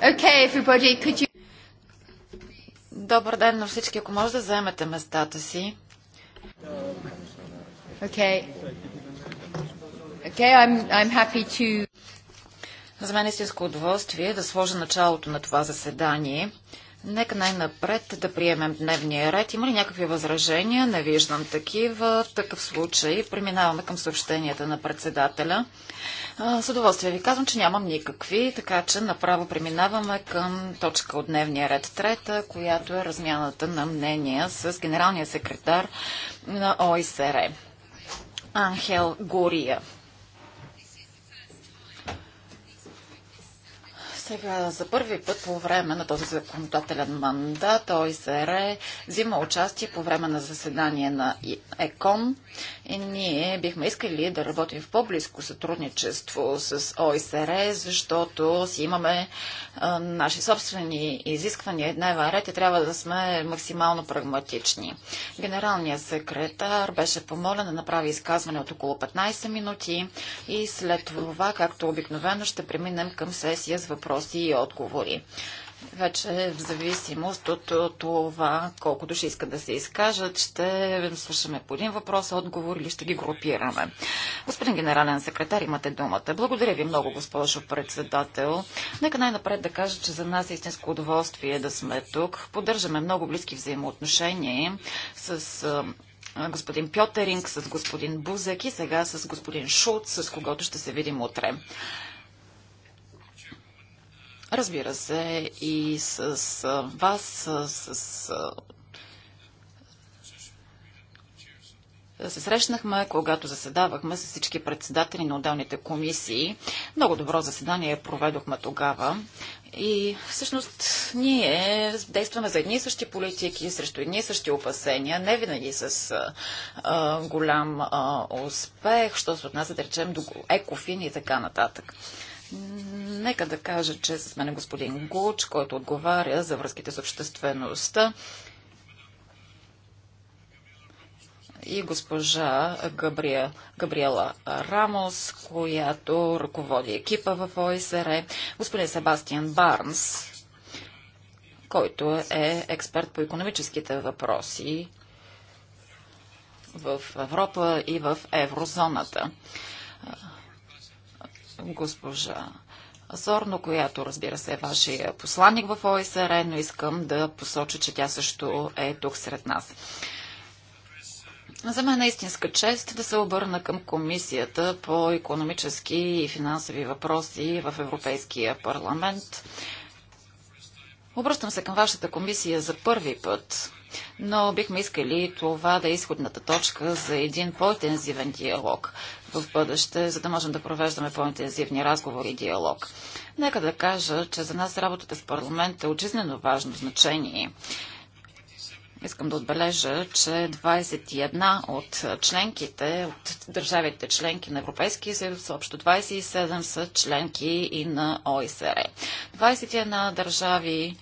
Okay, everybody, could you... Добър ден на всички. Ако може да заемете местата си. Okay. Okay, I'm, I'm happy to... За мен е истинско удоволствие да сложа началото на това заседание. Нека най-напред да приемем дневния ред. Има ли някакви възражения? Не виждам такива. В такъв случай преминаваме към съобщенията на председателя. С удоволствие ви казвам, че нямам никакви, така че направо преминаваме към точка от дневния ред трета, която е размяната на мнения с генералния секретар на ОИСР. Анхел Гория. Сега за първи път по време на този законодателен мандат ОИСР взима участие по време на заседание на ЕКОН ние бихме искали да работим в по-близко сътрудничество с ОСР, защото си имаме а, наши собствени изисквания дневен ред и трябва да сме максимално прагматични. Генералният секретар беше помолен да направи изказване от около 15 минути и след това, както обикновено, ще преминем към сесия с въпроси и отговори. Вече в зависимост от това колко души искат да се изкажат, ще слушаме по един въпрос, отговор или ще ги групираме. Господин генерален секретар, имате думата. Благодаря ви много, госпожо председател. Нека най-напред да кажа, че за нас е истинско удоволствие да сме тук. Поддържаме много близки взаимоотношения с господин Пьотеринг, с господин Бузек и сега с господин Шулц, с когото ще се видим утре. Разбира се, и с, с вас, с, с се срещнахме, когато заседавахме с всички председатели на отделните комисии. Много добро заседание проведохме тогава. И всъщност ние действаме за едни и същи политики, срещу едни и същи опасения, не винаги с а, голям а, успех, що се отнася, да речем, до екофин и така нататък. Нека да кажа, че с мен е господин Гуч, който отговаря за връзките с обществеността и госпожа Габриел, Габриела Рамос, която ръководи екипа в ОСР, господин Себастиан Барнс, който е експерт по економическите въпроси в Европа и в еврозоната госпожа Сорно, която разбира се е вашия посланник в ОСР, но искам да посоча, че тя също е тук сред нас. За мен е истинска чест да се обърна към Комисията по економически и финансови въпроси в Европейския парламент. Обръщам се към вашата комисия за първи път, но бихме искали това да е изходната точка за един по-интензивен диалог в бъдеще, за да можем да провеждаме по-интензивни разговори и диалог. Нека да кажа, че за нас работата в парламента е от жизнено важно значение. Искам да отбележа, че 21 от членките, от държавите членки на Европейския съюз, общо 27 са членки и на ОИСР. 21 държави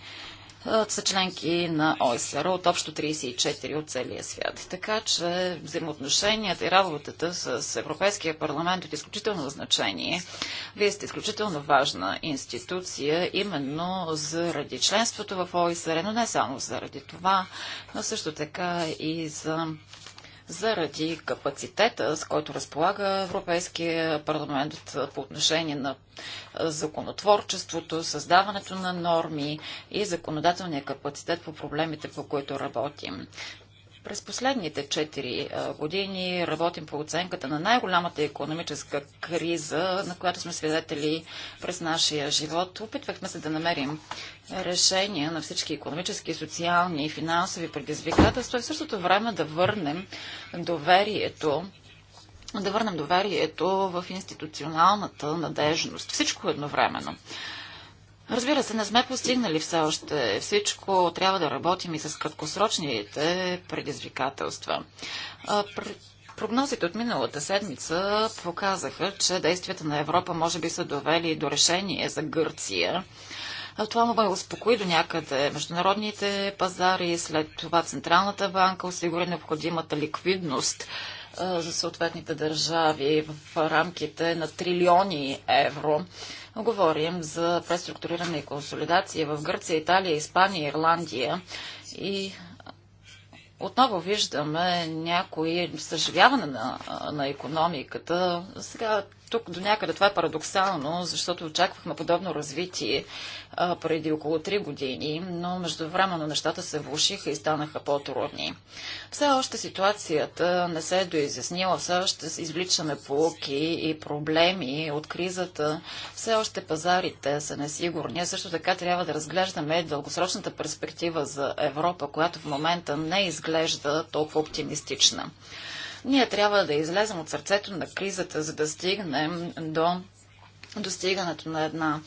е, са членки на ОСР от общо 34 от целия свят. Така че взаимоотношенията и работата с Европейския парламент е от изключително значение. Вие сте изключително важна институция, именно заради членството в ОСР, но не само заради това, но също така и за заради капацитета, с който разполага Европейския парламент по отношение на законотворчеството, създаването на норми и законодателния капацитет по проблемите, по които работим. През последните 4 години работим по оценката на най-голямата економическа криза, на която сме свидетели през нашия живот. Опитвахме се да намерим решения на всички економически, социални и финансови предизвикателства и в същото време да върнем доверието да върнем доверието в институционалната надежност. Всичко едновременно. Разбира се, не сме постигнали все още всичко. Трябва да работим и с краткосрочните предизвикателства. Прогнозите от миналата седмица показаха, че действията на Европа може би са довели до решение за Гърция. Това му ме успокои до някъде. Международните пазари, след това Централната банка осигури необходимата ликвидност за съответните държави в рамките на трилиони евро. Говорим за преструктуриране и консолидация в Гърция, Италия, Испания, Ирландия и отново виждаме някои съживяване на, на економиката. Сега тук до някъде това е парадоксално, защото очаквахме подобно развитие а, преди около 3 години, но междувременно нещата се влушиха и станаха по-трудни. Все още ситуацията не се е доизяснила, все още извличаме полуки и проблеми от кризата, все още пазарите са несигурни, а също така трябва да разглеждаме дългосрочната перспектива за Европа, която в момента не изглежда толкова оптимистична. Ние трябва да излезем от сърцето на кризата, за да стигнем до достигането на една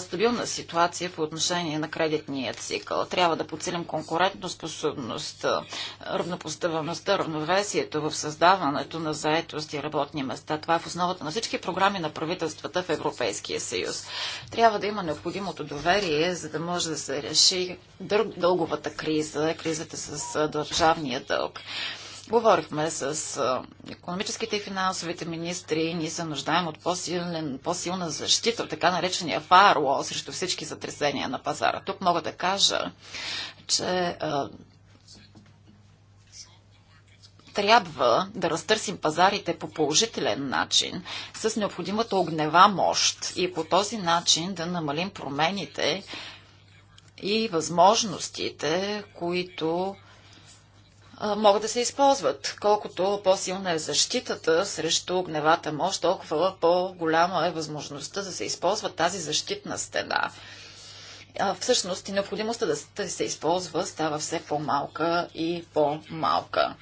стабилна ситуация по отношение на кредитния цикъл. Трябва да подсилим конкурентоспособността, равнопоставеността, равновесието в създаването на заетост и работни места. Това е в основата на всички програми на правителствата в Европейския съюз. Трябва да има необходимото доверие, за да може да се реши дълговата криза, кризата с държавния дълг. Говорихме с економическите и финансовите министри. Ние се нуждаем от по-силен, по-силна защита, така наречения фаро срещу всички затресения на пазара. Тук мога да кажа, че трябва да разтърсим пазарите по положителен начин, с необходимата огнева мощ и по този начин да намалим промените и възможностите, които могат да се използват. Колкото по-силна е защитата срещу огневата мощ, толкова по-голяма е възможността да се използва тази защитна стена. всъщност и необходимостта да се използва става все по-малка и по-малка.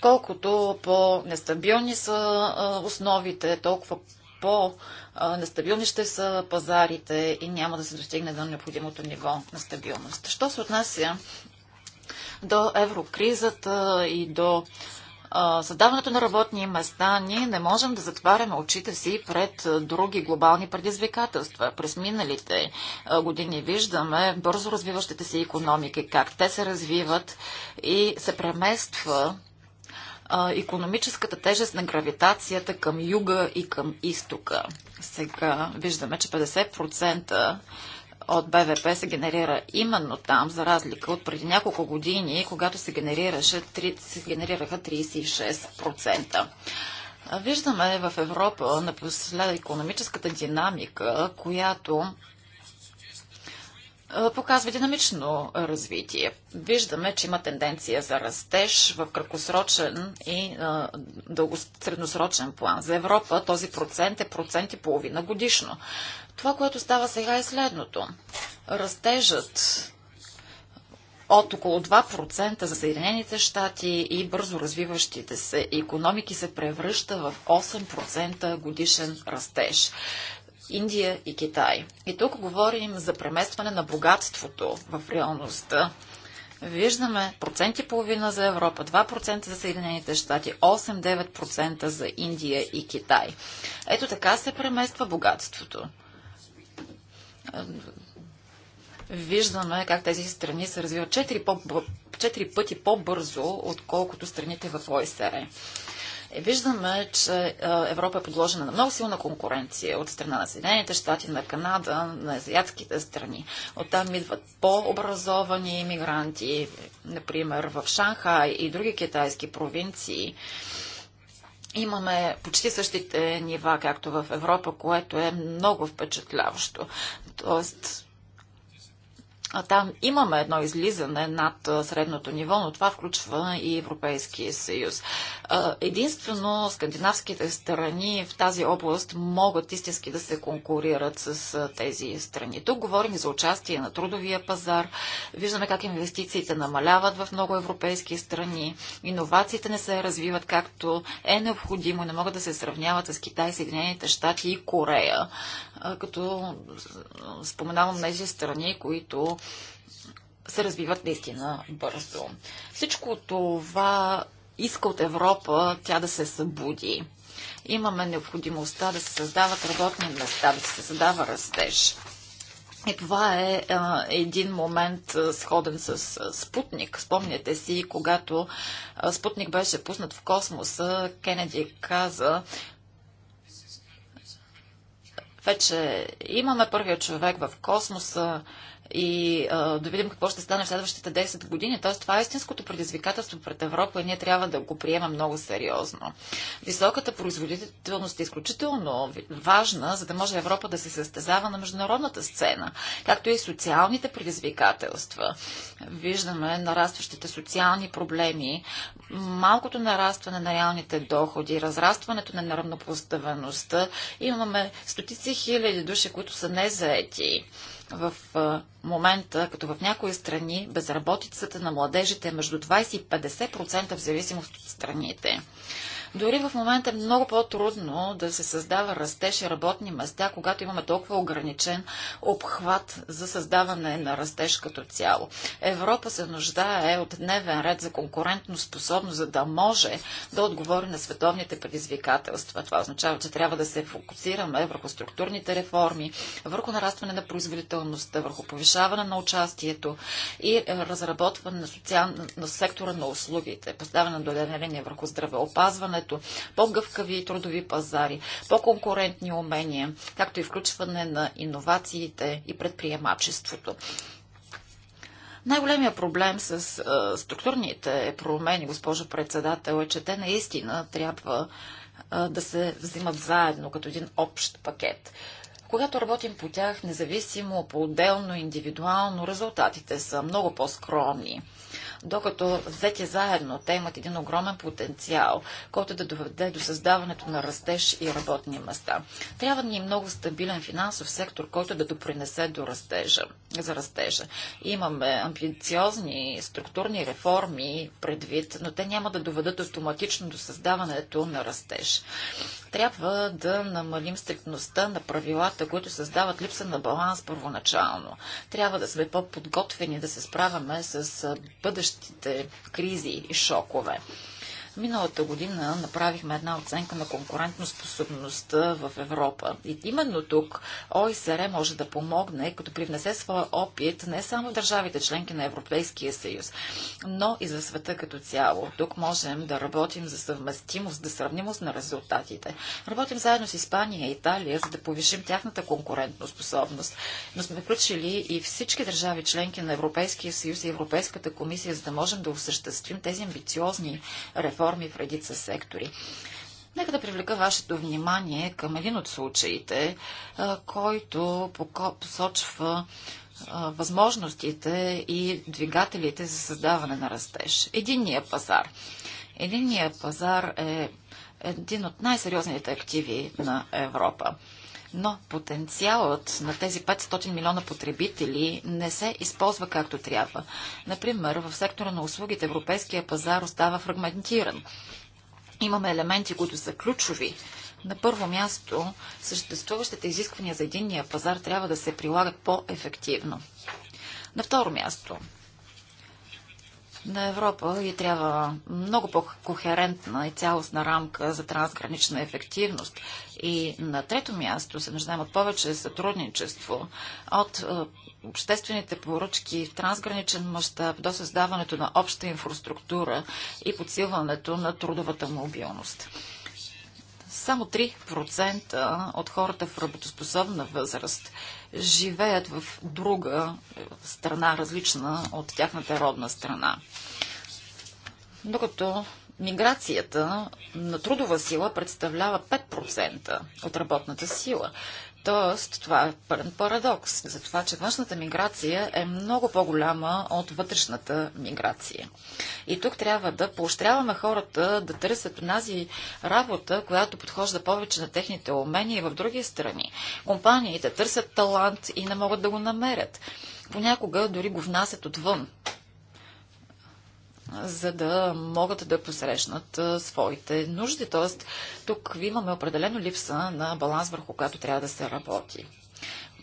Колкото по-нестабилни са основите, толкова по-нестабилни ще са пазарите и няма да се достигне до необходимото ниво на стабилност. Що се отнася до еврокризата и до създаването на работни места, ние не можем да затваряме очите си пред други глобални предизвикателства. През миналите години виждаме бързо развиващите се економики, как те се развиват и се премества економическата тежест на гравитацията към юга и към изтока. Сега виждаме, че 50% от БВП се генерира именно там, за разлика от преди няколко години, когато се, генерираше, се генерираха 36%. Виждаме в Европа напоследък економическата динамика, която показва динамично развитие. Виждаме, че има тенденция за растеж в краткосрочен и дългосредносрочен план. За Европа този процент е процент и половина годишно. Това, което става сега е следното. Растежът от около 2% за Съединените щати и бързо развиващите се економики се превръща в 8% годишен растеж. Индия и Китай. И тук говорим за преместване на богатството в реалността. Виждаме проценти половина за Европа, 2% за Съединените щати, 8-9% за Индия и Китай. Ето така се премества богатството виждаме как тези страни се развиват 4, по, 4 пъти по-бързо, отколкото страните в ОСР. Е, виждаме, че Европа е подложена на много силна конкуренция от страна на Съединените щати, на Канада, на азиатските страни. Оттам идват по-образовани иммигранти, например в Шанхай и други китайски провинции. Имаме почти същите нива, както в Европа, което е много впечатляващо. Тоест, а там имаме едно излизане над средното ниво, но това включва и Европейския съюз. Единствено скандинавските страни в тази област могат истински да се конкурират с тези страни. Тук говорим за участие на трудовия пазар. Виждаме как инвестициите намаляват в много европейски страни. Иновациите не се развиват както е необходимо, не могат да се сравняват с Китай, Съединените щати и Корея като споменавам тези страни, които се развиват наистина бързо. Всичко това иска от Европа тя да се събуди. Имаме необходимостта да се създават работни места, да се създава растеж. И това е а, един момент а, сходен с а, Спутник. Спомняте си, когато а, Спутник беше пуснат в космоса, Кенеди каза, вече имаме първия човек в космоса, и а, да видим какво ще стане в следващите 10 години. Тоест, това е истинското предизвикателство пред Европа и ние трябва да го приемем много сериозно. Високата производителност е изключително важна, за да може Европа да се състезава на международната сцена, както и социалните предизвикателства. Виждаме нарастващите социални проблеми, малкото нарастване на реалните доходи, разрастването на неравнопоставеността. Имаме стотици хиляди души, които са незаети в момента, като в някои страни, безработицата на младежите е между 20 и 50% в зависимост от страните. Дори в момента е много по-трудно да се създава растеж и работни места, когато имаме толкова ограничен обхват за създаване на растеж като цяло. Европа се нуждае е от дневен ред за конкурентно способност, за да може да отговори на световните предизвикателства. Това означава, че трябва да се фокусираме върху структурните реформи, върху нарастване на производителността, върху повишаване на участието и е, разработване на, социал... на сектора на услугите, поставяне на доделение върху здравеопазването, времето, по-гъвкави трудови пазари, по-конкурентни умения, както и включване на иновациите и предприемачеството. Най-големия проблем с а, структурните промени, госпожо председател, е, че те наистина трябва а, да се взимат заедно като един общ пакет. Когато работим по тях, независимо, по-отделно, индивидуално, резултатите са много по-скромни докато взети заедно те имат един огромен потенциал, който е да доведе до създаването на растеж и работни места. Трябва ни е много стабилен финансов сектор, който да допринесе до растежа за растежа. Имаме амбициозни структурни реформи предвид, но те няма да доведат автоматично до създаването на растеж. Трябва да намалим стрикността на правилата, които създават липса на баланс първоначално. Трябва да сме по-подготвени да се справяме с бъдещите кризи и шокове. Миналата година направихме една оценка на конкурентоспособността в Европа. И именно тук ОИСР може да помогне, като привнесе своя опит не само в държавите членки на Европейския съюз, но и за света като цяло. Тук можем да работим за съвместимост, да сравнимост на резултатите. Работим заедно с Испания и Италия, за да повишим тяхната конкурентоспособност. Но сме включили и всички държави членки на Европейския съюз и Европейската комисия, за да можем да осъществим тези амбициозни реформи реформи в редица сектори. Нека да привлека вашето внимание към един от случаите, който посочва възможностите и двигателите за създаване на растеж. Единния пазар. Единния пазар е един от най-сериозните активи на Европа но потенциалът на тези 500 милиона потребители не се използва както трябва. Например, в сектора на услугите европейския пазар остава фрагментиран. Имаме елементи, които са ключови, на първо място, съществуващите изисквания за единния пазар трябва да се прилагат по-ефективно. На второ място, на Европа и трябва много по-кохерентна и цялостна рамка за трансгранична ефективност. И на трето място се нуждаем от повече сътрудничество от е, обществените поръчки в трансграничен мащаб до създаването на обща инфраструктура и подсилването на трудовата мобилност. Само 3% от хората в работоспособна възраст живеят в друга страна, различна от тяхната родна страна. Докато миграцията на трудова сила представлява 5% от работната сила. Тоест, това е пълен парадокс за това, че външната миграция е много по-голяма от вътрешната миграция. И тук трябва да поощряваме хората да търсят тази работа, която подхожда повече на техните умения и в други страни. Компаниите търсят талант и не могат да го намерят. Понякога дори го внасят отвън за да могат да посрещнат своите нужди. Тоест, тук имаме определено липса на баланс, върху която трябва да се работи.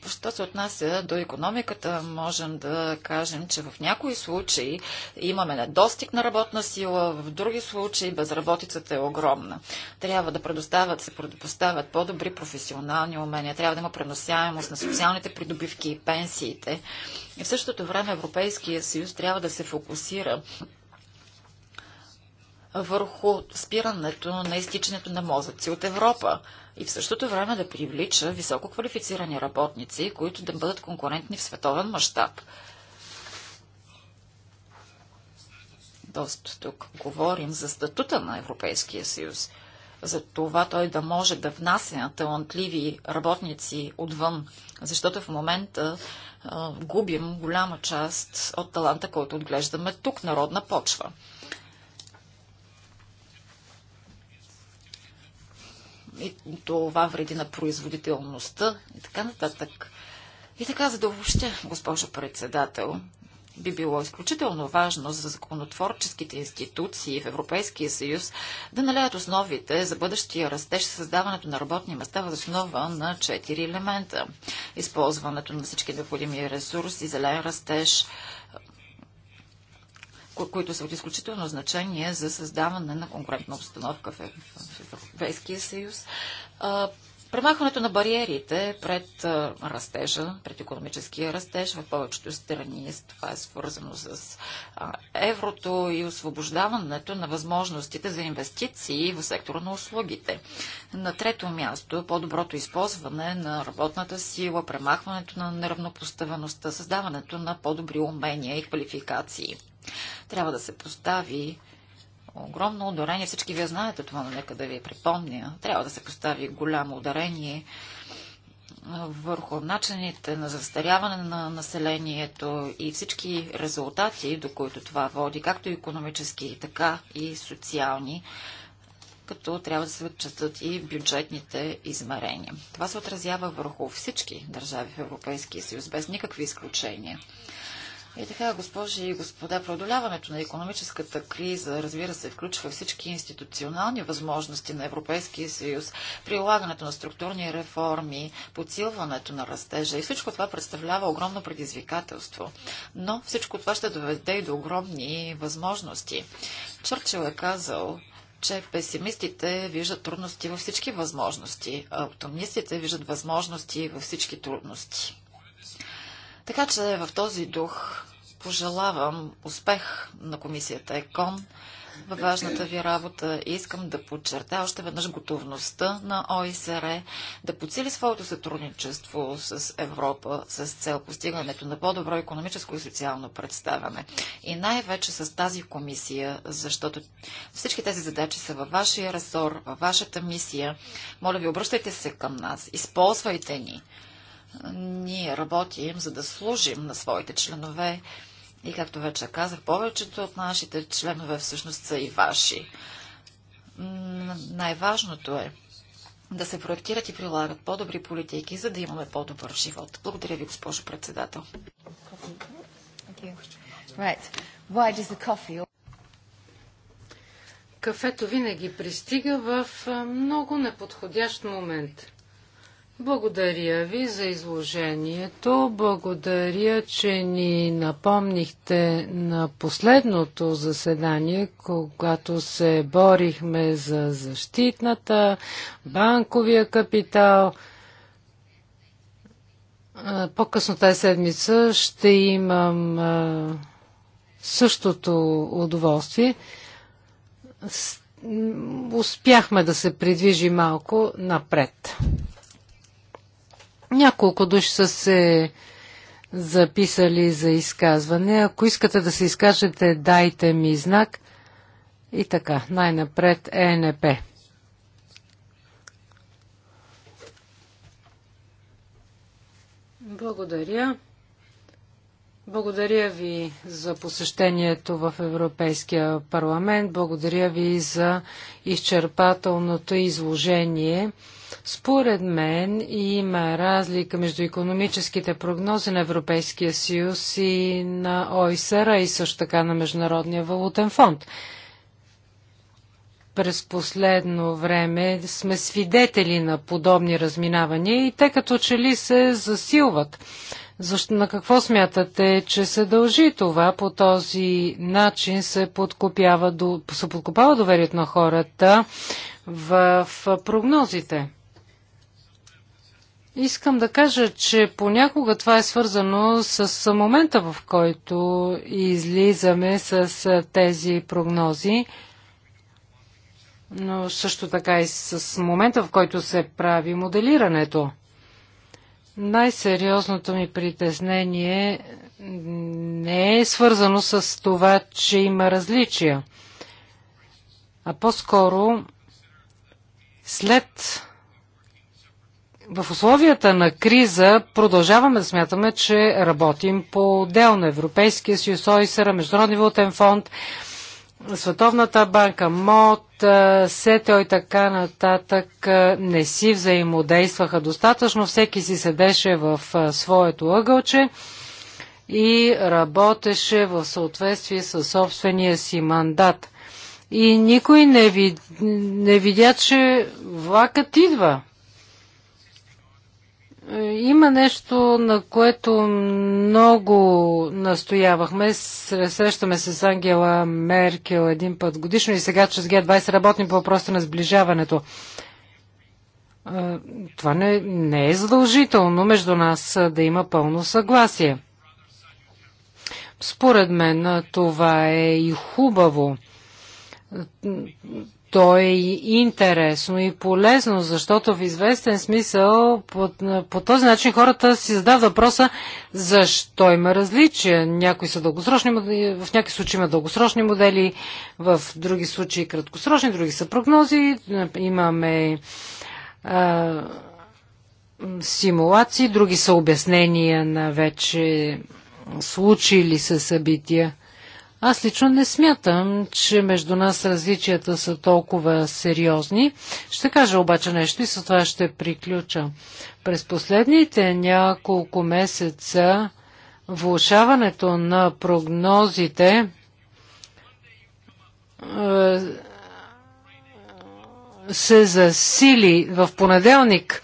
Що се отнася до економиката, можем да кажем, че в някои случаи имаме недостиг на работна сила, в други случаи безработицата е огромна. Трябва да предоставят, се предоставят по-добри професионални умения, трябва да има преносяемост на социалните придобивки и пенсиите. И в същото време Европейския съюз трябва да се фокусира върху спирането на изтичането на мозъци от Европа и в същото време да привлича високо квалифицирани работници, които да бъдат конкурентни в световен мащаб. Доста тук говорим за статута на Европейския съюз, за това той да може да внася талантливи работници отвън, защото в момента а, губим голяма част от таланта, който отглеждаме тук, народна почва. и това вреди на производителността и така нататък. И така, за да въобще, госпожо председател, би било изключително важно за законотворческите институции в Европейския съюз да наляят основите за бъдещия растеж създаването на работни места въз основа на четири елемента. Използването на всички необходими ресурси, зелен растеж, които са от изключително значение за създаване на конкурентна обстановка в, Европейския съюз. Премахването на бариерите пред растежа, пред економическия растеж в повечето страни, това е свързано с еврото и освобождаването на възможностите за инвестиции в сектора на услугите. На трето място, по-доброто използване на работната сила, премахването на неравнопоставеността, създаването на по-добри умения и квалификации. Трябва да се постави огромно ударение. Всички вие знаете това, но нека да ви припомня. Трябва да се постави голямо ударение върху начините на застаряване на населението и всички резултати, до които това води, както економически, така и социални, като трябва да се отчитат и бюджетните измерения. Това се отразява върху всички държави в Европейския съюз, без никакви изключения. И така, госпожи и господа, продоляването на економическата криза, разбира се, включва всички институционални възможности на Европейския съюз, прилагането на структурни реформи, подсилването на растежа и всичко това представлява огромно предизвикателство. Но всичко това ще доведе и до огромни възможности. Чърчил е казал, че песимистите виждат трудности във всички възможности, а оптимистите виждат възможности във всички трудности. Така че в този дух пожелавам успех на комисията ЕКОН във важната ви работа и искам да подчертая още веднъж готовността на ОИСР да подсили своето сътрудничество с Европа с цел постигането на по-добро економическо и социално представяне. И най-вече с тази комисия, защото всички тези задачи са във вашия ресор, във вашата мисия. Моля ви, обръщайте се към нас, използвайте ни. Ние работим, за да служим на своите членове и, както вече казах, повечето от нашите членове всъщност са и ваши. Най-важното е да се проектират и прилагат по-добри политики, за да имаме по-добър живот. Благодаря ви, госпожо председател. Кафето винаги пристига в много неподходящ момент. Благодаря ви за изложението. Благодаря, че ни напомнихте на последното заседание, когато се борихме за защитната, банковия капитал. По-късно тази седмица ще имам същото удоволствие успяхме да се придвижи малко напред. Няколко души са се записали за изказване. Ако искате да се изкажете, дайте ми знак. И така, най-напред ЕНП. Благодаря. Благодаря ви за посещението в Европейския парламент. Благодаря ви за изчерпателното изложение. Според мен има разлика между економическите прогнози на Европейския съюз и на ОИСР и също така на Международния валутен фонд. През последно време сме свидетели на подобни разминавания и те като че ли се засилват. Защо, на какво смятате, че се дължи това? По този начин се, подкопява, се подкопава доверието на хората в прогнозите. Искам да кажа, че понякога това е свързано с момента, в който излизаме с тези прогнози, но също така и с момента, в който се прави моделирането. Най-сериозното ми притеснение не е свързано с това, че има различия, а по-скоро след в условията на криза продължаваме да смятаме, че работим по отделно Европейския съюз, ОИСР, Международни валутен фонд, Световната банка, МОД, СЕТО и така нататък не си взаимодействаха достатъчно. Всеки си седеше в своето ъгълче и работеше в съответствие с собствения си мандат. И никой не, ви, не видя, че влакът идва. Има нещо, на което много настоявахме. Срещаме се с Ангела Меркел един път годишно и сега чрез Г20 работим по въпроса на сближаването. Това не, не е задължително между нас да има пълно съгласие. Според мен това е и хубаво то е и интересно и полезно, защото в известен смисъл по, по този начин хората си задават въпроса защо има различия. Някои са дългосрочни модели, в някои случаи има дългосрочни модели, в други случаи краткосрочни, други са прогнози, имаме а, симулации, други са обяснения на вече или са събития. Аз лично не смятам, че между нас различията са толкова сериозни. Ще кажа обаче нещо и с това ще приключа. През последните няколко месеца влушаването на прогнозите е, се засили в понеделник.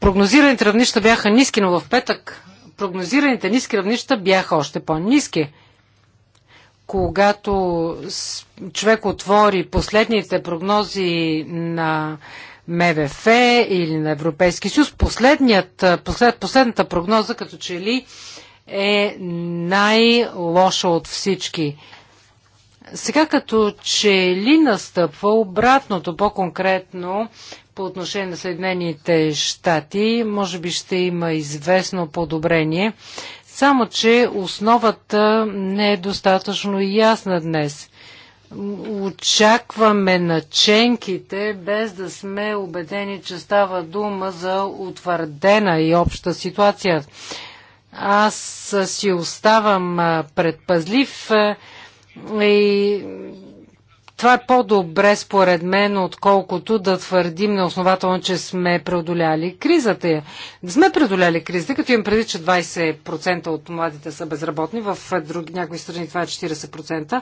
Прогнозираните равнища бяха ниски, но в петък прогнозираните ниски равнища бяха още по-ниски когато човек отвори последните прогнози на МВФ или на Европейски съюз, последният, послед, последната прогноза като че ли е най-лоша от всички. Сега като че ли настъпва обратното, по-конкретно по отношение на Съединените щати, може би ще има известно подобрение. Само, че основата не е достатъчно ясна днес. Очакваме наченките, без да сме убедени, че става дума за утвърдена и обща ситуация. Аз си оставам предпазлив и това е по-добре според мен, отколкото да твърдим неоснователно, че сме преодоляли кризата. Не сме преодоляли кризата, като имам преди, че 20% от младите са безработни, в други, някои страни това е 40%.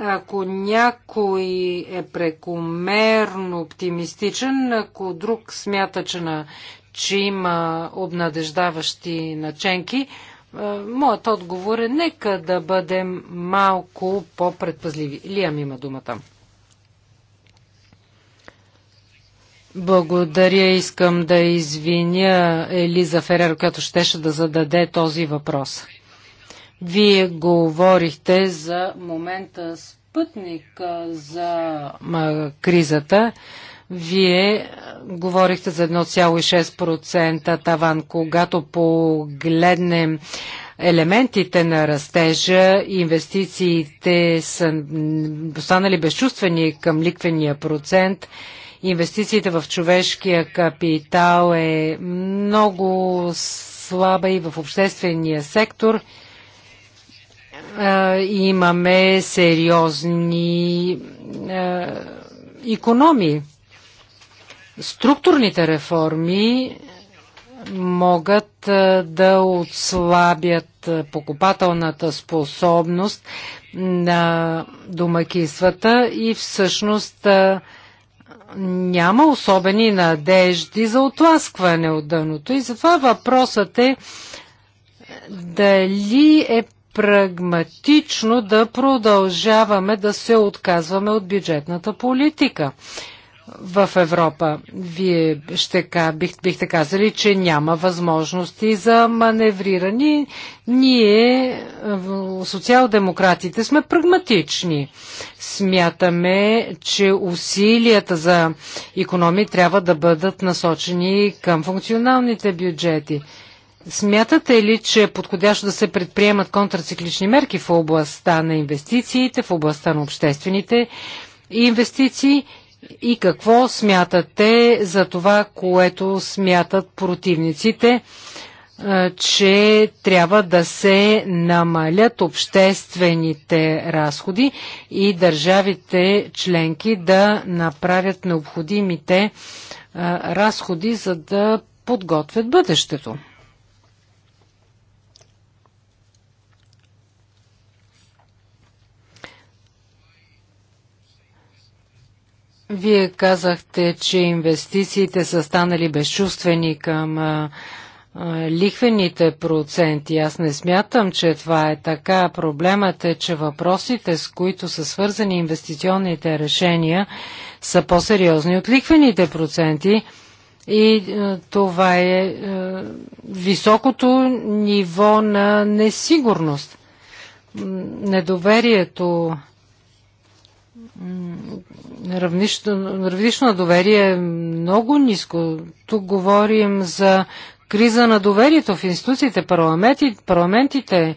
Ако някой е прекомерно оптимистичен, ако друг смята, че, на, че има обнадеждаващи наченки, е, моят отговор е нека да бъдем малко по-предпазливи. Лиам има думата. Благодаря. Искам да извиня Елиза Ферер, която щеше да зададе този въпрос. Вие говорихте за момента спътник за кризата. Вие говорихте за 1,6% таван. Когато погледнем елементите на растежа, инвестициите са останали безчувствени към ликвения процент. Инвестициите в човешкия капитал е много слаба и в обществения сектор. имаме сериозни економии. Структурните реформи могат да отслабят покупателната способност на домакинствата и всъщност няма особени надежди за отласкване от дъното. И затова въпросът е дали е прагматично да продължаваме да се отказваме от бюджетната политика в Европа. Вие ще, бих, бихте казали, че няма възможности за маневриране. Ние, социал-демократите, сме прагматични. Смятаме, че усилията за економи трябва да бъдат насочени към функционалните бюджети. Смятате ли, че е подходящо да се предприемат контрациклични мерки в областта на инвестициите, в областта на обществените инвестиции и какво смятате за това, което смятат противниците, е, че трябва да се намалят обществените разходи и държавите членки да направят необходимите е, разходи, за да подготвят бъдещето. Вие казахте, че инвестициите са станали безчувствени към а, а, лихвените проценти. Аз не смятам, че това е така. Проблемът е, че въпросите, с които са свързани инвестиционните решения, са по-сериозни от лихвените проценти. И а, това е високото ниво на несигурност. Недоверието равнището, равнищо на доверие е много ниско. Тук говорим за криза на доверието в институциите, парламенти, парламентите.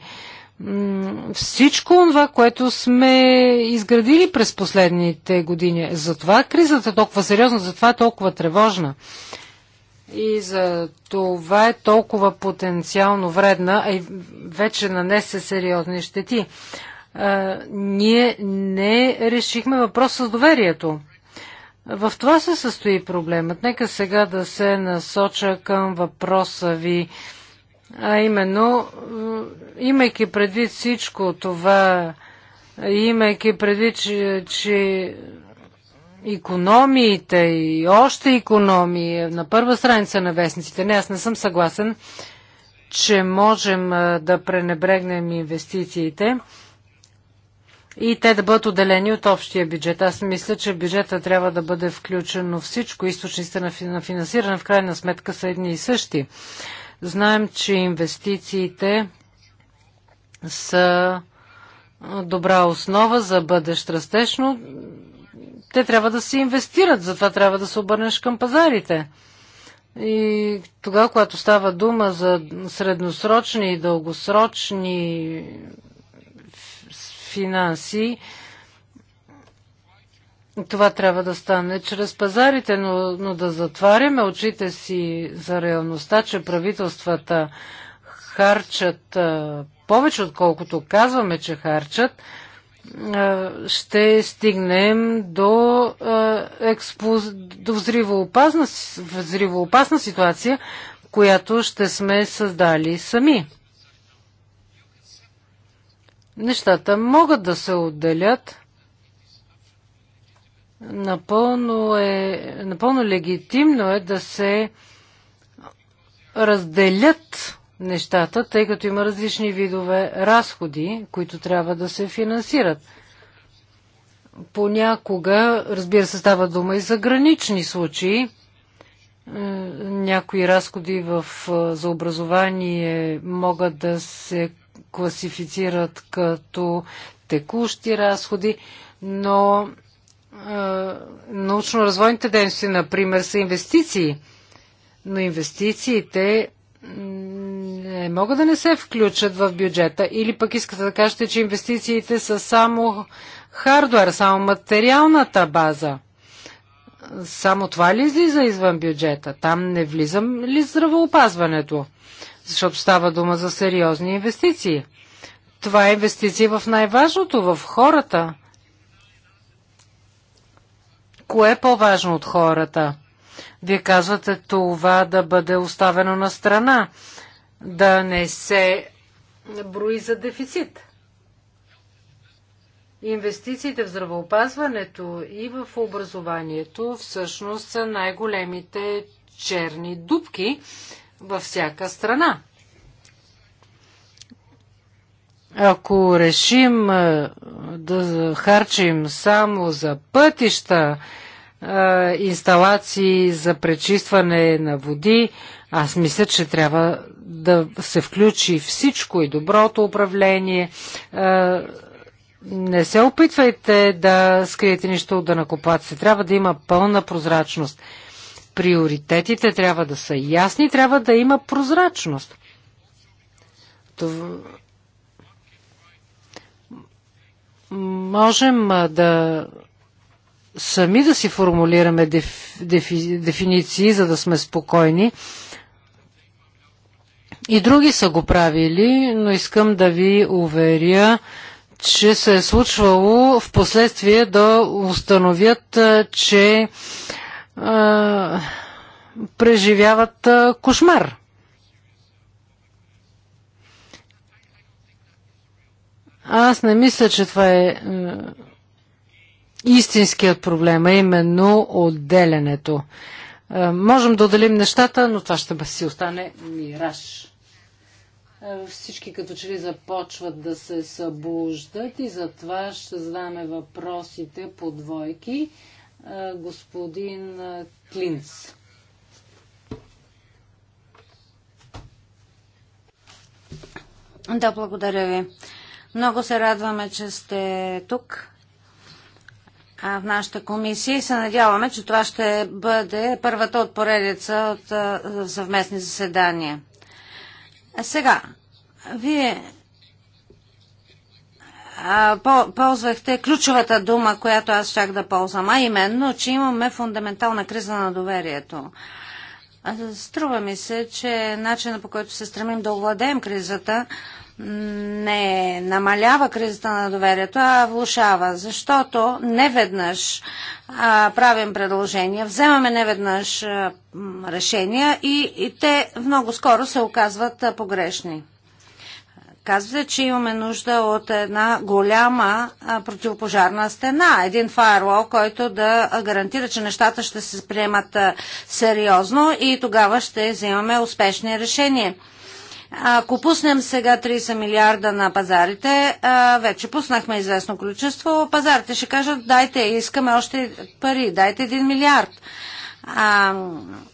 Всичко това, което сме изградили през последните години. Е затова кризата е толкова сериозна, затова е толкова тревожна. И за това е толкова потенциално вредна, а и вече нанесе сериозни щети ние не решихме въпроса с доверието. В това се състои проблемът. Нека сега да се насоча към въпроса ви. А именно, е, имайки предвид всичко това, имайки предвид, че, че економиите и още економии на първа страница на вестниците, не, аз не съм съгласен, че можем е, да пренебрегнем инвестициите и те да бъдат отделени от общия бюджет. Аз мисля, че бюджета трябва да бъде включено всичко. Източниците на финансиране в крайна сметка са едни и същи. Знаем, че инвестициите са добра основа за бъдещ растеж, но те трябва да се инвестират, затова трябва да се обърнеш към пазарите. И тогава, когато става дума за средносрочни и дългосрочни финанси. Това трябва да стане чрез пазарите, но, но да затваряме очите си за реалността, че правителствата харчат повече, отколкото казваме, че харчат, ще стигнем до, експлоз... до взривоопасна, взривоопасна ситуация, която ще сме създали сами. Нещата могат да се отделят. Напълно, е, напълно легитимно е да се разделят нещата, тъй като има различни видове разходи, които трябва да се финансират. Понякога, разбира се, става дума и за гранични случаи. Е, някои разходи в, е, за образование могат да се класифицират като текущи разходи, но е, научно-развойните дейности, например, са инвестиции. Но инвестициите не могат да не се включат в бюджета. Или пък искате да кажете, че инвестициите са само хардвер, само материалната база. Само това ли излиза извън бюджета? Там не влизам ли здравеопазването? защото става дума за сериозни инвестиции. Това е инвестиции в най-важното, в хората. Кое е по-важно от хората? Вие казвате това да бъде оставено на страна, да не се брои за дефицит. Инвестициите в здравеопазването и в образованието всъщност са най-големите черни дубки, във всяка страна. Ако решим да харчим само за пътища, инсталации за пречистване на води, аз мисля, че трябва да се включи всичко и доброто управление. Не се опитвайте да скриете нищо от накопате, Трябва да има пълна прозрачност. Приоритетите трябва да са ясни, трябва да има прозрачност. Това... Можем да сами да си формулираме деф... Дефи... дефиниции, за да сме спокойни. И други са го правили, но искам да ви уверя, че се е случвало в последствие да установят, че а, преживяват а, кошмар. Аз не мисля, че това е, истинският проблем, а именно отделянето. можем да отделим нещата, но това ще си остане мираж. всички като че ли започват да се събуждат и затова ще задаме въпросите по двойки господин Клинц. Да, благодаря ви. Много се радваме, че сте тук в нашата комисия и се надяваме, че това ще бъде първата от поредица от съвместни заседания. А сега, вие по ползвахте ключовата дума, която аз чак да ползвам, а именно, че имаме фундаментална криза на доверието. Струва ми се, че начинът по който се стремим да овладеем кризата не намалява кризата на доверието, а влушава, защото неведнъж а, правим предложения, вземаме неведнъж а, решения и, и те много скоро се оказват а, погрешни. Казвате, че имаме нужда от една голяма противопожарна стена, един фаервол, който да гарантира, че нещата ще се приемат сериозно и тогава ще взимаме успешни решения. Ако пуснем сега 30 милиарда на пазарите, вече пуснахме известно количество, пазарите ще кажат дайте, искаме още пари, дайте 1 милиард а,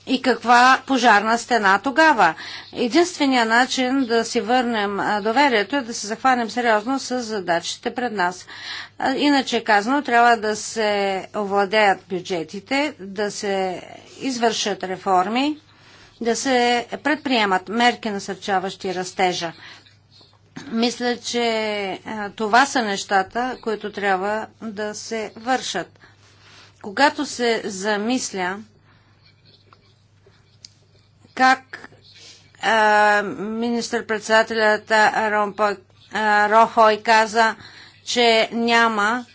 и каква пожарна стена тогава. Единственият начин да си върнем доверието е да се захванем сериозно с задачите пред нас. Иначе казано, трябва да се овладеят бюджетите, да се извършат реформи, да се предприемат мерки насърчаващи растежа. Мисля, че това са нещата, които трябва да се вършат. Когато се замисля как министър-председателят Рохой каза, че няма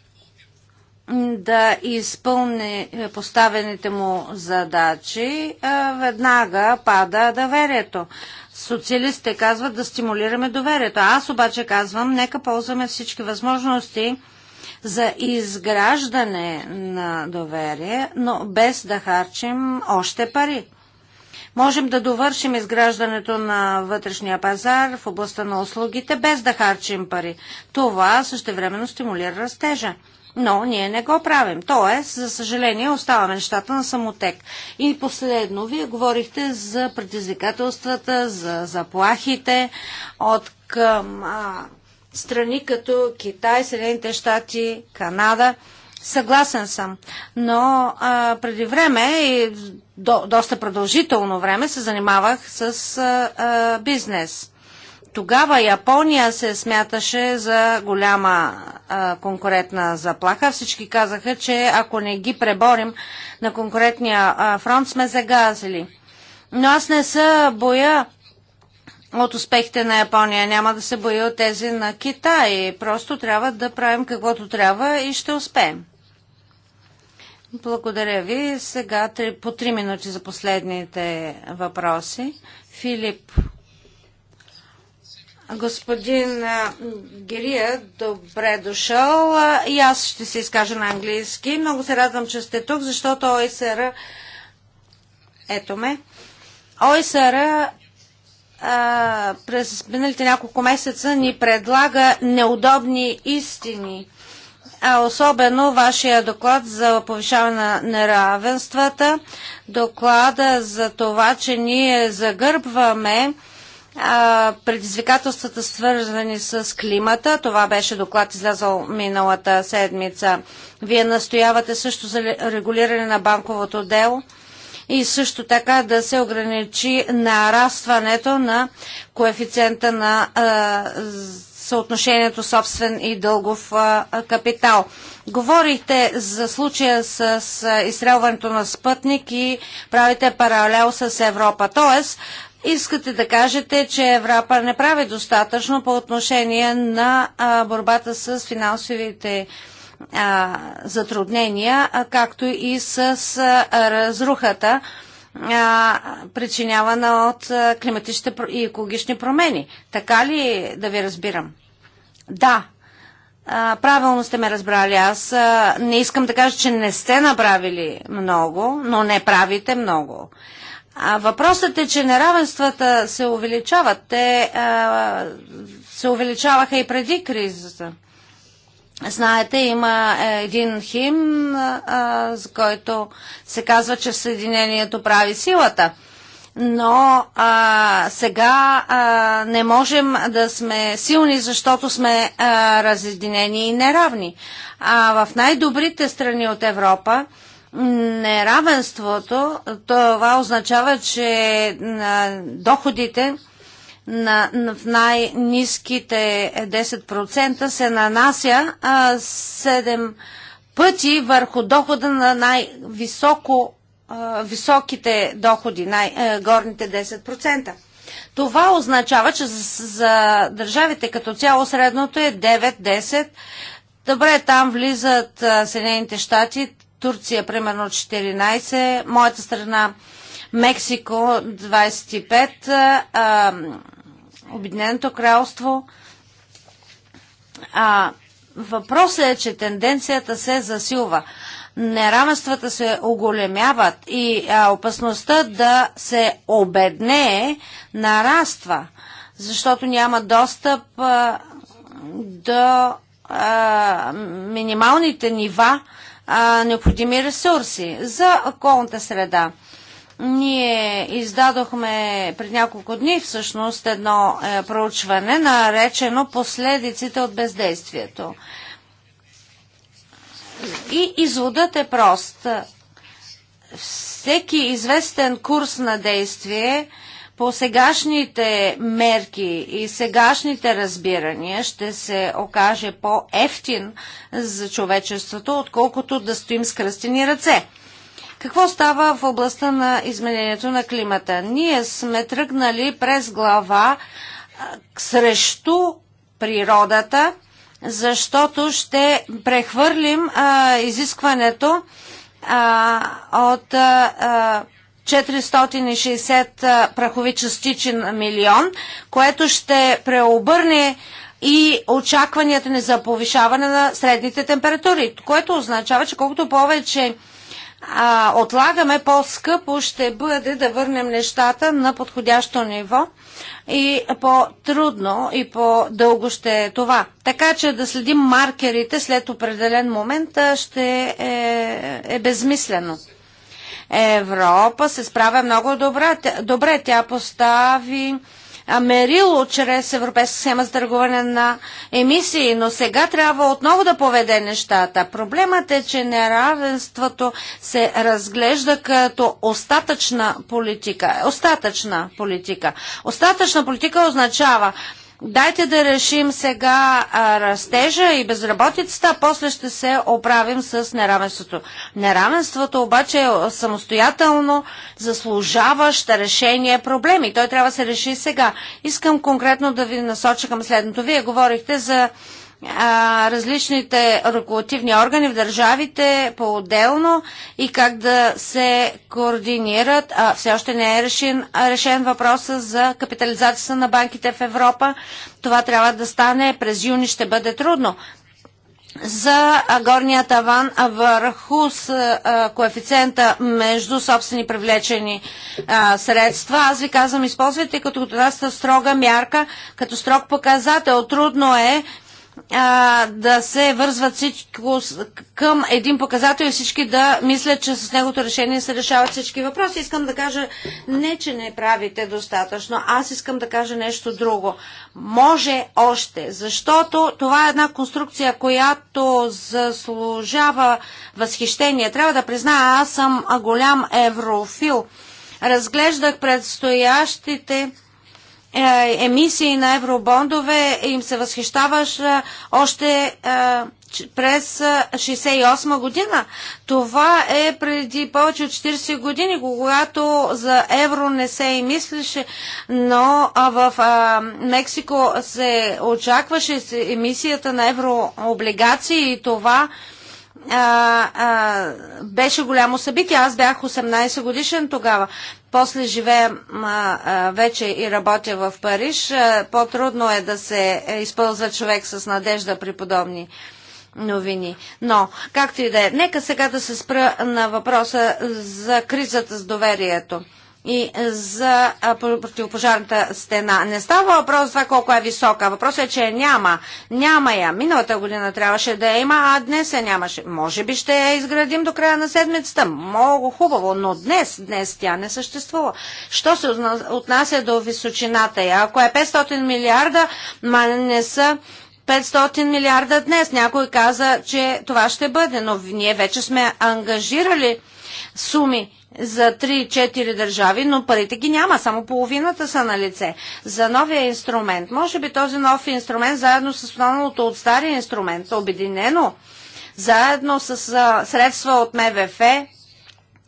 да изпълни поставените му задачи, веднага пада доверието. Социалистите казват да стимулираме доверието. Аз обаче казвам, нека ползваме всички възможности за изграждане на доверие, но без да харчим още пари можем да довършим изграждането на вътрешния пазар в областта на услугите, без да харчим пари. Това същевременно стимулира растежа. Но ние не го правим. Тоест, за съжаление, оставаме нещата на самотек. И последно, вие говорихте за предизвикателствата, за заплахите от към а, страни като Китай, Съединените щати, Канада. Съгласен съм. Но а, преди време и до, доста продължително време се занимавах с а, а, бизнес. Тогава Япония се смяташе за голяма а, конкурентна заплаха. Всички казаха, че ако не ги преборим на конкурентния а, фронт, сме загазили. Но аз не се боя от успехите на Япония. Няма да се боя от тези на Китай. Просто трябва да правим каквото трябва и ще успеем. Благодаря ви. Сега по три минути за последните въпроси. Филип. Господин Гирия, добре дошъл. И аз ще се изкажа на английски. Много се радвам, че сте тук, защото ОСР... Ето ме. ОСР през миналите няколко месеца ни предлага неудобни истини а особено вашия доклад за повишаване на неравенствата, доклада за това, че ние загърбваме предизвикателствата свързани с климата. Това беше доклад излязъл миналата седмица. Вие настоявате също за регулиране на банковото дело и също така да се ограничи нарастването на коефициента на а, съотношението собствен и дългов а, капитал. Говорихте за случая с, с изстрелването на спътник и правите паралел с Европа. Тоест, искате да кажете, че Европа не прави достатъчно по отношение на а, борбата с финансовите а, затруднения, както и с разрухата а, причинявана от а, климатичните и екологични промени. Така ли да ви разбирам? Да. А, правилно сте ме разбрали. Аз а, не искам да кажа, че не сте направили много, но не правите много. А въпросът е, че неравенствата се увеличават. Те а, се увеличаваха и преди кризата. Знаете, има е, един химн, е, е, за който се казва, че Съединението прави силата. Но а, сега а, не можем да сме силни, защото сме а, разединени и неравни. А в най-добрите страни от Европа неравенството, това означава, че а, доходите на, на в най-низките 10% се нанася а, 7 пъти върху дохода на най-високо високите доходи, най-горните 10%. Това означава, че за, за държавите като цяло средното е 9-10. Добре, там влизат Съединените щати, Турция примерно 14, моята страна Мексико 25, Обединеното кралство. А, въпросът е, че тенденцията се засилва. Неравенствата се оголемяват и а, опасността да се обеднее нараства, защото няма достъп а, до а, минималните нива а, необходими ресурси за околната среда. Ние издадохме пред няколко дни всъщност едно е, проучване, наречено Последиците от бездействието. И изводът е прост. Всеки известен курс на действие по сегашните мерки и сегашните разбирания ще се окаже по-ефтин за човечеството, отколкото да стоим с кръстени ръце. Какво става в областта на изменението на климата? Ние сме тръгнали през глава срещу природата, защото ще прехвърлим а, изискването а, от а, 460 прахови частичи на милион, което ще преобърне и очакванията ни за повишаване на средните температури, което означава, че колкото повече а, отлагаме по-скъпо ще бъде да върнем нещата на подходящо ниво и по-трудно и по-дълго ще е това. Така че да следим маркерите след определен момент ще е, е безмислено. Европа се справя много добре. Добре, тя постави мерило чрез Европейска схема за търговане на емисии, но сега трябва отново да поведе нещата. Проблемът е, че неравенството се разглежда като остатъчна политика. Остатъчна политика. Остатъчна политика означава Дайте да решим сега растежа и безработицата, а после ще се оправим с неравенството. Неравенството обаче е самостоятелно заслужаващ решение е проблеми. Той трябва да се реши сега. Искам конкретно да ви насоча към следното. Вие говорихте за различните регулативни органи в държавите по-отделно и как да се координират. А, все още не е решен, решен въпроса за капитализацията на банките в Европа. Това трябва да стане през юни, ще бъде трудно. За горния таван върху с, коефициента между собствени привлечени средства. Аз ви казвам, използвайте като това строга мярка, като строг показател. Трудно е а, да се вързват всичко към един показател и всички да мислят, че с негото решение се решават всички въпроси. Искам да кажа не, че не правите достатъчно. Аз искам да кажа нещо друго. Може още, защото това е една конструкция, която заслужава възхищение. Трябва да призная, аз съм голям еврофил. Разглеждах предстоящите е, емисии на евробондове им се възхищаваш е, още е, през 68 година. Това е преди повече от 40 години, когато за евро не се и мислеше, но в Мексико се очакваше емисията на еврооблигации и това а, а, беше голямо събитие. Аз бях 18 годишен тогава. После живея а, а, вече и работя в Париж. по-трудно е да се използва човек с надежда при подобни новини. Но, както и да е, нека сега да се спра на въпроса за кризата с доверието и е, за противопожарната стена. Не става въпрос за това колко е висока. Въпросът е, че няма. Няма я. Миналата година трябваше да я има, а днес я нямаше. Може би ще я изградим до края на седмицата. Много хубаво, но днес, днес тя не съществува. Що се отнася до височината я? Ако е 500 милиарда, ма не са 500 милиарда днес. Някой каза, че това ще бъде, но ние вече сме ангажирали суми за 3-4 държави, но парите ги няма, само половината са на лице. За новия инструмент, може би този нов инструмент, заедно с останалото от стария инструмент, обединено, заедно с средства от МВФ,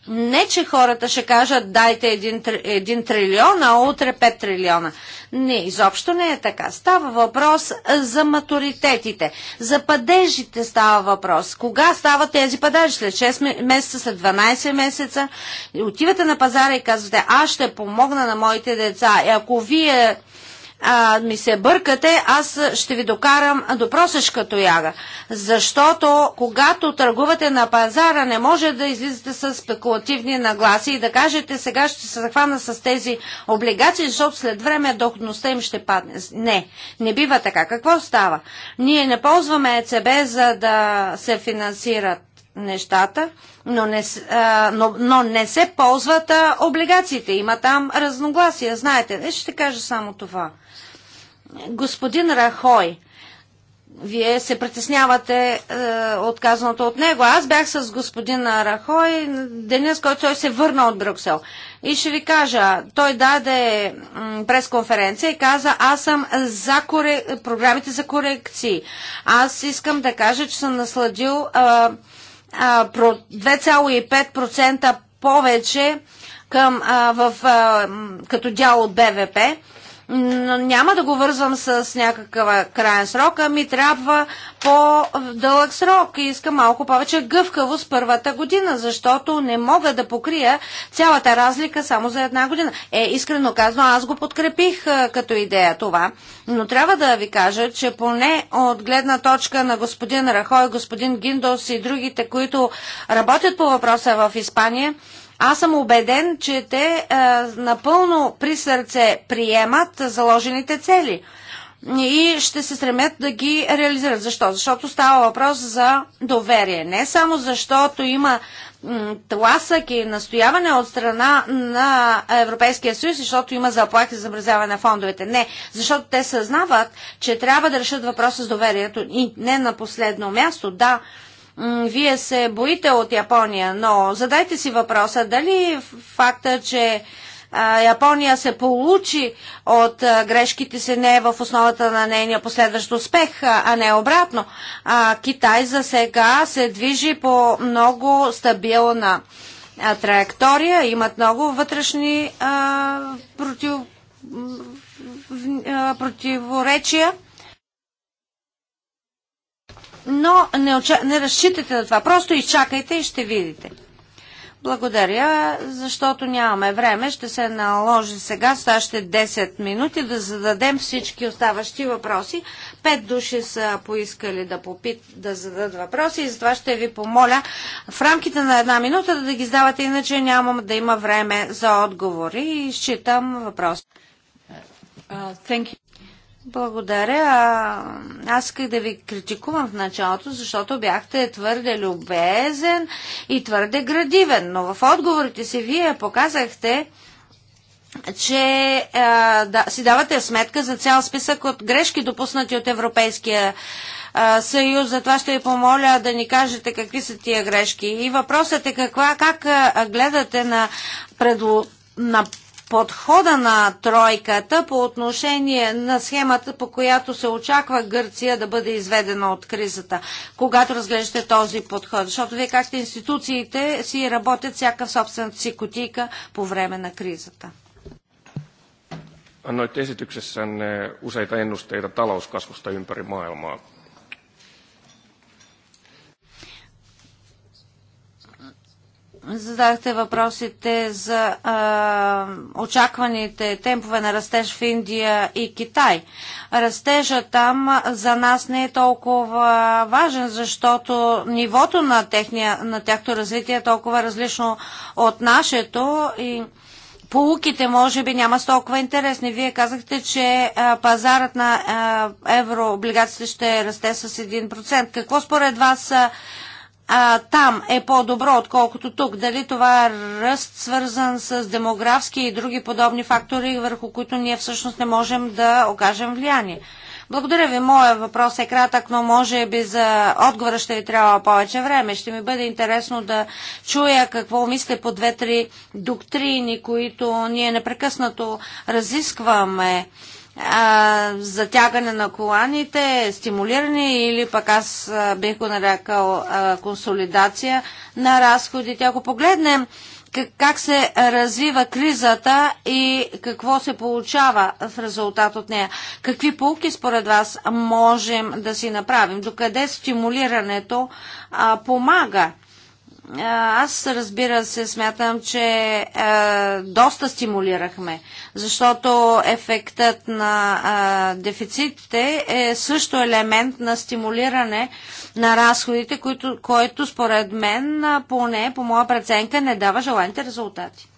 не, че хората ще кажат дайте 1 трилион, а утре 5 трилиона. Не, изобщо не е така. Става въпрос за матуритетите. За падежите става въпрос. Кога стават тези падежи? След 6 месеца, след 12 месеца. Отивате на пазара и казвате, аз ще помогна на моите деца. И ако вие а, ми се бъркате, аз ще ви докарам до просешка тояга. Защото когато търгувате на пазара, не може да излизате с спекулативни нагласи и да кажете сега ще се захвана с тези облигации, защото след време доходността им ще падне. Не, не бива така. Какво става? Ние не ползваме ЕЦБ за да се финансират нещата, но не, а, но, но не се ползват а, облигациите. Има там разногласия, знаете. Е, ще кажа само това. Господин Рахой, вие се притеснявате е, от казаното от него. Аз бях с господин Рахой деня, с който той се върна от Брюксел. И ще ви кажа, той даде пресконференция и каза, аз съм за коре... програмите за корекции. Аз искам да кажа, че съм насладил е, 2,5% повече към, а, в, а, като дял от БВП няма да го вързвам с някакъв крайен срок, ами трябва по-дълъг срок и иска малко повече гъвкавост първата година, защото не мога да покрия цялата разлика само за една година. Е, искрено казано, аз го подкрепих като идея това, но трябва да ви кажа, че поне от гледна точка на господин Рахой, господин Гиндос и другите, които работят по въпроса в Испания, аз съм убеден, че те а, напълно при сърце приемат заложените цели и ще се стремят да ги реализират. Защо? Защото става въпрос за доверие. Не само защото има тласък и настояване от страна на Европейския съюз, защото има заплахи за замразяване на фондовете. Не, защото те съзнават, че трябва да решат въпроса с доверието. И не на последно място, да, вие се боите от Япония, но задайте си въпроса дали факта, че Япония се получи от грешките си не е в основата на нейния последващ успех, а не обратно. А Китай за сега се движи по много стабилна траектория, имат много вътрешни а, против, а, противоречия но не, оча... не разчитайте на това. Просто изчакайте и ще видите. Благодаря, защото нямаме време. Ще се наложи сега, още 10 минути, да зададем всички оставащи въпроси. Пет души са поискали да, попит, да зададат въпроси и затова ще ви помоля в рамките на една минута да ги задавате, иначе нямам да има време за отговори и считам въпроси. Uh, благодаря. Аз исках да ви критикувам в началото, защото бяхте твърде любезен и твърде градивен, но в отговорите си вие показахте, че а, да, си давате сметка за цял списък от грешки, допуснати от Европейския а, съюз. Затова ще ви помоля да ни кажете какви са тия грешки. И въпросът е каква, как а, гледате на, предло, на подхода на тройката по отношение на схемата, по която се очаква Гърция да бъде изведена от кризата, когато разглеждате този подход. Защото вие както институциите си работят всяка в собствената си котика по време на кризата. Annoitte esityksessänne useita ennusteita talouskasvusta ympäri maailmaa. Зададахте въпросите за а, очакваните темпове на растеж в Индия и Китай. Растежа там за нас не е толкова важен, защото нивото на, техния, на тяхто развитие е толкова различно от нашето и полуките може би няма толкова интересни. Вие казахте, че а, пазарът на еврооблигациите ще расте с 1%. Какво според вас а, а, там е по-добро, отколкото тук. Дали това е ръст свързан с демографски и други подобни фактори, върху които ние всъщност не можем да окажем влияние. Благодаря ви. Моя въпрос е кратък, но може би за отговора ще ви трябва повече време. Ще ми бъде интересно да чуя какво мисля по две-три доктрини, които ние непрекъснато разискваме а, затягане на коланите, е стимулиране или пък аз а, бих го нарекал а, консолидация на разходите. Ако погледнем как, как се развива кризата и какво се получава в резултат от нея, какви полки според вас можем да си направим, докъде стимулирането а, помага аз разбира се смятам, че е, доста стимулирахме, защото ефектът на е, дефицитите е също елемент на стимулиране на разходите, които, който според мен поне по моя преценка не дава желаните резултати.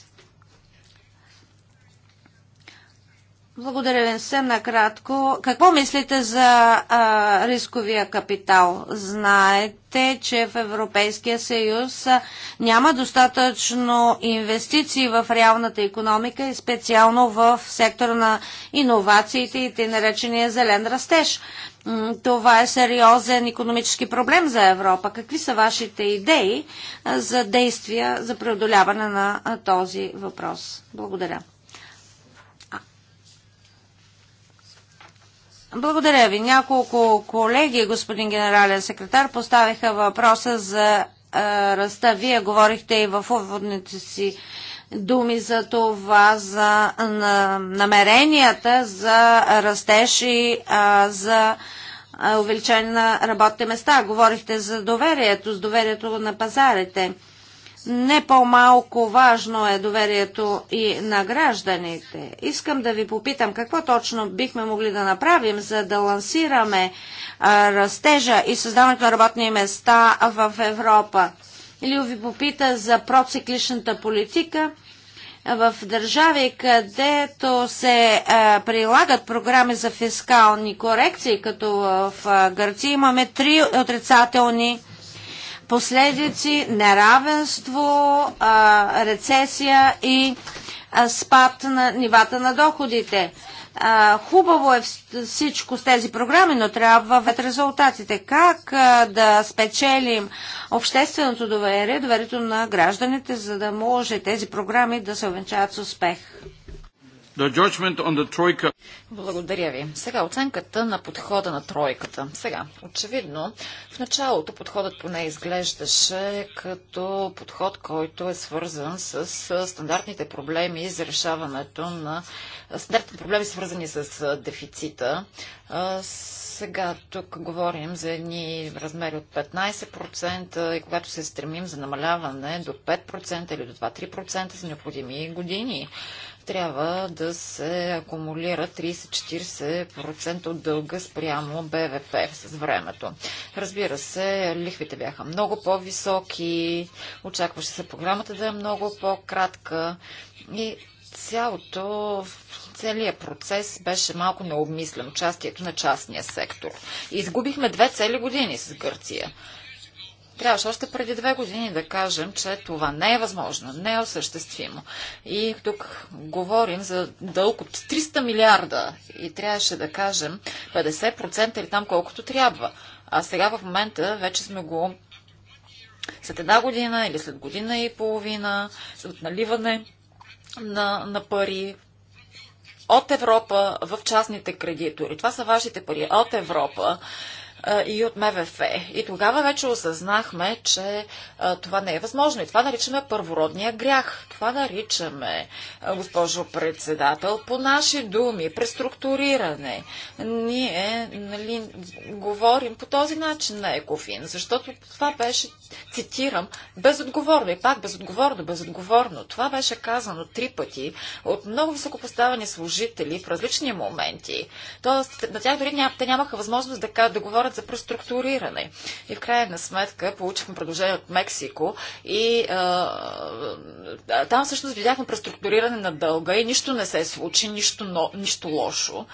Благодаря ви. Съвсем накратко. Какво мислите за а, рисковия капитал? Знаете, че в Европейския съюз а, няма достатъчно инвестиции в реалната економика и специално в сектора на иновациите и тъй наречения зелен растеж. Това е сериозен економически проблем за Европа. Какви са вашите идеи за действия за преодоляване на този въпрос? Благодаря. Благодаря ви. Няколко колеги, господин генерален секретар, поставиха въпроса за е, ръста. Вие говорихте и в уводните си думи за това, за на, намеренията за растеж и а, е, за е, увеличение на работните места. Говорихте за доверието, с доверието на пазарите. Не по-малко важно е доверието и на гражданите. Искам да ви попитам какво точно бихме могли да направим, за да лансираме а, растежа и създаването на работни места в Европа. Или ви попита за процикличната политика в държави, където се а, прилагат програми за фискални корекции, като в Гърция имаме три отрицателни последици, неравенство, а, рецесия и а, спад на нивата на доходите. А, хубаво е всичко с тези програми, но трябва в резултатите. Как а, да спечелим общественото доверие, доверието на гражданите, за да може тези програми да се увенчават с успех? Благодаря ви. Сега оценката на подхода на тройката. Сега, очевидно, в началото подходът поне изглеждаше като подход, който е свързан с стандартните проблеми за решаването на стандартните проблеми, свързани с дефицита. Сега тук говорим за едни размери от 15% и когато се стремим за намаляване до 5% или до 2-3% са необходими години трябва да се акумулира 30-40% от дълга спрямо БВП с времето. Разбира се, лихвите бяха много по-високи, очакваше се програмата да е много по-кратка и цялото, целият процес беше малко необмислен, участието на частния сектор. Изгубихме две цели години с Гърция. Трябваше още преди две години да кажем, че това не е възможно, не е осъществимо. И тук говорим за дълг от 300 милиарда и трябваше да кажем 50% или там колкото трябва. А сега в момента вече сме го след една година или след година и половина, след наливане на, на пари, от Европа в частните кредитори. Това са вашите пари от Европа и от МВФ. И тогава вече осъзнахме, че това не е възможно. И това наричаме първородния грях. Това наричаме, госпожо председател, по наши думи, преструктуриране. Ние нали, говорим по този начин на Екофин, защото това беше, цитирам, безотговорно. И пак безотговорно, безотговорно. Това беше казано три пъти от много високопоставени служители в различни моменти. Тоест, на тях дори ням, те нямаха възможност да, да говорят настояват за преструктуриране. И в крайна сметка получихме предложение от Мексико и а, там всъщност видяхме преструктуриране на дълга и нищо не се случи, нищо, но, нищо лошо.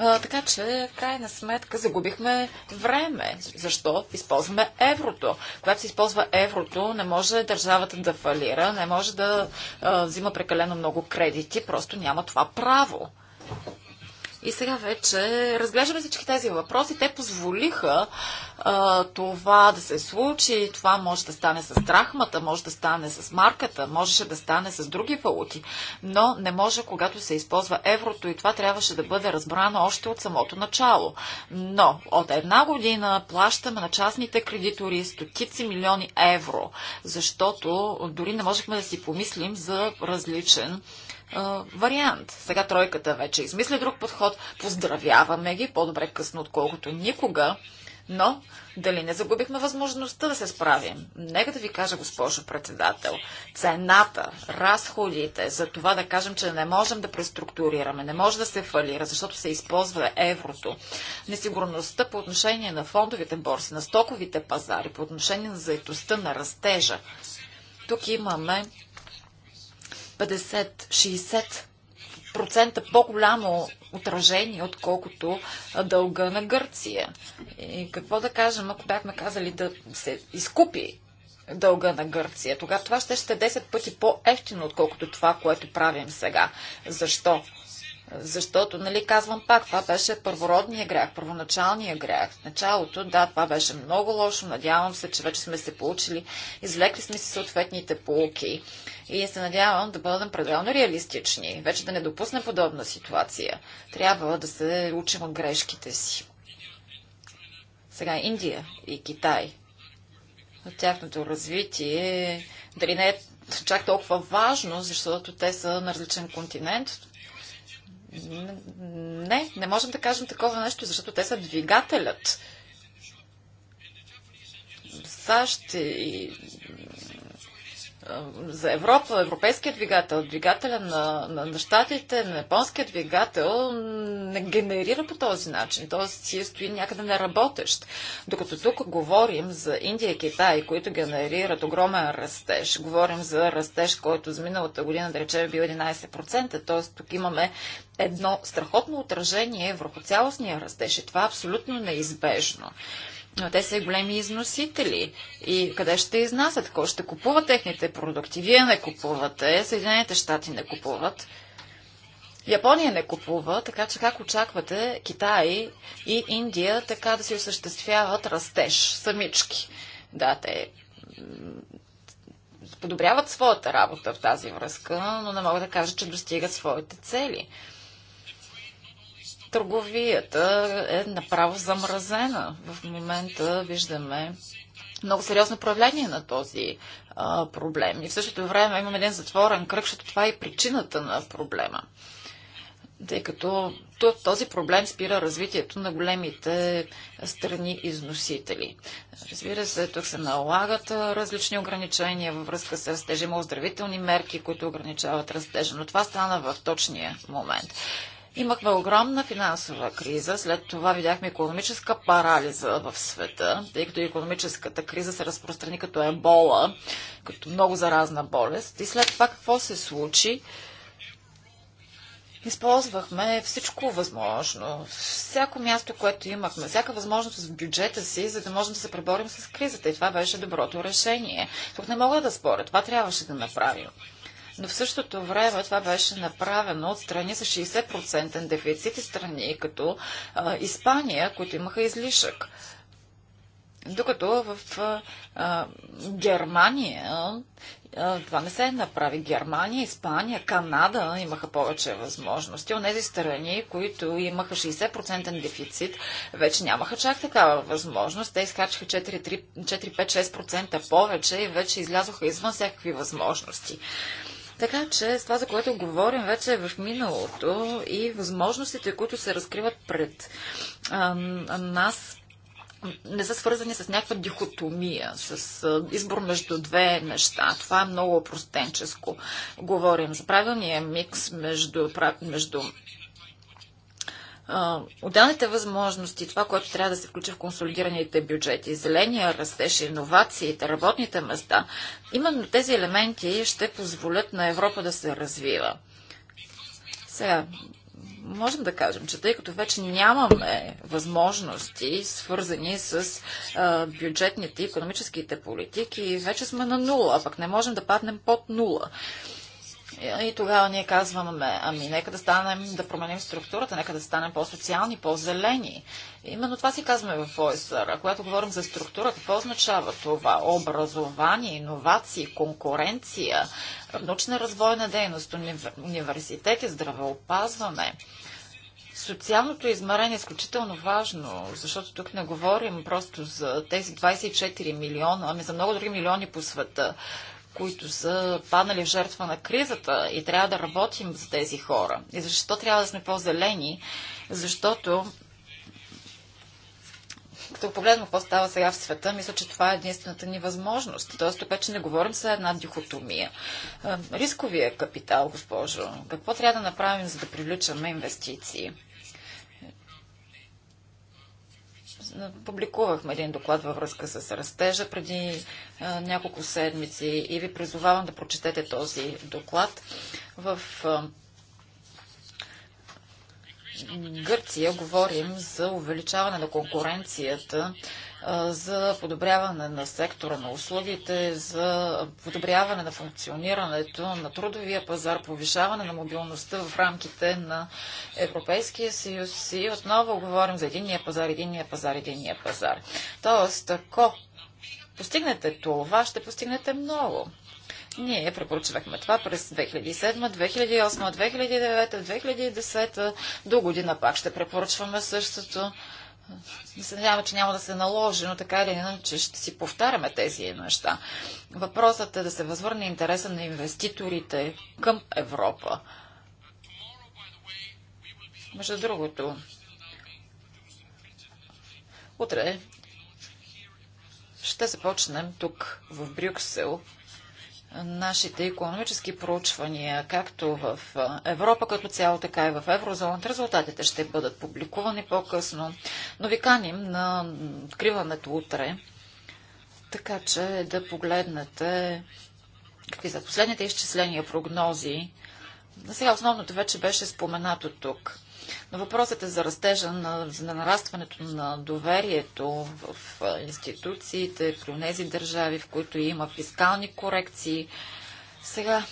А, така че, в крайна сметка, загубихме време. Защо? Използваме еврото. Когато се използва еврото, не може държавата да фалира, не може да а, взима прекалено много кредити, просто няма това право. И сега вече разглеждаме всички тези въпроси. Те позволиха а, това да се случи. Това може да стане с драхмата, може да стане с марката, можеше да стане с други валути, но не може, когато се използва еврото и това трябваше да бъде разбрано още от самото начало. Но от една година плащаме на частните кредитори стотици милиони евро, защото дори не можехме да си помислим за различен а, вариант. Сега тройката вече измисля друг подход. Поздравяваме ги, по-добре късно, отколкото никога. Но дали не загубихме възможността да се справим? Нека да ви кажа, госпожо председател, цената, разходите за това да кажем, че не можем да преструктурираме, не може да се фалира, защото се използва еврото, несигурността по отношение на фондовите борси, на стоковите пазари, по отношение на заетостта, на растежа. Тук имаме 50-60% по-голямо отражение, отколкото дълга на Гърция. И какво да кажем, ако бяхме казали да се изкупи дълга на Гърция, тогава това ще ще 10 е пъти по-ефтино, отколкото това, което правим сега. Защо? Защото, нали, казвам пак, това беше първородния грях, първоначалния грях. В началото, да, това беше много лошо. Надявам се, че вече сме се получили. Излекли сме си съответните полуки. И се надявам да бъдем пределно реалистични. Вече да не допуснем подобна ситуация. Трябва да се учим от грешките си. Сега Индия и Китай. От тяхното развитие, дали не е чак толкова важно, защото те са на различен континент, не, не можем да кажем такова нещо, защото те са двигателят. САЩ и за Европа, европейският двигател, двигателя на, на, на щатите, на японския двигател не генерира по този начин. Тоест, си стои някъде неработещ. Докато тук говорим за Индия и Китай, които генерират огромен растеж. Говорим за растеж, който за миналата година, да речем, бил 11%. Т.е. тук имаме едно страхотно отражение върху цялостния растеж. И това е абсолютно неизбежно. Но те са големи износители. И къде ще изнасят? Кой ще купува техните продукти? Вие не купувате, Съединените щати не купуват. Япония не купува, така че как очаквате Китай и Индия така да си осъществяват растеж самички? Да, те подобряват своята работа в тази връзка, но не мога да кажа, че достигат своите цели търговията е направо замразена. В момента виждаме много сериозно проявление на този а, проблем. И в същото време имаме един затворен кръг, защото това е и причината на проблема. Тъй като този проблем спира развитието на големите страни износители. Разбира се, тук се налагат различни ограничения във връзка с растежа. оздравителни мерки, които ограничават растежа, но това стана в точния момент. Имахме огромна финансова криза, след това видяхме економическа парализа в света, тъй като економическата криза се разпространи като ебола, като много заразна болест. И след това какво се случи? Използвахме всичко възможно, всяко място, което имахме, всяка възможност в бюджета си, за да можем да се преборим с кризата. И това беше доброто решение. Тук не мога да споря. Това трябваше да направим но в същото време това беше направено от страни с 60% дефицит и страни като а, Испания, които имаха излишък. Докато в а, Германия а, това не се направи. Германия, Испания, Канада имаха повече възможности. От тези страни, които имаха 60% дефицит, вече нямаха чак такава възможност. Те изкачаха 4-5-6% повече и вече излязоха извън всякакви възможности. Така че с това, за което говорим вече е в миналото и възможностите, които се разкриват пред а, нас, не са свързани с някаква дихотомия, с избор между две неща. Това е много простенческо. Говорим за правилния микс между, между отделните възможности, това, което трябва да се включи в консолидираните бюджети, зеления растеж, иновациите, работните места, именно тези елементи ще позволят на Европа да се развива. Сега, можем да кажем, че тъй като вече нямаме възможности, свързани с а, бюджетните и економическите политики, вече сме на нула, а пък не можем да паднем под нула. А, и тогава ние казваме, ами нека да станем, да променим структурата, нека да станем по-социални, по-зелени. Именно това си казваме в А Когато говорим за структура, какво означава това? Образование, иновации, конкуренция, научна развойна дейност, университети, здравеопазване. Социалното измерение е изключително важно, защото тук не говорим просто за тези 24 милиона, ами за много други милиони по света, които са паднали в жертва на кризата и трябва да работим за тези хора. И защо трябва да сме по-зелени? Защото като погледнем какво става сега в света, мисля, че това е единствената ни възможност. Тоест, тук вече не говорим за една дихотомия. Е, рисковия капитал, госпожо, какво трябва да направим, за да привличаме инвестиции? публикувахме един доклад във връзка с растежа преди а, няколко седмици и ви призовавам да прочетете този доклад. В а, Гърция говорим за увеличаване на конкуренцията за подобряване на сектора на услугите, за подобряване на функционирането на трудовия пазар, повишаване на мобилността в рамките на Европейския съюз и отново говорим за единния пазар, единния пазар, единния пазар. Тоест, ако постигнете това, ще постигнете много. Ние препоръчвахме това през 2007, 2008, 2009, 2010. До година пак ще препоръчваме същото. Не се надявам, че няма да се наложи, но така или иначе ще си повтаряме тези неща. Въпросът е да се възвърне интереса на инвеститорите към Европа. Между другото, утре ще започнем тук в Брюксел нашите економически проучвания, както в Европа като цяло, така и в еврозоната. Резултатите ще бъдат публикувани по-късно, но ви каним на откриването утре, така че да погледнете какви са последните изчисления, прогнози. Сега основното вече беше споменато тук. Но въпросът е за растежа на, за нарастването на доверието в институциите, при тези държави, в които има фискални корекции. Сега,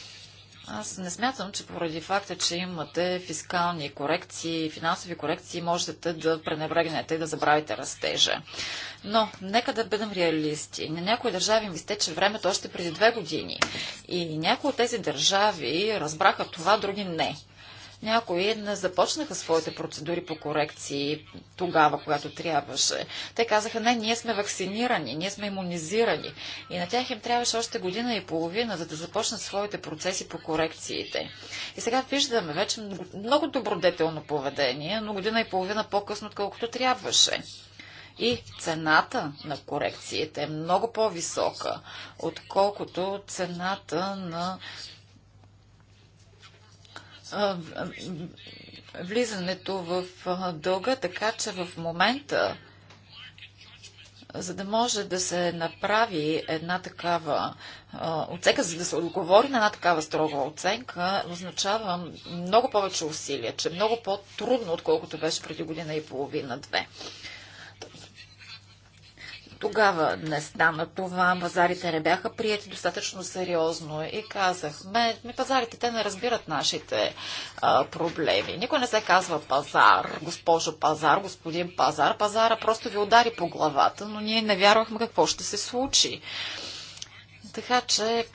аз не смятам, че поради факта, че имате фискални корекции, финансови корекции, можете да пренебрегнете и да забравите растежа. Но нека да бъдем реалисти. На някои държави ми стече времето още преди две години. И някои от тези държави разбраха това, други не. Някои не започнаха своите процедури по корекции тогава, когато трябваше. Те казаха, не, ние сме вакцинирани, ние сме иммунизирани. И на тях им трябваше още година и половина, за да започнат своите процеси по корекциите. И сега виждаме вече много добродетелно поведение, но година и половина по-късно, отколкото трябваше. И цената на корекциите е много по-висока, отколкото цената на влизането в дълга, така че в момента, за да може да се направи една такава оценка, за да се отговори на една такава строга оценка, означава много повече усилия, че е много по-трудно, отколкото беше преди година и половина-две. Тогава не стана това, пазарите не бяха прияти достатъчно сериозно и казахме, ми пазарите те не разбират нашите а, проблеми. Никой не се казва пазар, госпожо пазар, господин пазар. Пазара просто ви удари по главата, но ние не вярвахме какво ще се случи. Така че,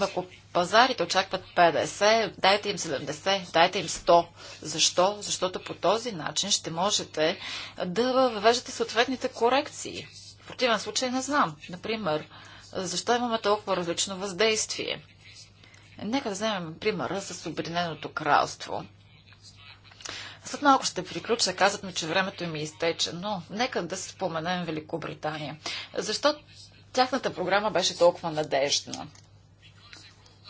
ако пазарите очакват 50, дайте им 70, дайте им 100. Защо? Защото по този начин ще можете да въвеждате съответните корекции. В противен случай не знам. Например, защо имаме толкова различно въздействие? Нека да вземем примера с Обединеното кралство. След малко ще приключа. Казват ми, че времето ми изтече, но нека да се споменем Великобритания. Защо тяхната програма беше толкова надеждна?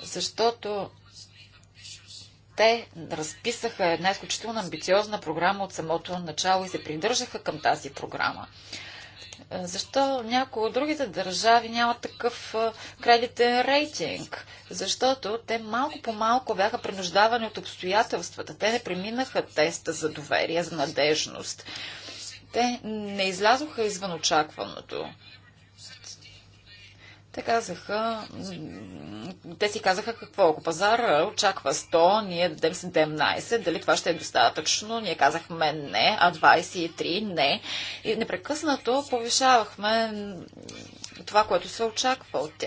Защото те разписаха една изключително амбициозна програма от самото начало и се придържаха към тази програма. Е, защо някои от другите държави нямат такъв е, кредитен рейтинг? Защото те малко по малко бяха принуждавани от обстоятелствата. Те не преминаха теста за доверие, за надежност. Те не излязоха извън очакваното. Те казаха, те си казаха какво, ако пазара очаква 100, ние дадем 17, дали това ще е достатъчно? Ние казахме не, а 23 не. И непрекъснато повишавахме това, което се очаква от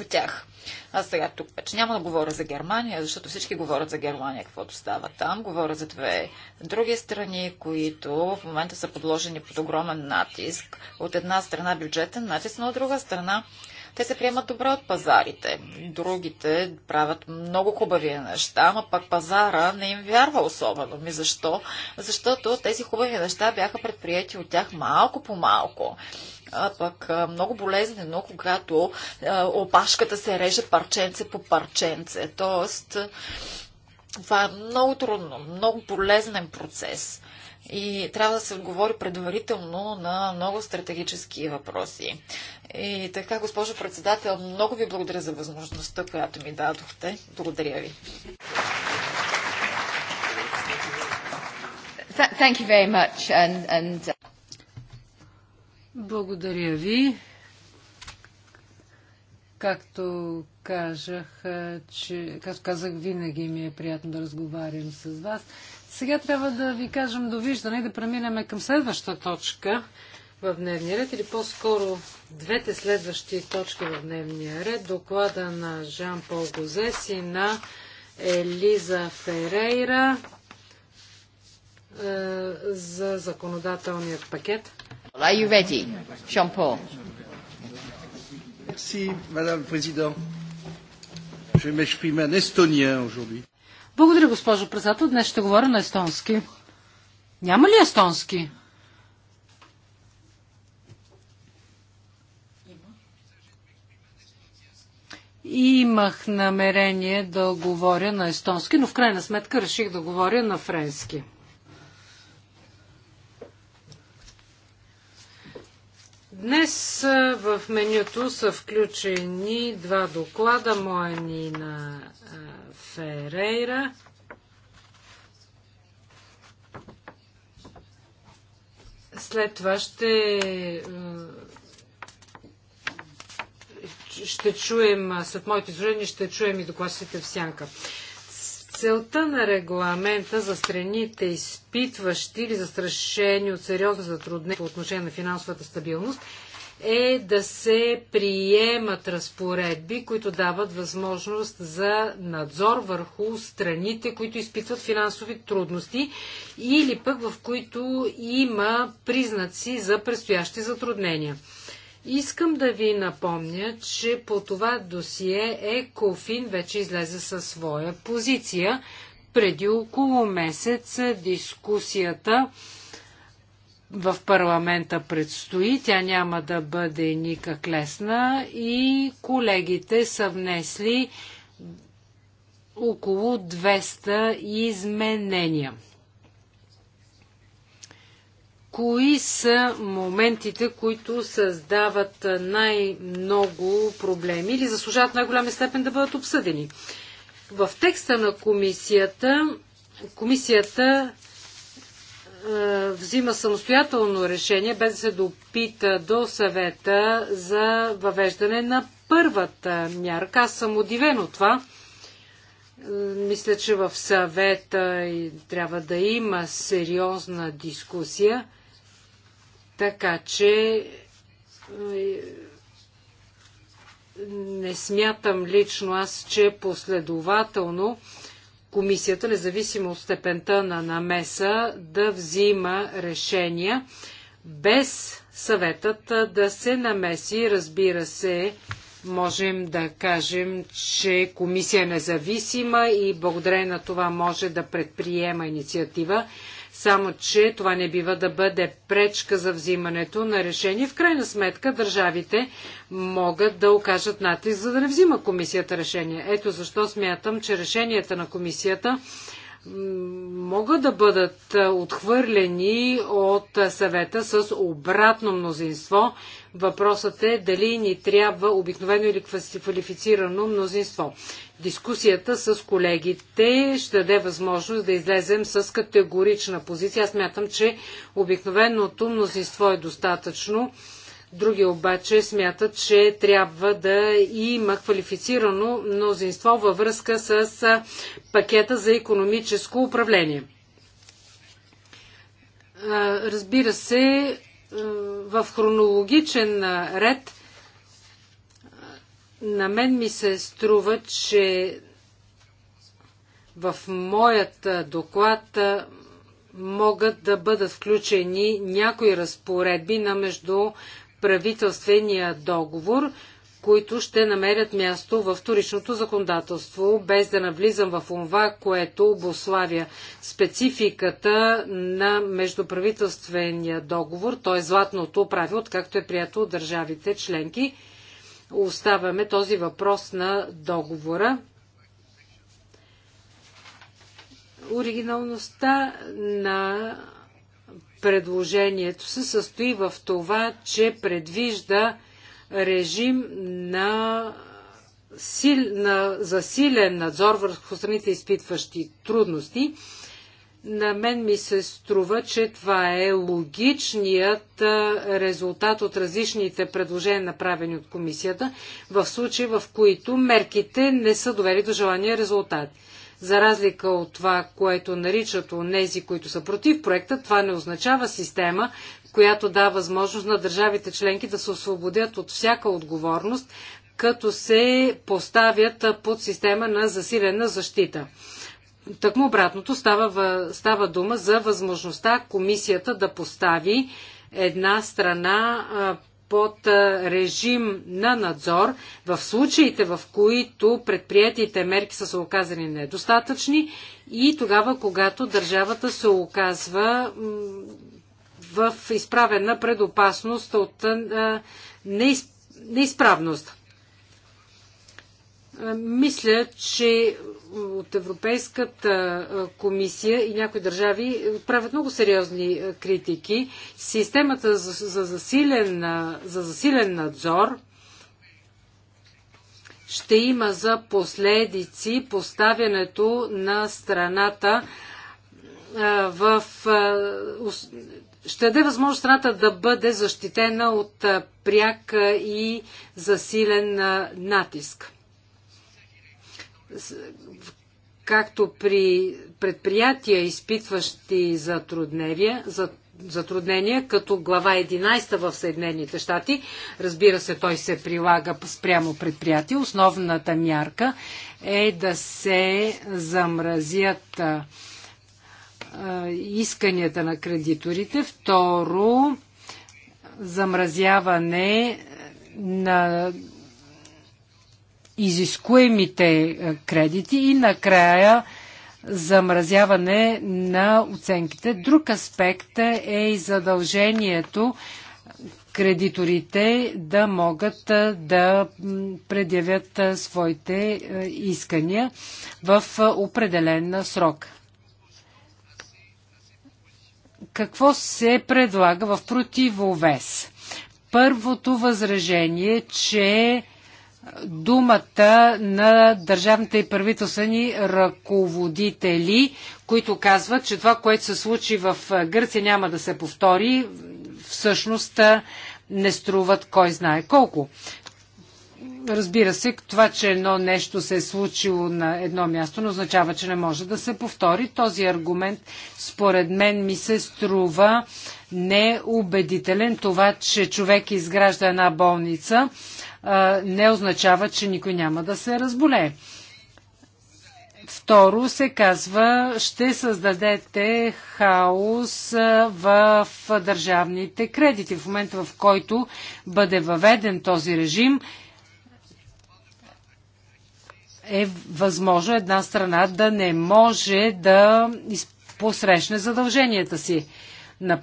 От тях. Аз сега тук вече няма да говоря за Германия, защото всички говорят за Германия, каквото става там. Говоря за две други страни, които в момента са подложени под огромен натиск. От една страна бюджетен натиск, но от друга страна те се приемат добре от пазарите. Другите правят много хубави неща, ама пък пазара не им вярва особено. Ми защо? Защото тези хубави неща бяха предприяти от тях малко по малко а пък много болезнено, когато опашката се реже парченце по парченце. Тоест, това е много трудно, много полезен процес. И трябва да се отговори предварително на много стратегически въпроси. И така, госпожо председател, много ви благодаря за възможността, която ми дадохте. Благодаря ви. And, and... Благодаря ви. Както казах, че, както казах, винаги ми е приятно да разговарям с вас. Сега трябва да ви кажем довиждане и да преминем към следваща точка в дневния ред, или по-скоро двете следващи точки в дневния ред. Доклада на Жан-Пол Гозес и на Елиза Ферейра за законодателният пакет. Are you ready, Jean-Paul? Merci, Madame Président. Je en estonien aujourd'hui. Благодаря, госпожо председател. Днес ще говоря на естонски. Няма ли естонски? Имах намерение да говоря на естонски, но в крайна сметка реших да говоря на френски. Днес в менюто са включени два доклада, моя е ни на Ферейра. След това ще ще чуем, след моите изложения ще чуем и докладите в сянка. Целта на регламента за страните, изпитващи или застрашени от сериозно затруднение по отношение на финансовата стабилност, е да се приемат разпоредби, които дават възможност за надзор върху страните, които изпитват финансови трудности или пък в които има признаци за предстоящи затруднения. Искам да ви напомня, че по това досие ЕКОФИН вече излезе със своя позиция. Преди около месец дискусията в парламента предстои. Тя няма да бъде никак лесна и колегите са внесли около 200 изменения кои са моментите, които създават най-много проблеми или заслужават най-голяма степен да бъдат обсъдени. В текста на комисията, комисията е, взима самостоятелно решение, без да се допита до съвета за въвеждане на първата мярка. Аз съм удивен от това. Мисля, че в съвета трябва да има сериозна дискусия така че е, не смятам лично аз, че е последователно комисията, независимо от степента на намеса, да взима решения без съветът да се намеси. Разбира се, можем да кажем, че комисия е независима и благодарение на това може да предприема инициатива, само, че това не бива да бъде пречка за взимането на решение. В крайна сметка държавите могат да окажат натиск, за да не взима комисията решение. Ето защо смятам, че решенията на комисията могат да бъдат отхвърлени от съвета с обратно мнозинство. Въпросът е дали ни трябва обикновено или квалифицирано мнозинство. Дискусията с колегите ще даде възможност да излезем с категорична позиция. Аз мятам, че обикновеното мнозинство е достатъчно Други обаче смятат, че трябва да има квалифицирано мнозинство във връзка с пакета за економическо управление. Разбира се, в хронологичен ред на мен ми се струва, че в моят доклад могат да бъдат включени някои разпоредби на между правителствения договор, които ще намерят място в вторичното законодателство, без да навлизам в това, което обославя спецификата на междуправителствения договор, т.е. златното правило, както е прието от държавите членки. Оставяме този въпрос на договора. Оригиналността на предложението се състои в това, че предвижда режим на, сил, на засилен надзор върху страните, изпитващи трудности. На мен ми се струва, че това е логичният резултат от различните предложения, направени от комисията, в случаи, в които мерките не са довели до желания резултат. За разлика от това, което наричат онези, които са против проекта, това не означава система, която дава възможност на държавите членки да се освободят от всяка отговорност, като се поставят под система на засилена защита. Такмо обратното става, става дума за възможността комисията да постави една страна под режим на надзор в случаите, в които предприятите мерки са се оказани недостатъчни и тогава, когато държавата се оказва в изправена предопасност от неизправност. Мисля, че от Европейската комисия и някои държави правят много сериозни критики. Системата за засилен, за засилен надзор ще има за последици поставянето на страната в. Ще даде възможност страната да бъде защитена от пряк и засилен натиск както при предприятия, изпитващи затруднения, затруднения като глава 11 в Съединените щати. Разбира се, той се прилага спрямо предприятие. Основната мярка е да се замразят исканията на кредиторите. Второ, замразяване на изискуемите е, кредити и накрая замразяване на оценките. Друг аспект е и задължението кредиторите да могат е, да предявят е, своите искания в определен срок. Какво се предлага в противовес? Първото възражение, че думата на държавните и правителствени ръководители, които казват, че това, което се случи в Гърция няма да се повтори, всъщност не струват кой знае колко. Разбира се, това, че едно нещо се е случило на едно място, не означава, че не може да се повтори. Този аргумент, според мен, ми се струва неубедителен. Това, че човек изгражда една болница, не означава, че никой няма да се разболее. Второ се казва, ще създадете хаос в държавните кредити. В момента, в който бъде въведен този режим, е възможно една страна да не може да посрещне задълженията си. На,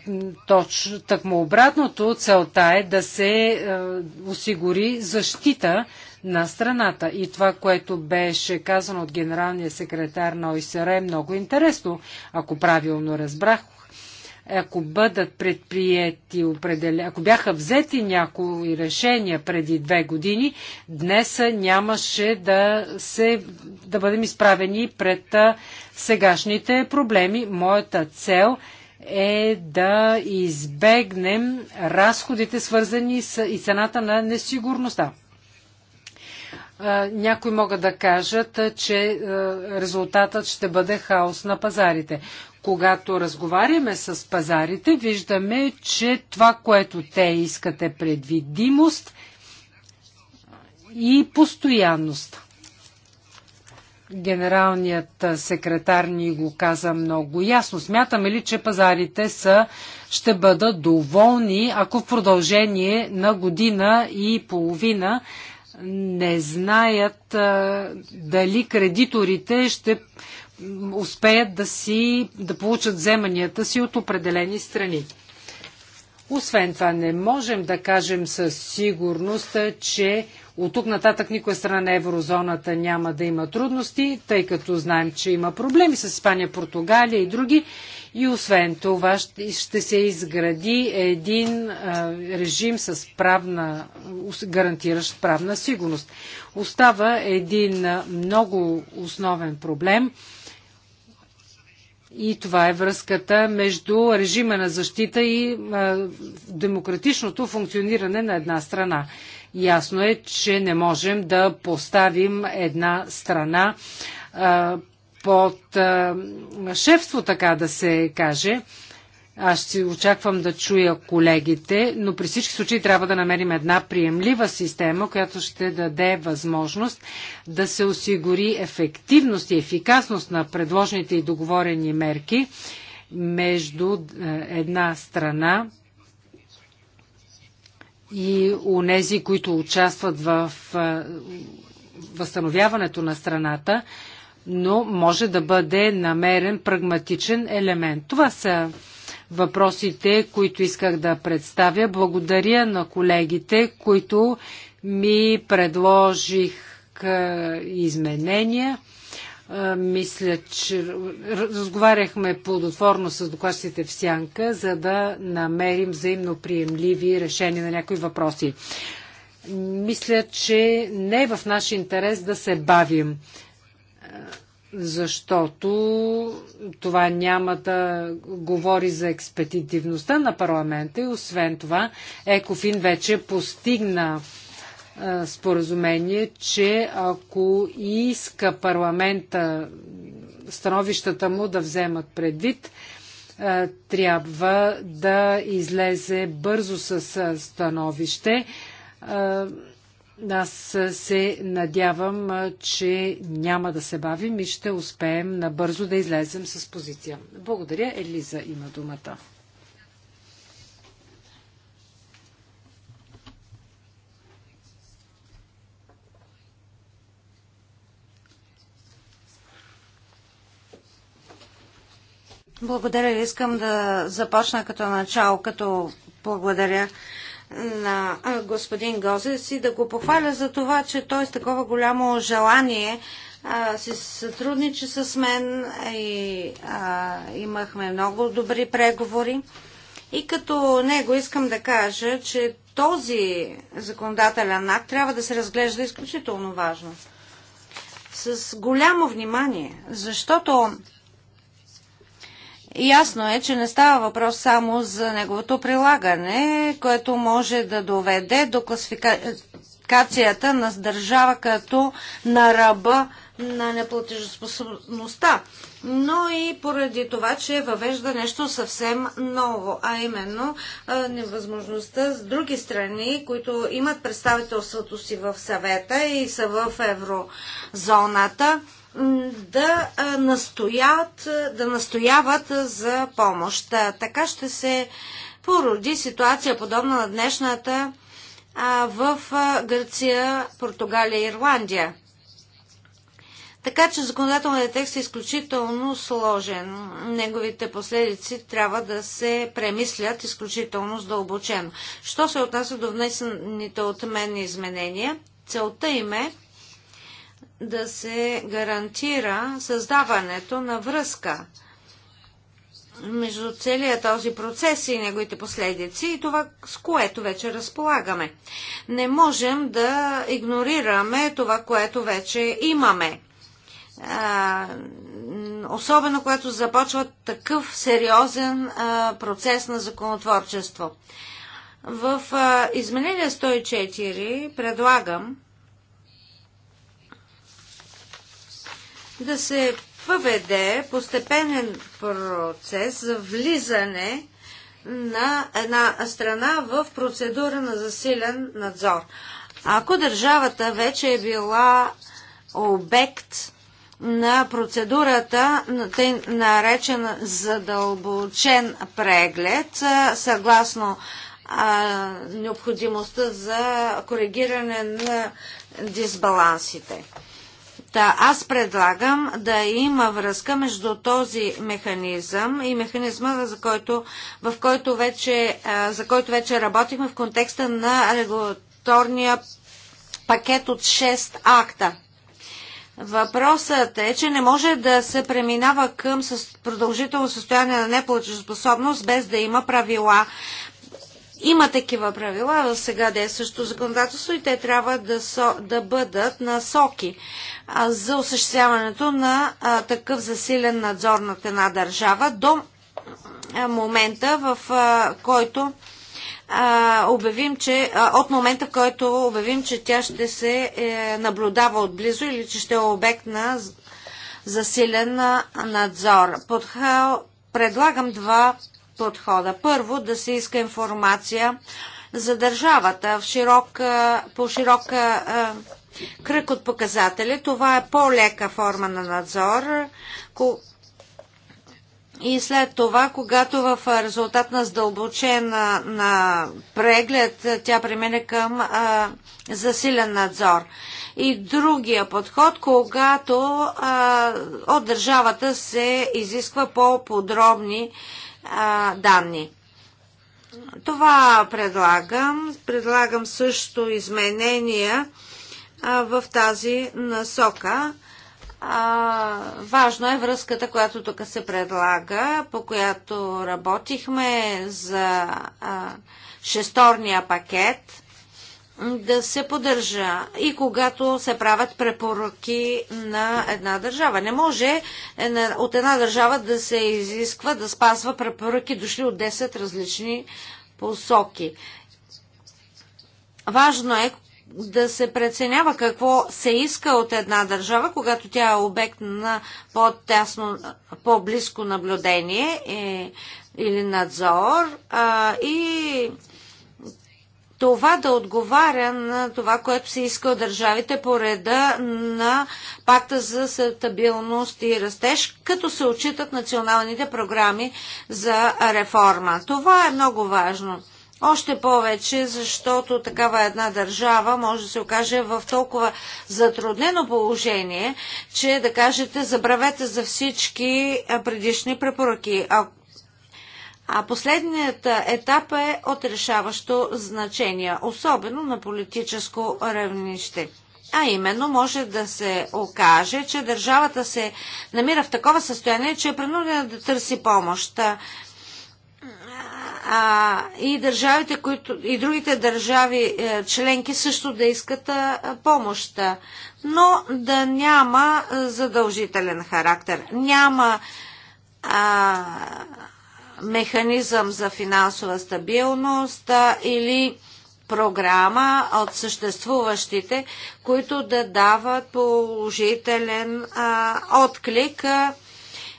так му обратното, целта е да се е, осигури защита на страната. И това, което беше казано от генералния секретар на ОИСР е много интересно, ако правилно разбрах. Ако бъдат предприяти определени, ако бяха взети някои решения преди две години, днес нямаше да, се, да бъдем изправени пред сегашните проблеми. Моята цел е е да избегнем разходите, свързани с и цената на несигурността. Някои могат да кажат, че резултатът ще бъде хаос на пазарите. Когато разговаряме с пазарите, виждаме, че това, което те искат е предвидимост и постоянност. Генералният секретар ни го каза много ясно. Смятаме ли, че пазарите са, ще бъдат доволни, ако в продължение на година и половина не знаят а, дали кредиторите ще успеят да, си, да получат вземанията си от определени страни. Освен това, не можем да кажем със сигурност, че от тук нататък никоя страна на еврозоната няма да има трудности, тъй като знаем, че има проблеми с Испания, Португалия и други. И освен това ще се изгради един режим с правна, гарантиращ правна сигурност. Остава един много основен проблем. И това е връзката между режима на защита и демократичното функциониране на една страна. Ясно е, че не можем да поставим една страна а, под а, шефство, така да се каже. Аз ще очаквам да чуя колегите, но при всички случаи трябва да намерим една приемлива система, която ще даде възможност да се осигури ефективност и ефикасност на предложените и договорени мерки между е, една страна и у нези, които участват в възстановяването на страната, но може да бъде намерен прагматичен елемент. Това са въпросите, които исках да представя. Благодаря на колегите, които ми предложих изменения мисля, че разговаряхме плодотворно с докладчиците в Сянка, за да намерим взаимно приемливи решения на някои въпроси. Мисля, че не е в наш интерес да се бавим, защото това няма да говори за експедитивността на парламента и освен това Екофин вече постигна споразумение, че ако иска парламента становищата му да вземат предвид, трябва да излезе бързо с становище. Аз се надявам, че няма да се бавим и ще успеем набързо да излезем с позиция. Благодаря. Елиза има думата. Благодаря. Искам да започна като начало, като благодаря на господин Гозес и да го похваля за това, че той с такова голямо желание а, се сътрудничи с мен и а, имахме много добри преговори. И като него искам да кажа, че този законодателен акт трябва да се разглежда изключително важно. С голямо внимание, защото Ясно е, че не става въпрос само за неговото прилагане, което може да доведе до класификацията на държава като на ръба на неплатежоспособността, но и поради това, че въвежда нещо съвсем ново, а именно невъзможността с други страни, които имат представителството си в съвета и са в еврозоната, да настоят, да настояват за помощ. Така ще се породи ситуация подобна на днешната в Гърция, Португалия и Ирландия. Така че законодателният текст е изключително сложен. Неговите последици трябва да се премислят изключително задълбочено. Що се отнася до внесените от мен изменения? Целта им е да се гарантира създаването на връзка между целият този процес и неговите последици и това, с което вече разполагаме. Не можем да игнорираме това, което вече имаме. особено когато започва такъв сериозен процес на законотворчество. В изменение 104 предлагам да се въведе постепенен процес за влизане на една страна в процедура на засилен надзор. Ако държавата вече е била обект на процедурата, тъй наречен задълбочен преглед, съгласно а, необходимостта за коригиране на дисбалансите. Та аз предлагам да има връзка между този механизъм и механизма, за който, в който вече, за който вече работихме в контекста на регуляторния пакет от 6 акта. Въпросът е, че не може да се преминава към продължително състояние на неплатежоспособност без да има правила има такива правила в сега действащото законодателство и те трябва да, со, да бъдат насоки а, за осъществяването на а, такъв засилен надзор на една държава до а, момента, в а, който а, обявим, че а, от момента, в който обявим, че тя ще се е, наблюдава отблизо или че ще е обект на засилен надзор. Подхал, предлагам два подхода. Първо, да се иска информация за държавата в широк, по широк кръг от показатели. Това е по-лека форма на надзор. И след това, когато в резултат на сдълбочен на преглед, тя премине към а, засилен надзор. И другия подход, когато а, от държавата се изисква по-подробни а, данни. Това предлагам. Предлагам също изменения а, в тази насока. А, важно е връзката, която тук се предлага, по която работихме за а, шесторния пакет да се поддържа и когато се правят препоръки на една държава. Не може от една държава да се изисква да спазва препоръки дошли от 10 различни посоки. Важно е да се преценява какво се иска от една държава, когато тя е обект на по-тясно, по-близко наблюдение е, или надзор а, и това да отговаря на това, което се иска от държавите по реда на пакта за стабилност и растеж, като се отчитат националните програми за реформа. Това е много важно. Още повече, защото такава една държава може да се окаже в толкова затруднено положение, че да кажете забравете за всички предишни препоръки. Ако а последният етап е от решаващо значение, особено на политическо равнище. А именно може да се окаже, че държавата се намира в такова състояние, че е принудена да търси помощ. А, и държавите, които, и другите държави е, членки също да искат помощ, но да няма задължителен характер. Няма а, механизъм за финансова стабилност или програма от съществуващите, които да дават положителен а, отклик а,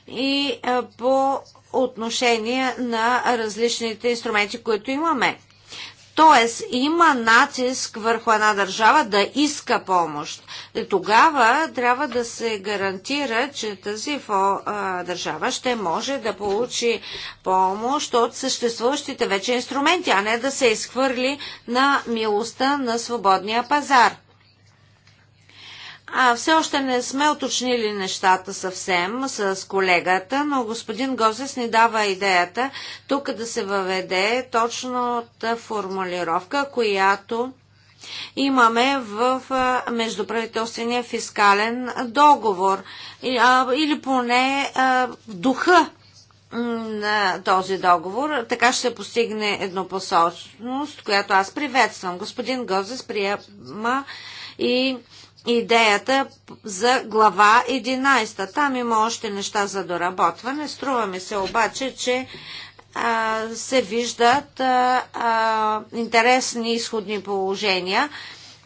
и а, по отношение на различните инструменти, които имаме. Тоест, има натиск върху една държава да иска помощ. Тогава трябва да се гарантира, че тази фо, а, държава ще може да получи помощ от съществуващите вече инструменти, а не да се изхвърли на милостта на свободния пазар. А, все още не сме уточнили нещата съвсем с колегата, но господин Гозес ни дава идеята тук да се въведе точната формулировка, която имаме в междуправителствения фискален договор или поне в духа на този договор. Така ще постигне еднопосочност, която аз приветствам. Господин Гозес приема и идеята за глава 11. Там има още неща за доработване. Струва ми се обаче, че а, се виждат а, а, интересни изходни положения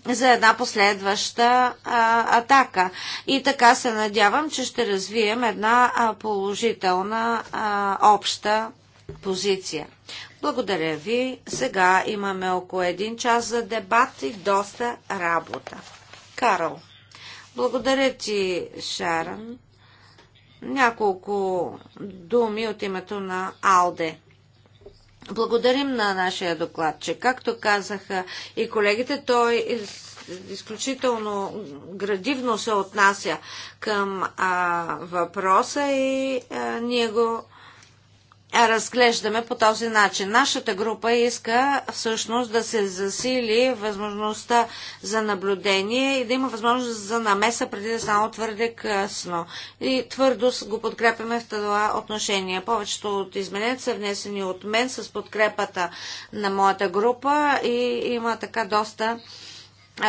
за една последваща а, атака. И така се надявам, че ще развием една а, положителна а, обща позиция. Благодаря ви. Сега имаме около един час за дебат и доста работа. Карл. Благодаря ти, Шаран. Няколко думи от името на Алде. Благодарим на нашия докладчик. Както казаха и колегите, той изключително градивно се отнася към а, въпроса и а, ние го разглеждаме по този начин. Нашата група иска всъщност да се засили възможността за наблюдение и да има възможност за намеса преди да стане твърде късно. И твърдо го подкрепяме в това отношение. Повечето от измененията са внесени от мен с подкрепата на моята група и има така доста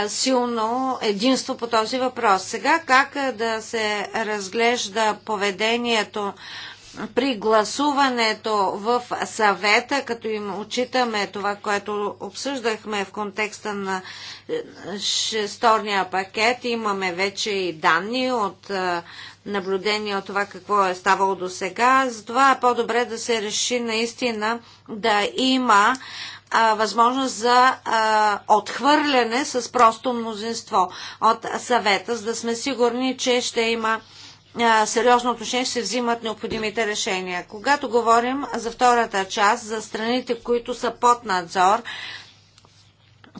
силно единство по този въпрос. Сега как да се разглежда поведението при гласуването в съвета, като им отчитаме това, което обсъждахме в контекста на е, шесторния пакет, имаме вече и данни от е, наблюдение от това какво е ставало до сега. Затова е по-добре да се реши наистина да има а, е, възможност за а, отхвърляне с просто мнозинство от съвета, за да сме сигурни, че ще има сериозно отношение ще се взимат необходимите решения. Когато говорим за втората част, за страните, които са под надзор,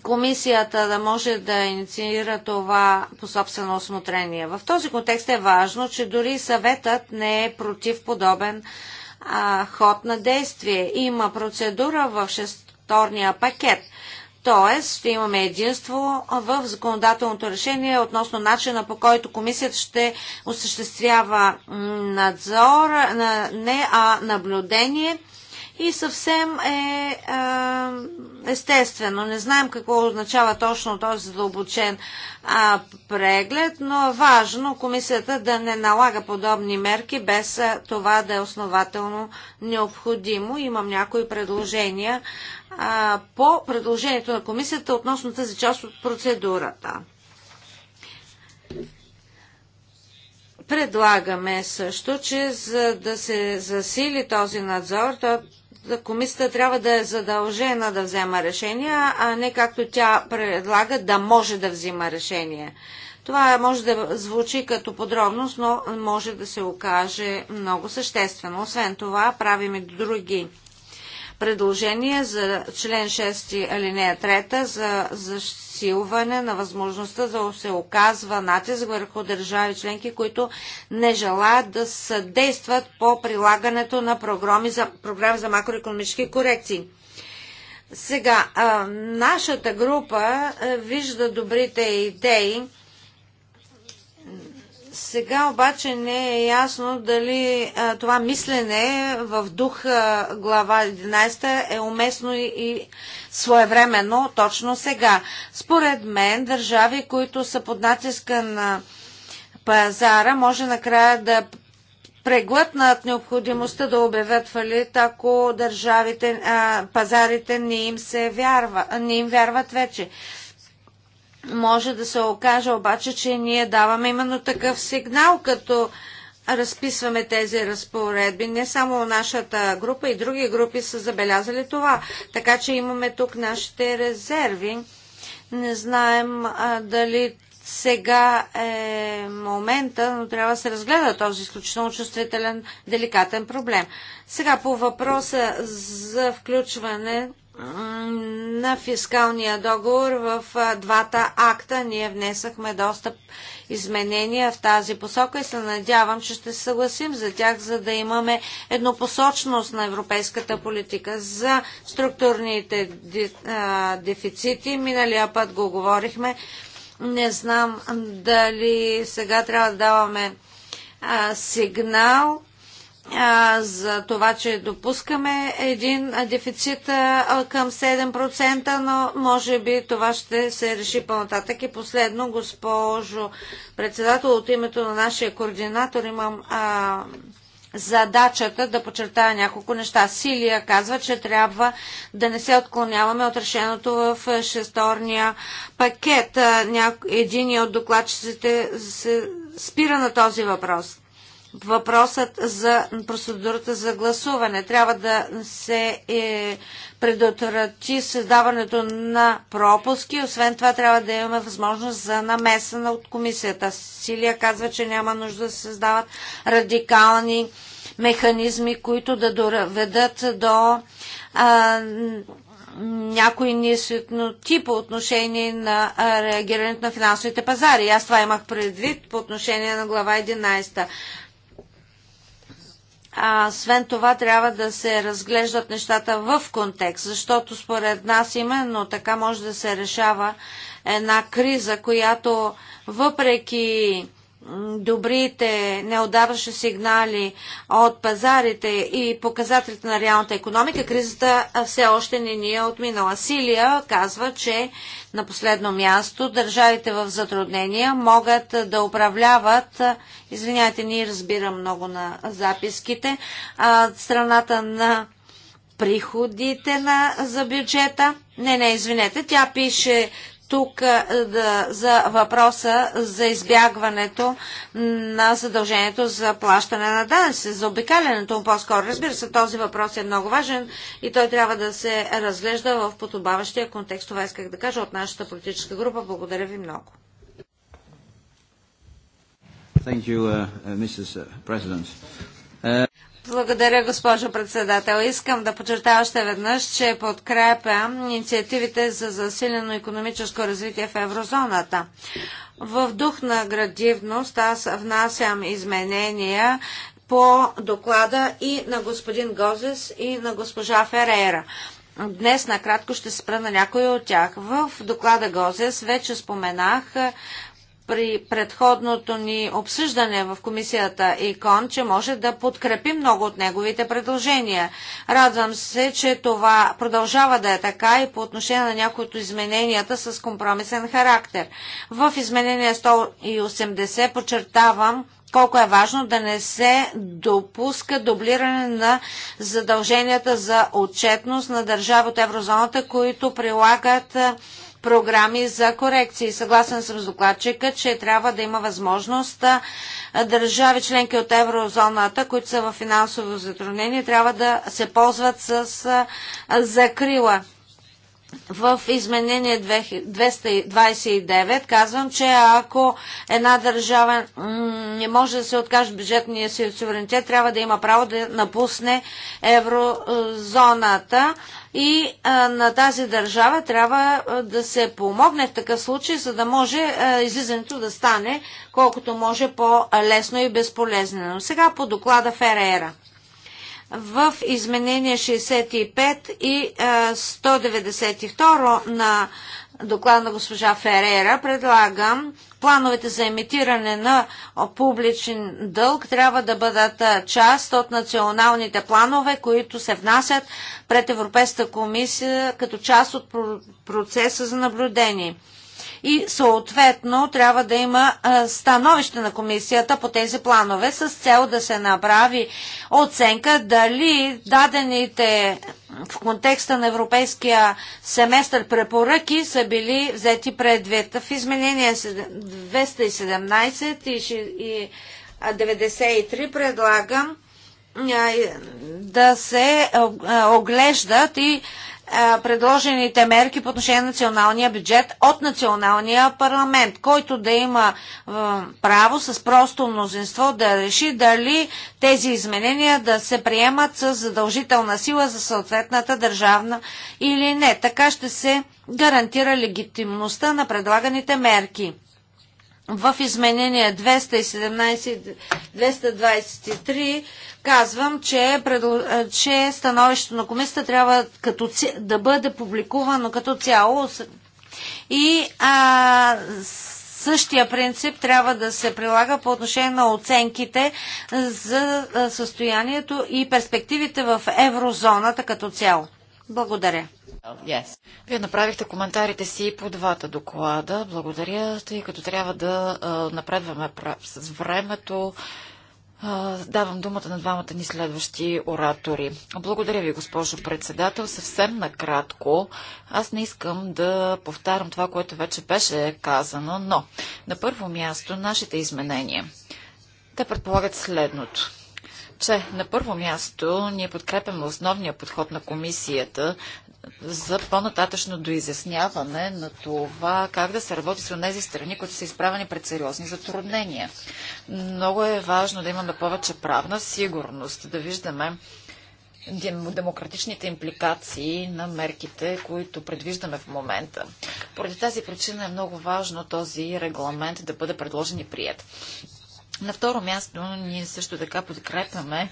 комисията да може да инициира това по собствено осмотрение. В този контекст е важно, че дори съветът не е против подобен а, ход на действие. Има процедура в шесторния пакет – Тоест, ще имаме единство в законодателното решение относно начина по който комисията ще осъществява надзор, не а наблюдение. И съвсем е, е естествено. Не знаем какво означава точно този задълбочен а, преглед, но е важно комисията да не налага подобни мерки без това да е основателно необходимо. Имам някои предложения а, по предложението на комисията относно тази част от процедурата. Предлагаме също, че за да се засили този надзор, то комисията трябва да е задължена да взема решения, а не както тя предлага да може да взима решения. Това може да звучи като подробност, но може да се окаже много съществено. Освен това, правим и други предложение за член 6 алинея 3 за засилване на възможността да се оказва натиск върху държави членки, които не желаят да съдействат по прилагането на програми за, програми за макроекономически корекции. Сега, а, нашата група вижда добрите идеи сега обаче не е ясно дали а, това мислене в дух а, глава 11 е уместно и, и своевременно точно сега. Според мен държави, които са под натиска на пазара, може накрая да преглътнат необходимостта да обявят фалит, ако държавите, а, пазарите не им, се вярва, не им вярват вече. Може да се окаже обаче, че ние даваме именно такъв сигнал, като разписваме тези разпоредби. Не само нашата група и други групи са забелязали това. Така че имаме тук нашите резерви. Не знаем а, дали сега е момента, но трябва да се разгледа този изключително чувствителен, деликатен проблем. Сега по въпроса за включване на фискалния договор в двата акта. Ние внесахме доста изменения в тази посока и се надявам, че ще се съгласим за тях, за да имаме еднопосочност на европейската политика за структурните дефицити. Миналия път го говорихме. Не знам дали сега трябва да даваме сигнал за това, че допускаме един дефицит към 7%, но може би това ще се реши по-нататък. И последно, госпожо председател, от името на нашия координатор имам а, задачата да почертая няколко неща. Силия казва, че трябва да не се отклоняваме от решеното в шесторния пакет. Един от докладчиците се спира на този въпрос въпросът за процедурата за гласуване. Трябва да се е, предотврати създаването на пропуски. Освен това трябва да имаме възможност за намесена от комисията. Силия казва, че няма нужда да се създават радикални механизми, които да доведат до а, някои несъотноти по отношение на реагирането на финансовите пазари. Аз това имах предвид по отношение на глава 11. А, свен това трябва да се разглеждат нещата в контекст, защото според нас именно така може да се решава една криза, която въпреки добрите неодаващи сигнали от пазарите и показателите на реалната економика, кризата все още не ни е отминала. Силия казва, че на последно място държавите в затруднения могат да управляват, извинявайте, ние разбирам много на записките, страната на приходите на, за бюджета. Не, не, извинете, тя пише тук да, за въпроса за избягването на задължението за плащане на данъци, за обикалянето по-скоро. Разбира се, този въпрос е много важен и той трябва да се разглежда в подобаващия контекст. Това исках да кажа от нашата политическа група. Благодаря ви много. Thank you, uh, uh Mrs. President. Uh... Благодаря, госпожо председател. Искам да подчертая още веднъж, че подкрепям инициативите за засилено економическо развитие в еврозоната. В дух на градивност аз внасям изменения по доклада и на господин Гозес и на госпожа Ферейра. Днес накратко ще спра на някои от тях. В доклада Гозес вече споменах при предходното ни обсъждане в комисията ИКОН, че може да подкрепи много от неговите предложения. Радвам се, че това продължава да е така и по отношение на някои от измененията с компромисен характер. В изменение 180 подчертавам, колко е важно да не се допуска дублиране на задълженията за отчетност на държави от еврозоната, които прилагат програми за корекции. Съгласен съм с докладчика, че трябва да има възможност държави членки от еврозоната, които са в финансово затруднение, трябва да се ползват с закрила в изменение 229 казвам, че ако една държава не може да се откаже бюджетния си суверенитет, трябва да има право да напусне еврозоната и а, на тази държава трябва а, да се помогне в такъв случай, за да може а, излизането да стане колкото може по-лесно и безполезно. Сега по доклада Ферера. В изменение 65 и а, 192 на доклада на госпожа Ферера предлагам плановете за емитиране на публичен дълг трябва да бъдат част от националните планове, които се внасят пред Европейската комисия като част от процеса за наблюдение и съответно трябва да има становище на комисията по тези планове с цел да се направи оценка дали дадените в контекста на европейския семестър препоръки са били взети предвид. В изменение 217 и 93 предлагам да се оглеждат и е, предложените мерки по отношение на националния бюджет от националния парламент, който да има е, право с просто мнозинство да реши дали тези изменения да се приемат с задължителна сила за съответната държавна или не. Така ще се гарантира легитимността на предлаганите мерки в изменение 217 223 казвам, че, че становището на комисията трябва като, да бъде публикувано като цяло и а, същия принцип трябва да се прилага по отношение на оценките за състоянието и перспективите в еврозоната като цяло. Благодаря. Вие направихте коментарите си по двата доклада. Благодаря, тъй като трябва да а, напредваме с времето. А, давам думата на двамата ни следващи оратори. Благодаря ви, госпожо председател. Съвсем накратко, аз не искам да повтарям това, което вече беше казано, но на първо място нашите изменения. Те предполагат следното че на първо място ние подкрепяме основния подход на комисията за по-нататъчно доизясняване на това как да се работи с тези страни, които са изправени пред сериозни затруднения. Много е важно да имаме повече правна сигурност, да виждаме демократичните импликации на мерките, които предвиждаме в момента. Поради тази причина е много важно този регламент да бъде предложен и прият. На второ място ние също така подкрепяме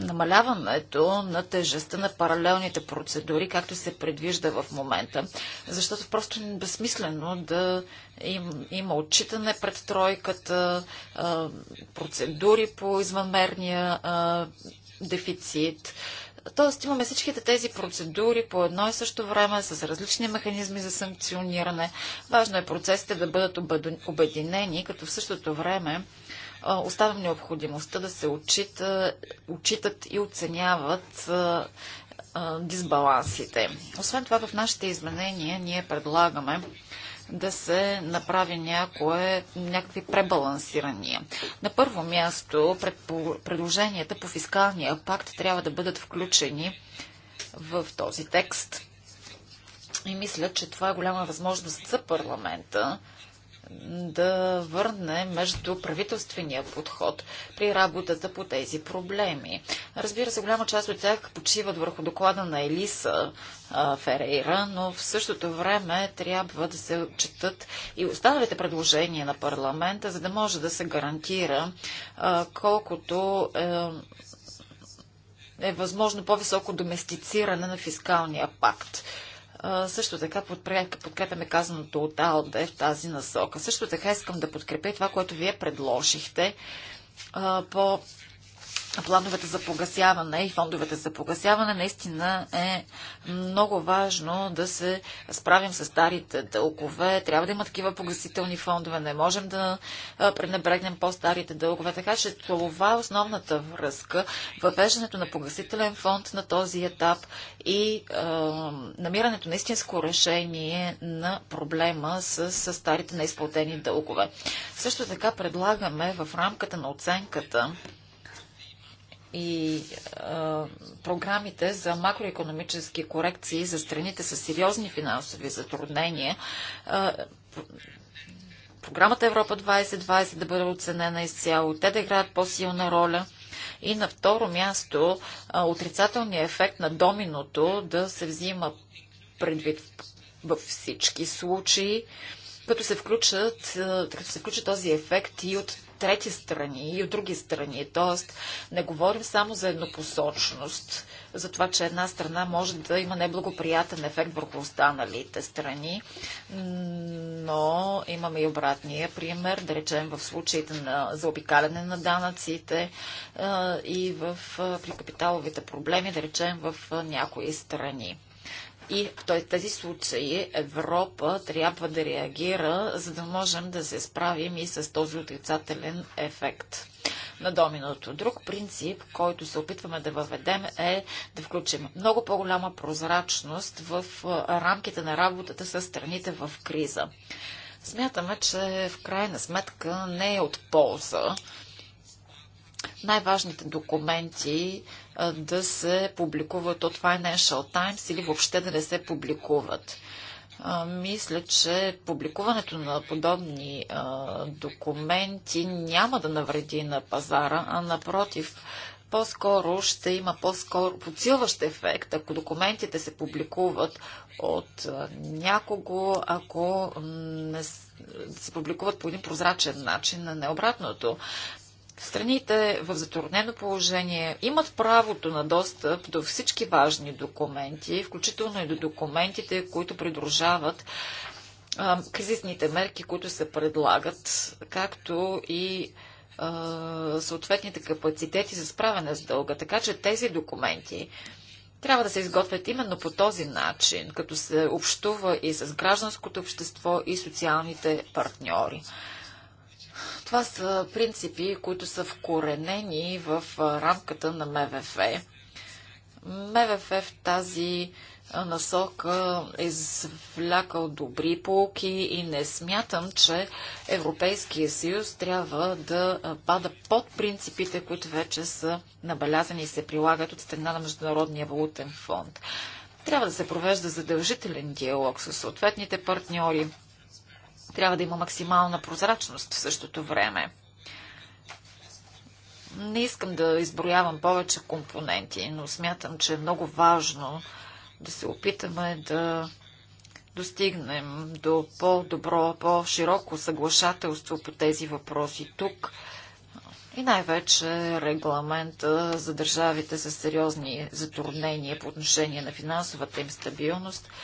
намаляването на тежестта на паралелните процедури, както се предвижда в момента. Защото просто е безсмислено да им, има отчитане пред тройката, процедури по извънмерния дефицит. Тоест имаме всичките тези процедури по едно и също време с различни механизми за санкциониране. Важно е процесите да бъдат обединени, като в същото време оставям необходимостта да се отчита, отчитат и оценяват дисбалансите. Освен това, в нашите изменения ние предлагаме да се направи някое, някакви пребалансирания. На първо място, предложенията по фискалния пакт трябва да бъдат включени в този текст. И мисля, че това е голяма възможност за парламента да върне между правителствения подход при работата по тези проблеми. Разбира се, голяма част от тях почиват върху доклада на Елиса Ферейра, но в същото време трябва да се четат и останалите предложения на парламента, за да може да се гарантира колкото е, е възможно по-високо доместициране на фискалния пакт. Също така подкрепяме казаното от АЛДЕ в тази насока. Също така искам да подкрепя това, което вие предложихте по плановете за погасяване и фондовете за погасяване, наистина е много важно да се справим с старите дългове. Трябва да има такива погасителни фондове. Не можем да пренебрегнем по-старите дългове. Така че това е основната връзка. Въвеждането на погасителен фонд на този етап и е, намирането на истинско решение на проблема с, с старите неизплатени дългове. Също така предлагаме в рамката на оценката и а, програмите за макроекономически корекции за страните с сериозни финансови затруднения. А, програмата Европа 2020 да бъде оценена изцяло, те да играят по-силна роля. И на второ място, а, отрицателният ефект на доминото да се взима предвид във всички случаи, като се, включат, като се включат този ефект и от трети страни и от други страни. Тоест, не говорим само за еднопосочност, за това, че една страна може да има неблагоприятен ефект върху останалите страни, но имаме и обратния пример, да речем в случаите на заобикаляне на данъците и в, при капиталовите проблеми, да речем в някои страни. И в тези случаи Европа трябва да реагира, за да можем да се справим и с този отрицателен ефект на доминото. Друг принцип, който се опитваме да въведем е да включим много по-голяма прозрачност в рамките на работата с страните в криза. Смятаме, че в крайна сметка не е от полза най-важните документи да се публикуват от Financial Times или въобще да не се публикуват. Мисля, че публикуването на подобни документи няма да навреди на пазара, а напротив, по-скоро ще има по-скоро подсилващ ефект, ако документите се публикуват от някого, ако не се публикуват по един прозрачен начин, а не обратното. Страните в затруднено положение имат правото на достъп до всички важни документи, включително и до документите, които придружават кризисните мерки, които се предлагат, както и съответните капацитети за справяне с дълга. Така че тези документи трябва да се изготвят именно по този начин, като се общува и с гражданското общество и социалните партньори. Това са принципи, които са вкоренени в рамката на МВФ. МВФ в тази насока е извлякал добри полки и не смятам, че Европейския съюз трябва да пада под принципите, които вече са набелязани и се прилагат от страна на Международния валутен фонд. Трябва да се провежда задължителен диалог с съответните партньори, трябва да има максимална прозрачност в същото време. Не искам да изброявам повече компоненти, но смятам, че е много важно да се опитаме да достигнем до по-добро, по-широко съглашателство по тези въпроси тук и най-вече регламента за държавите с сериозни затруднения по отношение на финансовата им стабилност –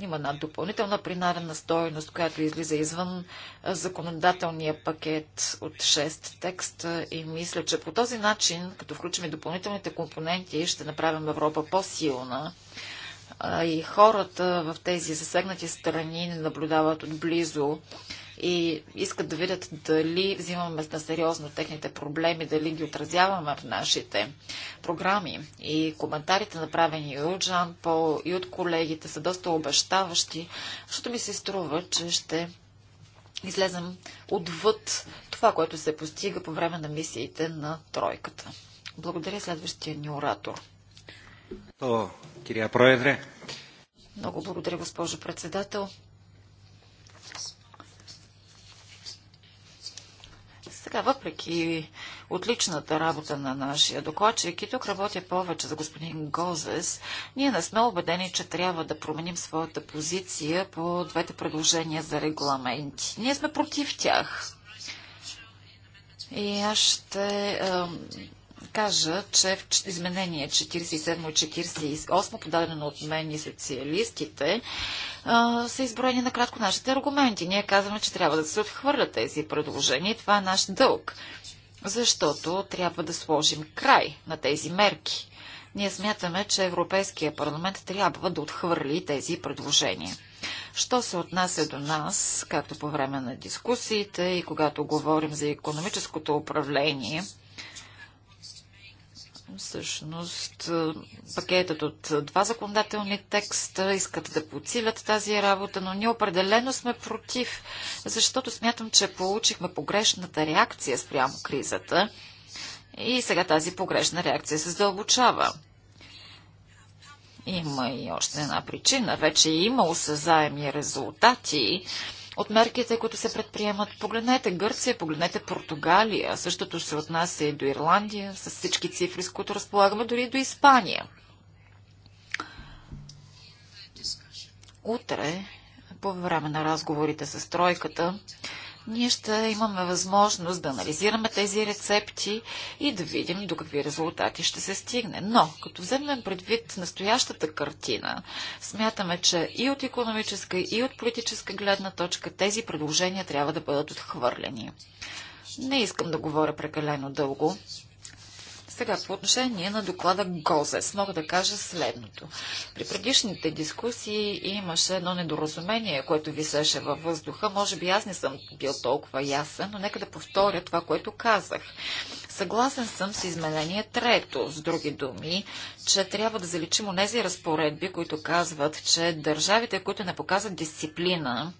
има една допълнителна принадена стоеност, която излиза извън законодателния пакет от 6 текста и мисля, че по този начин, като включим и допълнителните компоненти, ще направим Европа по-силна и хората в тези засегнати страни не наблюдават отблизо и искат да видят дали взимаме на сериозно техните проблеми, дали ги отразяваме в нашите програми. И коментарите, направени и от Жан Пол, и от колегите, са доста обещаващи, защото ми се струва, че ще излезем отвъд това, което се постига по време на мисиите на тройката. Благодаря следващия ни оратор. О, кирия Проедре. Много благодаря, госпожо председател. Сега, въпреки отличната работа на нашия докладчик и тук работя повече за господин Гозес, ние не сме убедени, че трябва да променим своята позиция по двете предложения за регламенти. Ние сме против тях. И аз ще кажа, че в изменение 47-48, и подадено от мен и социалистите, а, са изброени накратко нашите аргументи. Ние казваме, че трябва да се отхвърлят тези предложения и това е наш дълг, защото трябва да сложим край на тези мерки. Ние смятаме, че Европейския парламент трябва да отхвърли тези предложения. Що се отнася до нас, както по време на дискусиите и когато говорим за економическото управление – Всъщност, е, пакетът от е, два законодателни текста искат да подсилят тази работа, но ние определено сме против, защото смятам, че получихме погрешната реакция спрямо кризата и сега тази погрешна реакция се задълбочава. Има и още една причина. Вече е има осъзаеми резултати от мерките, които се предприемат. Погледнете Гърция, погледнете Португалия, същото се отнася и до Ирландия, с всички цифри, с които разполагаме, дори до Испания. Утре, по време на разговорите с тройката, ние ще имаме възможност да анализираме тези рецепти и да видим до какви резултати ще се стигне. Но, като вземем предвид настоящата картина, смятаме, че и от економическа, и от политическа гледна точка тези предложения трябва да бъдат отхвърлени. Не искам да говоря прекалено дълго. Сега, по отношение на доклада ГОЗЕС, мога да кажа следното. При предишните дискусии имаше едно недоразумение, което висеше във въздуха. Може би аз не съм бил толкова ясен, но нека да повторя това, което казах. Съгласен съм с изменение трето, с други думи, че трябва да заличим онези разпоредби, които казват, че държавите, които не показват дисциплина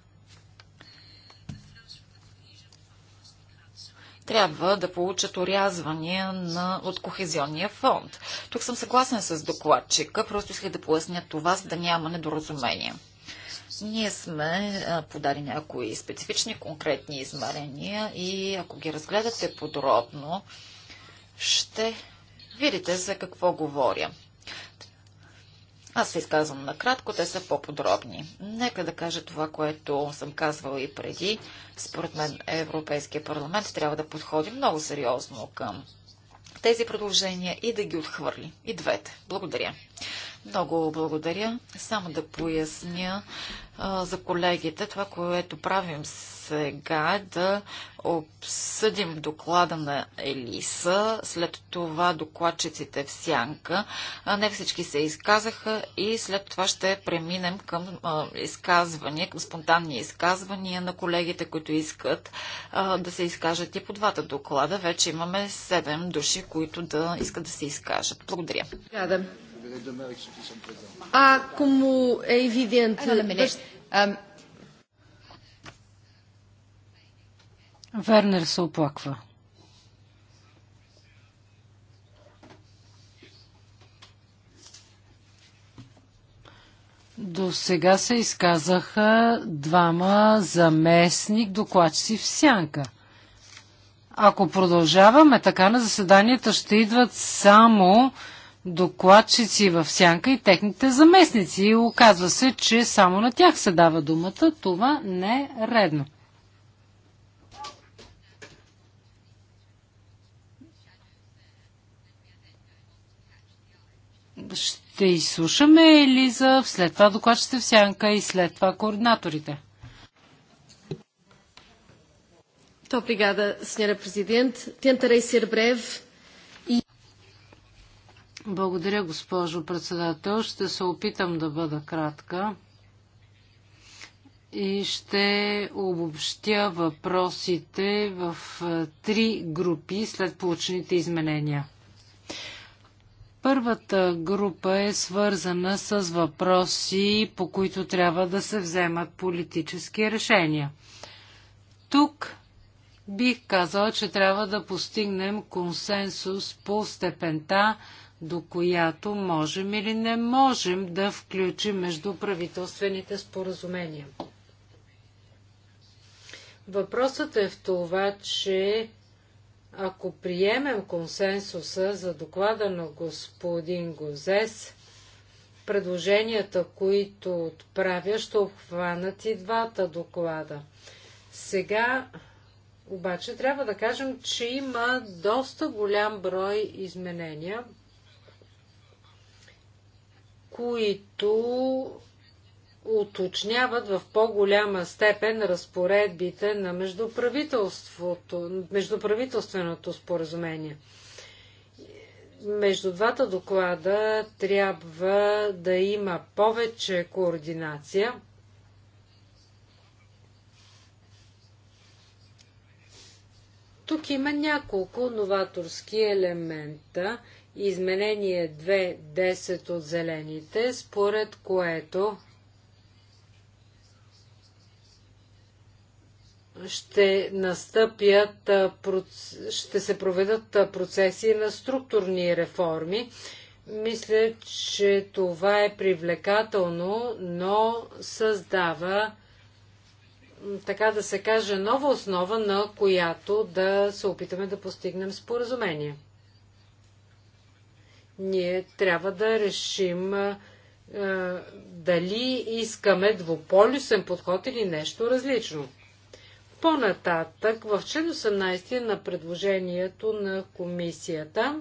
трябва да получат урязвания на, от Кохезионния фонд. Тук съм съгласен с докладчика, просто исках да поясня това, за да няма недоразумение. Ние сме подали някои специфични, конкретни измерения и ако ги разгледате подробно, ще видите за какво говоря. Аз се изказвам накратко, те са по-подробни. Нека да кажа това, което съм казвала и преди. Според мен Европейския парламент трябва да подходи много сериозно към тези предложения и да ги отхвърли. И двете. Благодаря. Много благодаря. Само да поясня а, за колегите. Това, което правим сега е да обсъдим доклада на Елиса, след това докладчиците в Сянка. А, не всички се изказаха и след това ще преминем към а, изказвания, към спонтанни изказвания на колегите, които искат а, да се изкажат и по двата доклада. Вече имаме 7 души, които да искат да се изкажат. Благодаря. Há, ah, como é evidente. Вернер се оплаква. До сега се изказаха двама заместник докладчици в сянка. Ако продължаваме така на заседанията, ще идват само докладчици в сянка и техните заместници. И оказва се, че само на тях се дава думата. Това не е редно. Ще изслушаме Елиза, след това докладчите в сянка и след това координаторите. Muito obrigada, Sra. Presidente. Tentarei ser breve. Благодаря, госпожо председател. Ще се опитам да бъда кратка и ще обобщя въпросите в е, три групи след получените изменения. Първата група е свързана с въпроси, по които трябва да се вземат политически решения. Тук бих казала, че трябва да постигнем консенсус по степента до която можем или не можем да включим между правителствените споразумения. Въпросът е в това, че ако приемем консенсуса за доклада на господин Гозес, предложенията, които отправя, ще обхванат и двата доклада. Сега обаче трябва да кажем, че има доста голям брой изменения, които уточняват в по-голяма степен разпоредбите на междуправителственото споразумение. Между двата доклада трябва да има повече координация. Тук има няколко новаторски елемента изменение 2.10 от зелените, според което ще настъпят, ще се проведат процеси на структурни реформи. Мисля, че това е привлекателно, но създава, така да се каже, нова основа, на която да се опитаме да постигнем споразумение. Ние трябва да решим а, дали искаме двуполюсен подход или нещо различно. По-нататък, в член 18 е на предложението на комисията,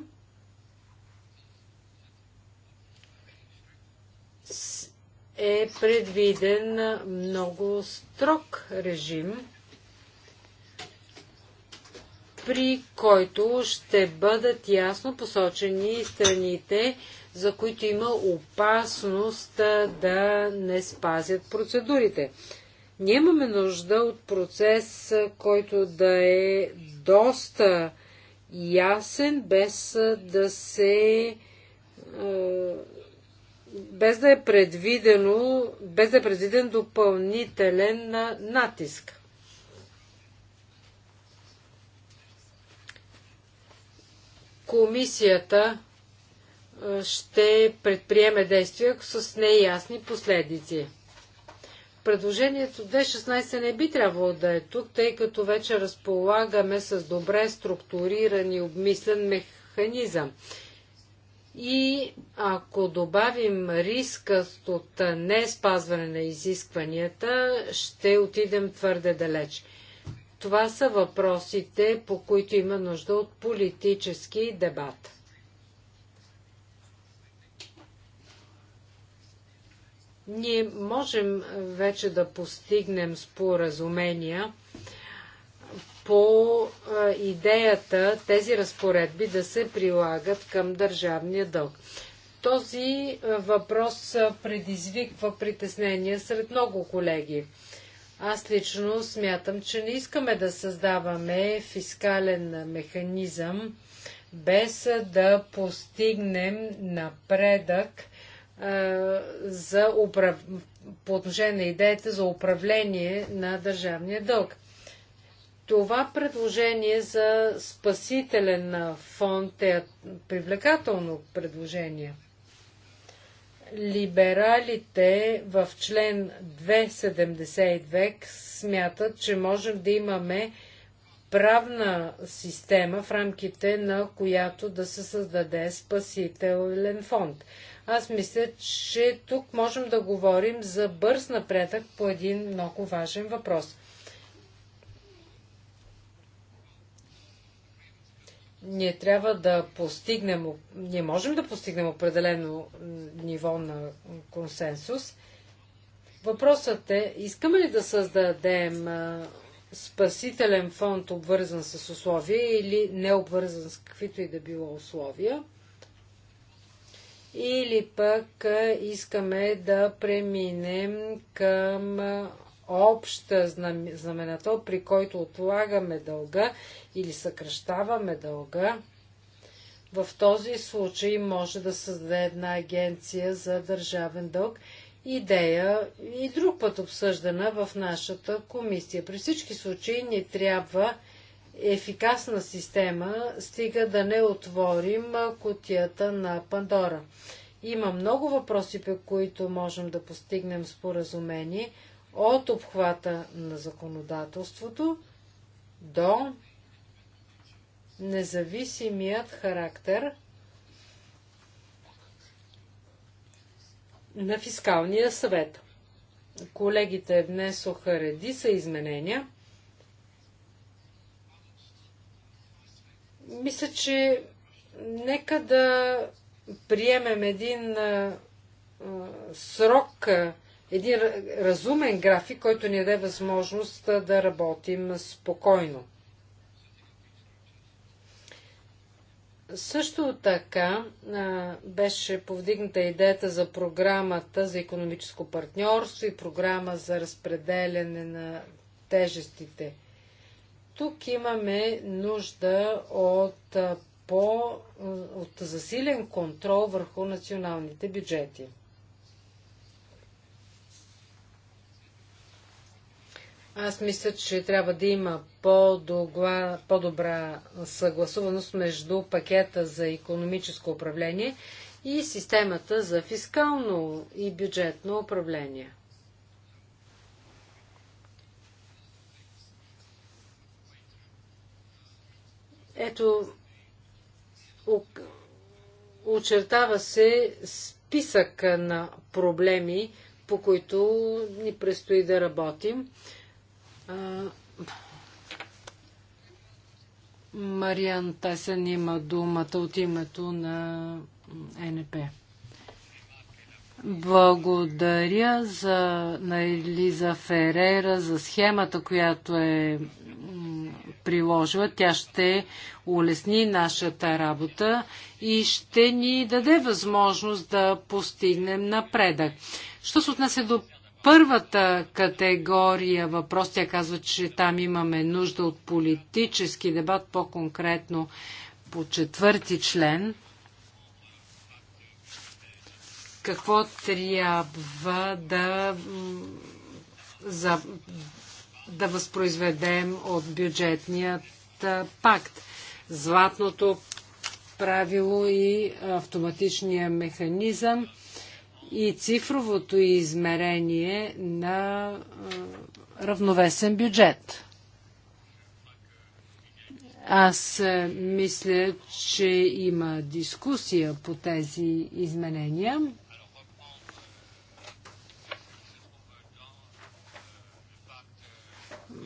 е предвиден много строг режим при който ще бъдат ясно посочени страните, за които има опасност да не спазят процедурите. Ние имаме нужда от процес, който да е доста ясен, без да се без да е предвидено, без да е предвиден допълнителен натиск. комисията е, ще предприеме действия с неясни последици. Предложението 2.16 не би трябвало да е тук, тъй като вече разполагаме с добре структуриран и обмислен механизъм. И ако добавим риска от не спазване на изискванията, ще отидем твърде далеч. Това са въпросите, по които има нужда от политически дебат. Ние можем вече да постигнем споразумения по идеята тези разпоредби да се прилагат към държавния дълг. Този въпрос предизвиква притеснения сред много колеги. Аз лично смятам, че не искаме да създаваме фискален механизъм, без да постигнем напредък а, за управ... по отношение на идеята за управление на държавния дълг. Това предложение за спасителен фонд е привлекателно предложение – Либералите в член 272 смятат, че можем да имаме правна система, в рамките на която да се създаде спасителен фонд. Аз мисля, че тук можем да говорим за бърз напредък по един много важен въпрос – ние трябва да постигнем, ние можем да постигнем определено ниво на консенсус. Въпросът е, искаме ли да създадем спасителен фонд, обвързан с условия или не обвързан с каквито и да било условия? Или пък искаме да преминем към обща знаменател, при който отлагаме дълга или съкръщаваме дълга, в този случай може да създаде една агенция за държавен дълг. Идея и друг път обсъждана в нашата комисия. При всички случаи ни трябва ефикасна система, стига да не отворим котията на Пандора. Има много въпроси, по които можем да постигнем споразумение – от обхвата на законодателството до независимият характер на фискалния съвет. Колегите внесоха редица изменения. Мисля, че нека да приемем един а, срок а, един разумен график, който ни даде възможност да работим спокойно. Също така а, беше повдигната идеята за програмата за економическо партньорство и програма за разпределяне на тежестите. Тук имаме нужда от, по, от засилен контрол върху националните бюджети. Аз мисля, че трябва да има по-добра, по съгласуваност между пакета за економическо управление и системата за фискално и бюджетно управление. Ето, очертава се списък на проблеми, по които ни предстои да работим. Мариан Тесен има думата от името на НП. Благодаря за, на Елиза Ферера за схемата, която е приложила. Тя ще улесни нашата работа и ще ни даде възможност да постигнем напредък. Що се отнася до първата категория въпрос, тя казва, че там имаме нужда от политически дебат, по-конкретно по четвърти член. Какво трябва да, за, да възпроизведем от бюджетният пакт? Златното правило и автоматичния механизъм – и цифровото измерение на равновесен бюджет. Аз мисля, че има дискусия по тези изменения.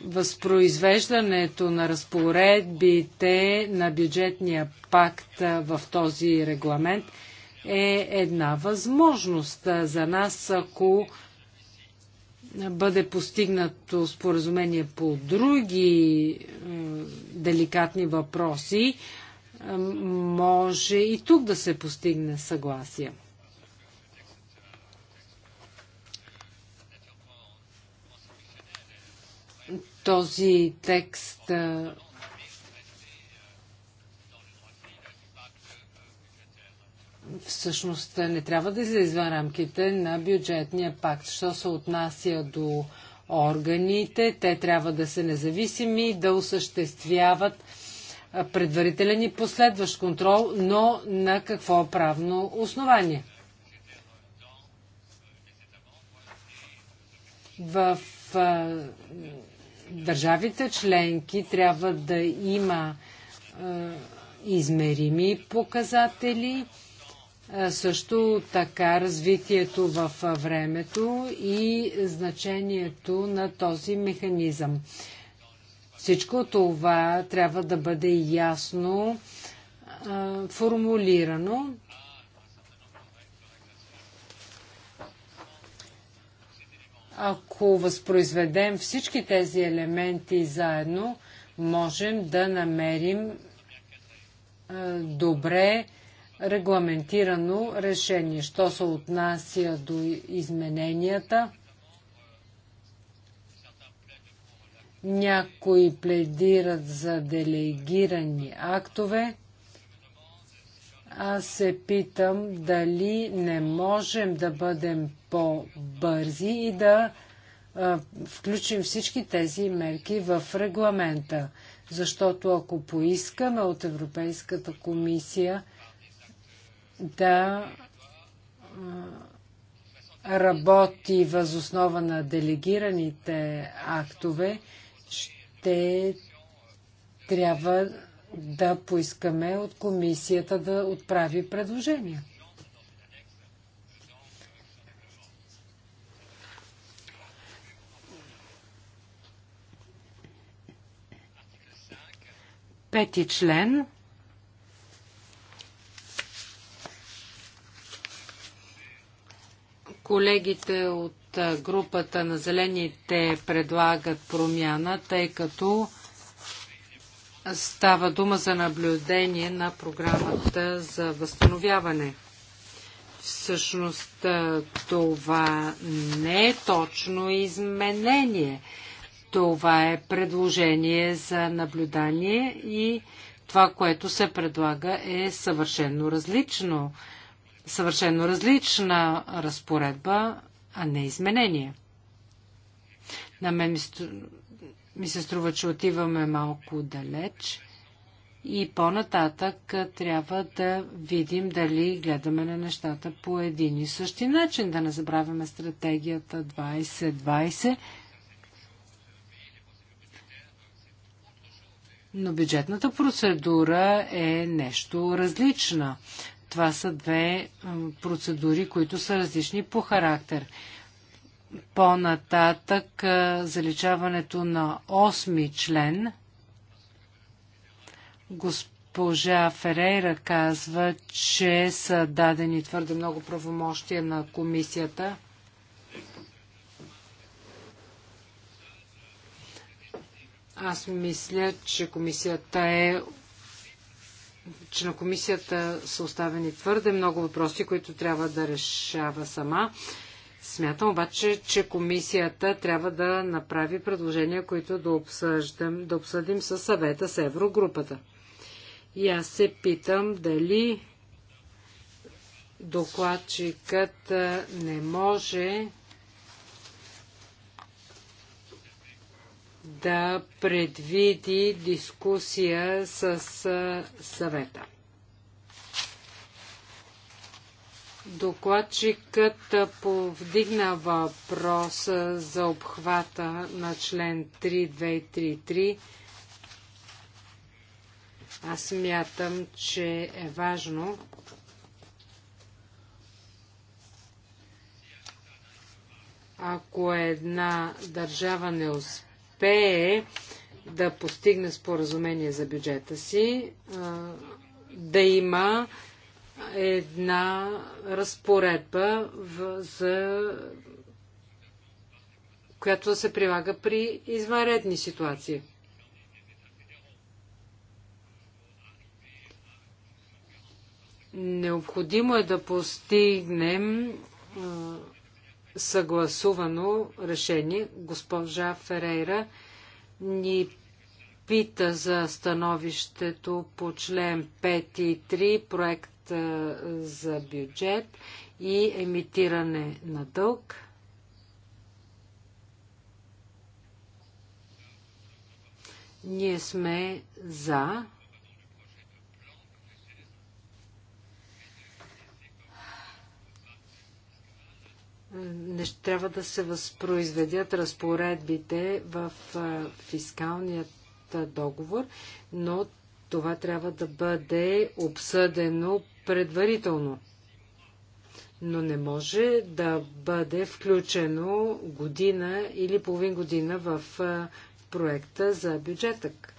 възпроизвеждането на разпоредбите на бюджетния пакт в този регламент – е една възможност за нас, ако бъде постигнато споразумение по други е, деликатни въпроси, е, може и тук да се постигне съгласие. Този текст е, всъщност не трябва да излиза извън рамките на бюджетния пакт. Що се отнася до органите, те трябва да са независими, да осъществяват предварителен и последващ контрол, но на какво правно основание? В държавите членки трябва да има измерими показатели, също така развитието в времето и значението на този механизъм. Всичко това трябва да бъде ясно а, формулирано. Ако възпроизведем всички тези елементи заедно, можем да намерим а, добре регламентирано решение. Що се отнася до измененията, някои пледират за делегирани актове. Аз се питам дали не можем да бъдем по-бързи и да а, включим всички тези мерки в регламента. Защото ако поискаме от Европейската комисия, да работи възоснова на делегираните актове, ще трябва да поискаме от комисията да отправи предложения. Пети член Колегите от групата на зелените предлагат промяна, тъй като става дума за наблюдение на програмата за възстановяване. Всъщност това не е точно изменение. Това е предложение за наблюдание и това, което се предлага е съвършено различно съвършено различна разпоредба, а не изменение. На мен ми, стру... ми се струва, че отиваме малко далеч и по-нататък трябва да видим дали гледаме на нещата по един и същи начин. Да не забравяме стратегията 2020. -20. Но бюджетната процедура е нещо различна. Това са две процедури, които са различни по характер. По-нататък заличаването на 8 член. Госпожа Ферейра казва, че са дадени твърде много правомощия на комисията. Аз мисля, че комисията е че на комисията са оставени твърде много въпроси, които трябва да решава сама. Смятам обаче, че комисията трябва да направи предложения, които да, обсъждам, да обсъдим със съвета с Еврогрупата. И аз се питам дали докладчикът не може да предвиди дискусия с съвета. Докладчикът повдигна въпроса за обхвата на член 3233. Аз мятам, че е важно ако една държава не успее, успее да постигне споразумение за бюджета си, да има една разпоредба в, за която да се прилага при извънредни ситуации. Необходимо е да постигнем съгласувано решение. Госпожа Ферейра ни пита за становището по член 5 и 3, проект за бюджет и емитиране на дълг. Ние сме за не трябва да се възпроизведят разпоредбите в фискалният договор, но това трябва да бъде обсъдено предварително. Но не може да бъде включено година или половин година в проекта за бюджетък.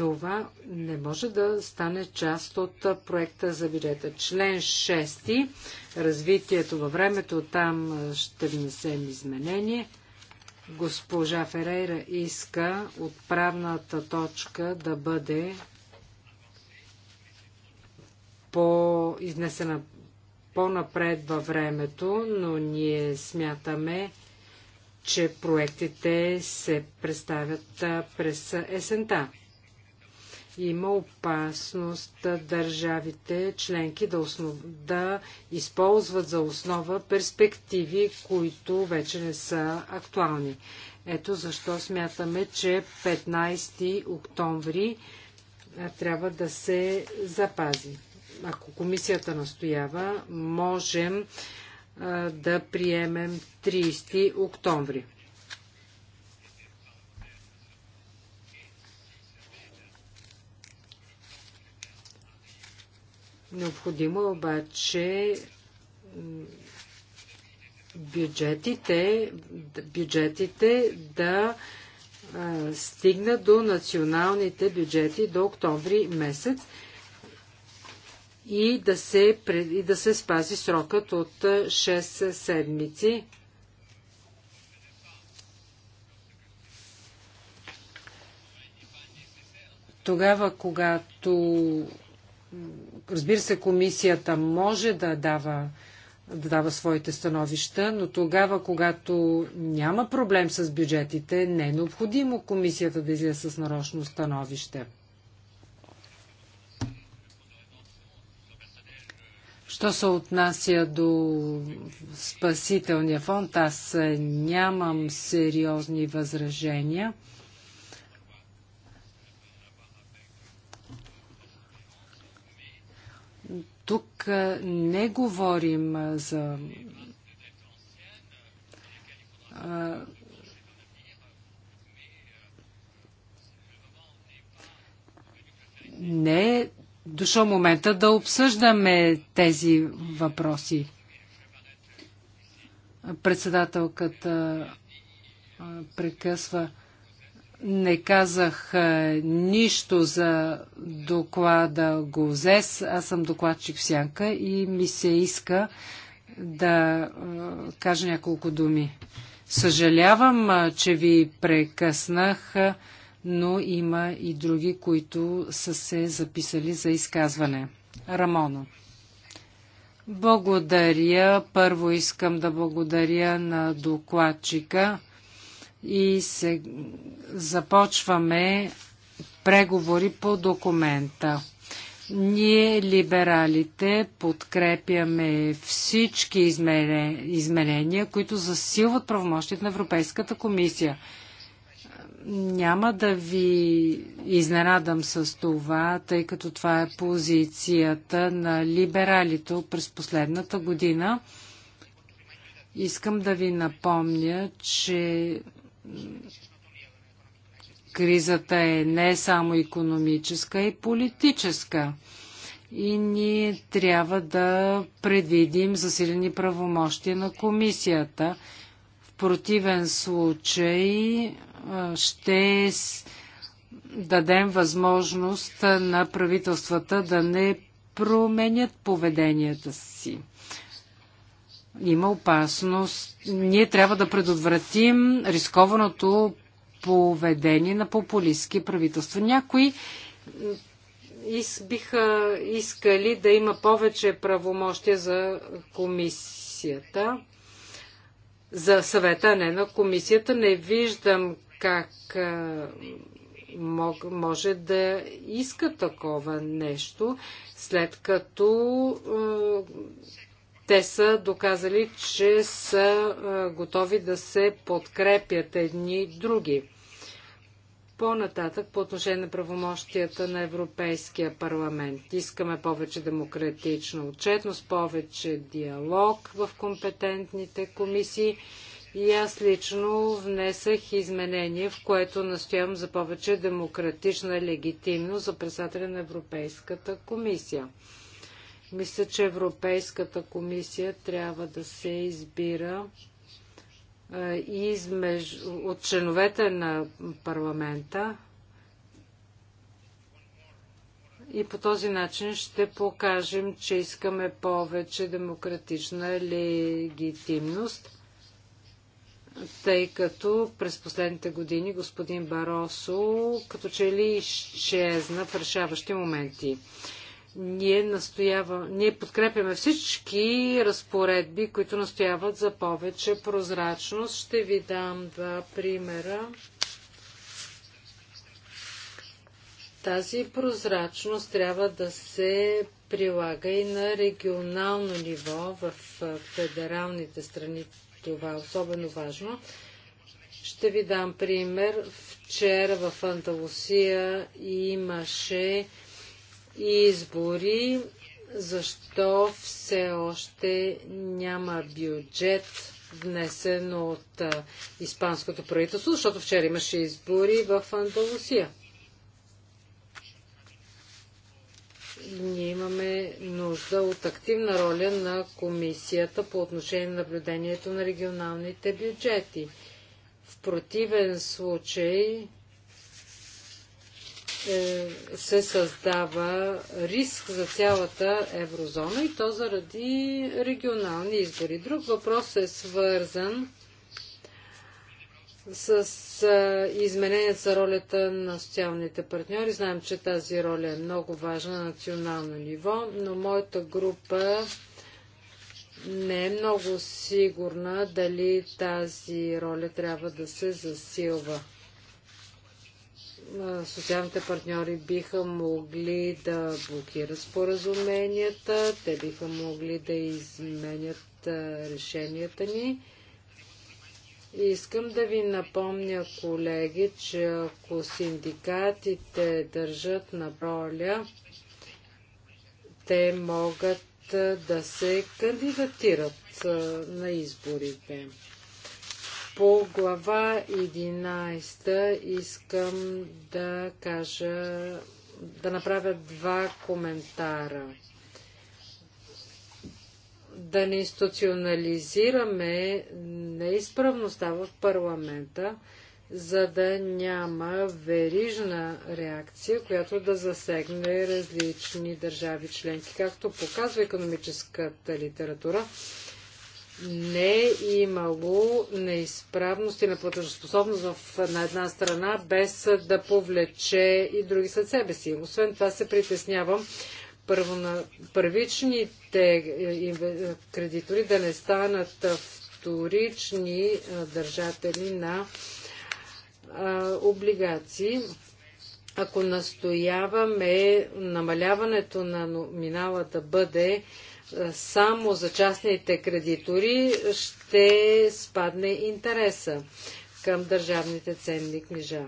Това не може да стане част от проекта за бюджета. Член 6. Развитието във времето. Там ще внесем изменение. Госпожа Ферейра иска отправната точка да бъде по изнесена по-напред във времето, но ние смятаме, че проектите се представят през есента има опасност държавите членки да, основ... да използват за основа перспективи, които вече не са актуални. Ето защо смятаме, че 15 октомври трябва да се запази. Ако комисията настоява, можем да приемем 30 октомври. Необходимо е обаче бюджетите, бюджетите да стигна до националните бюджети до октомври месец и да се, и да се спази срокът от 6 седмици. Тогава, когато Разбира се, комисията може да дава, да дава своите становища, но тогава, когато няма проблем с бюджетите, не е необходимо комисията да излезе с нарочно становище. Що се отнася до спасителния фонд, аз е, нямам сериозни възражения. Тук не говорим за не е дошъл момента да обсъждаме тези въпроси. Председателката прекъсва не казах е, нищо за доклада ГОЗЕС. Аз съм докладчик в Сянка и ми се иска да е, кажа няколко думи. Съжалявам, е, че ви прекъснах, но има и други, които са се записали за изказване. Рамоно. Благодаря. Първо искам да благодаря на докладчика и се започваме преговори по документа. Ние, либералите, подкрепяме всички изменения, които засилват правомощите на Европейската комисия. Няма да ви изненадам с това, тъй като това е позицията на либералите през последната година. Искам да ви напомня, че кризата е не само економическа, е и политическа. И ние трябва да предвидим засилени правомощия на комисията. В противен случай ще дадем възможност на правителствата да не променят поведенията си има опасност. Ние трябва да предотвратим рискованото поведение на популистски правителства. Някои из, биха искали да има повече правомощия за комисията, за съвета, а не на комисията. Не виждам как мог, може да иска такова нещо, след като те са доказали, че са готови да се подкрепят едни други. По-нататък, по отношение на правомощията на Европейския парламент, искаме повече демократична отчетност, повече диалог в компетентните комисии и аз лично внесах изменение, в което настоявам за повече демократична легитимност за председателя на Европейската комисия. Мисля, че Европейската комисия трябва да се избира измеж... от членовете на парламента и по този начин ще покажем, че искаме повече демократична легитимност, тъй като през последните години господин Баросо като че ли изчезна в решаващи моменти. Ние, настояваме, ние подкрепяме всички разпоредби, които настояват за повече прозрачност. Ще ви дам два примера. Тази прозрачност трябва да се прилага и на регионално ниво в федералните страни. Това е особено важно. Ще ви дам пример. Вчера в Андалусия имаше избори, защо все още няма бюджет внесен от а, испанското правителство, защото вчера имаше избори в Андалусия. Ние имаме нужда от активна роля на комисията по отношение на наблюдението на регионалните бюджети. В противен случай е, се създава риск за цялата еврозона и то заради регионални избори. Друг въпрос е свързан с е, изменение за ролята на социалните партньори. Знаем, че тази роля е много важна на национално ниво, но моята група не е много сигурна дали тази роля трябва да се засилва социалните партньори биха могли да блокират споразуменията, те биха могли да изменят решенията ни. И искам да ви напомня, колеги, че ако синдикатите държат на роля, те могат да се кандидатират на изборите. По глава 11 искам да кажа, да направя два коментара. Да не институционализираме неизправността в парламента, за да няма верижна реакция, която да засегне различни държави членки. Както показва економическата литература, не е имало неизправност и платежоспособност в, на една страна, без да повлече и други след себе си. Освен това се притеснявам първо на първичните е, е, кредитори да не станат вторични е, държатели на облигации. Ако настояваме намаляването на номинала да бъде само за частните кредитори, ще спадне интереса към държавните ценни книжа.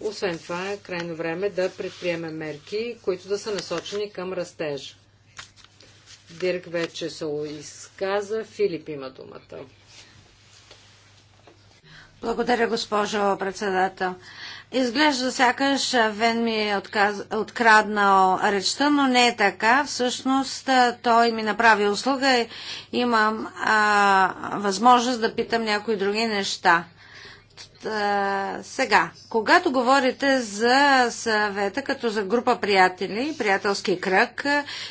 Освен това е крайно време да предприеме мерки, които да са насочени към растеж. Дирк вече се изказа, Филип има думата. Благодаря, госпожо председател. Изглежда сякаш Вен ми е отказ... откраднал речта, но не е така. Всъщност той ми направи услуга и имам а, възможност да питам някои други неща. А, сега, когато говорите за съвета като за група приятели, приятелски кръг,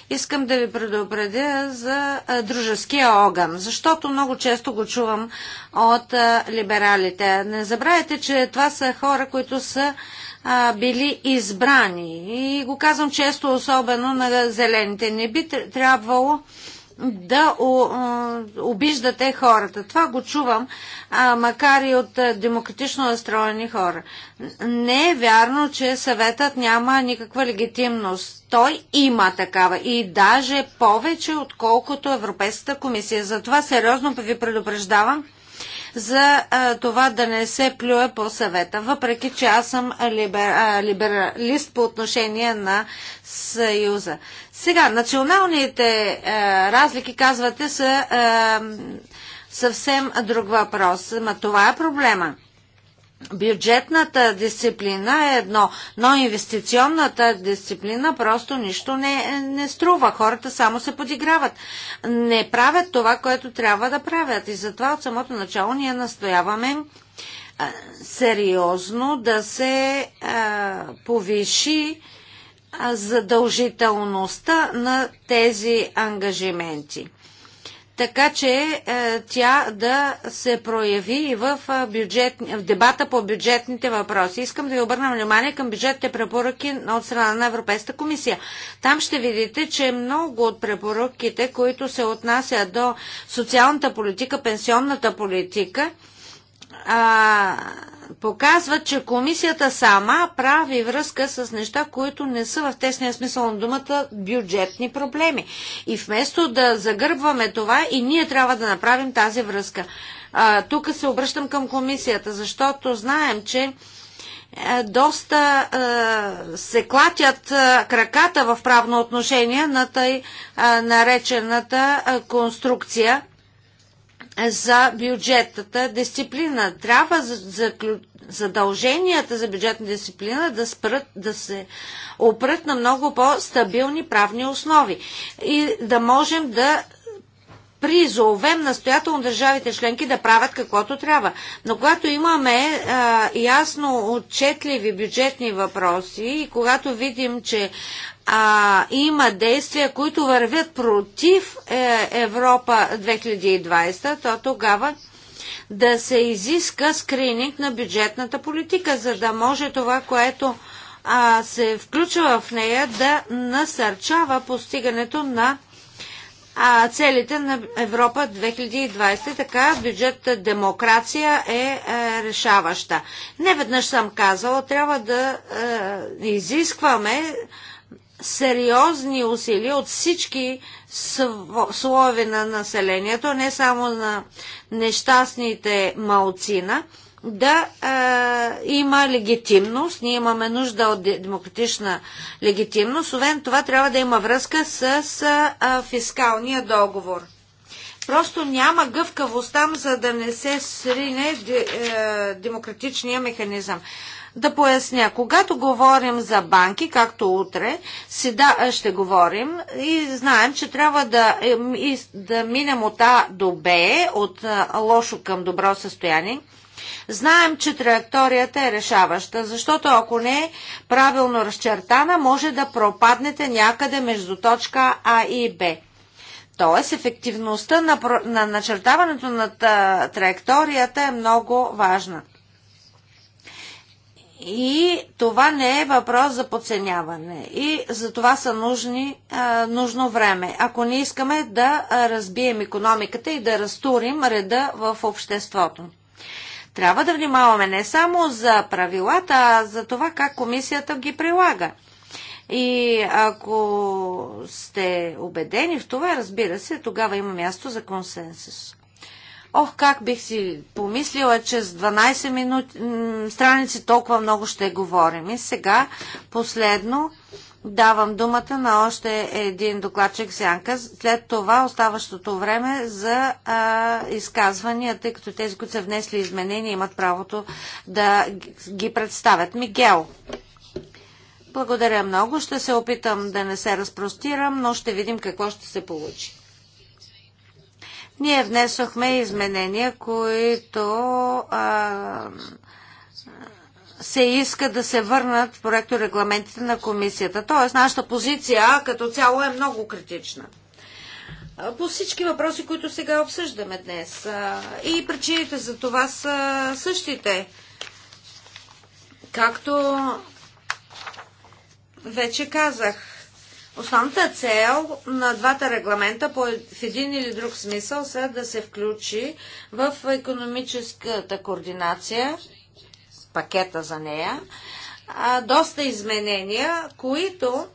искам да ви предупредя за дружеския огън, защото много често го чувам от а, либералите. Не забравяйте, че това са хора, които са а, били избрани. И го казвам често, особено на зелените. Не би трябвало да обиждате хората. Това го чувам, а, макар и от демократично настроени хора. Не е вярно, че съветът няма никаква легитимност. Той има такава и даже повече, отколкото Европейската комисия. Затова сериозно ви предупреждавам за а, това да не се плюе по съвета. Въпреки, че аз съм либер, а, либералист по отношение на Съюза. Сега, националните е, разлики, казвате, са е, съвсем друг въпрос. Ма това е проблема. Бюджетната дисциплина е едно, но инвестиционната дисциплина просто нищо не, не струва. Хората само се подиграват. Не правят това, което трябва да правят. И затова от самото начало ние настояваме е, сериозно да се е, повиши задължителността на тези ангажименти. Така че е, тя да се прояви и в, бюджет, в дебата по бюджетните въпроси. Искам да ви обърна внимание към бюджетните препоръки от страна на Европейската комисия. Там ще видите, че много от препоръките, които се отнасят до социалната политика, пенсионната политика, а, показва, че комисията сама прави връзка с неща, които не са в тесния смисъл на думата бюджетни проблеми. И вместо да загърбваме това, и ние трябва да направим тази връзка. А, тук се обръщам към комисията, защото знаем, че е, доста е, се клатят е, краката в правно отношение на тъй е, наречената е, конструкция за бюджетната дисциплина. Трябва задълженията за бюджетна дисциплина да, спрат, да се опрат на много по-стабилни правни основи и да можем да призовем настоятелно държавите членки да правят каквото трябва. Но когато имаме а, ясно отчетливи бюджетни въпроси и когато видим, че а, има действия, които вървят против е, Европа 2020, то тогава да се изиска скрининг на бюджетната политика, за да може това, което а, се включва в нея, да насърчава постигането на а, целите на Европа 2020. Така бюджетната демокрация е, е решаваща. Не веднъж съм казала, трябва да е, изискваме сериозни усилия от всички слове на населението, не само на нещастните малцина, да е, има легитимност. Ние имаме нужда от демократична легитимност. Овен това трябва да има връзка с, с е, фискалния договор. Просто няма гъвкавост там, за да не се срине е, демократичния механизъм да поясня. Когато говорим за банки, както утре, седа, ще говорим и знаем, че трябва да, и, да минем от А до Б, от а, лошо към добро състояние. Знаем, че траекторията е решаваща, защото ако не е правилно разчертана, може да пропаднете някъде между точка А и Б. Тоест, ефективността на, на начертаването на траекторията е много важна. И това не е въпрос за подценяване. И за това са нужни, а, нужно време. Ако не искаме да разбием економиката и да разтурим реда в обществото. Трябва да внимаваме не само за правилата, а за това как комисията ги прилага. И ако сте убедени в това, разбира се, тогава има място за консенсус. Ох, как бих си помислила, че с 12 минути, страници толкова много ще говорим. И сега, последно, давам думата на още един докладчик Сянка. След това оставащото време за а, изказвания, тъй като тези, които са внесли изменения, имат правото да ги представят. Мигел. Благодаря много. Ще се опитам да не се разпростирам, но ще видим какво ще се получи. Ние внесохме изменения, които а, се иска да се върнат в проекто регламентите на комисията. Тоест, нашата позиция като цяло е много критична. По всички въпроси, които сега обсъждаме днес. И причините за това са същите. Както вече казах, Основната цел на двата регламента по, в един или друг смисъл са да се включи в економическата координация, пакета за нея, а, доста изменения, които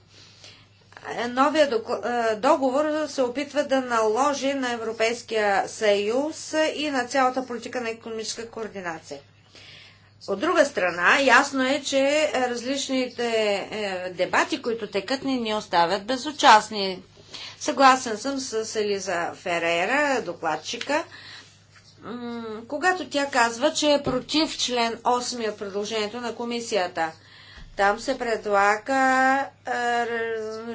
е, новия е, договор се опитва да наложи на Европейския съюз и на цялата политика на економическа координация. От друга страна, ясно е, че е, различните е, дебати, които текат ни, ни оставят безучастни. Съгласен съм с Елиза Ферера, докладчика, когато тя казва, че е против член 8 от предложението на комисията. Там се предлага е,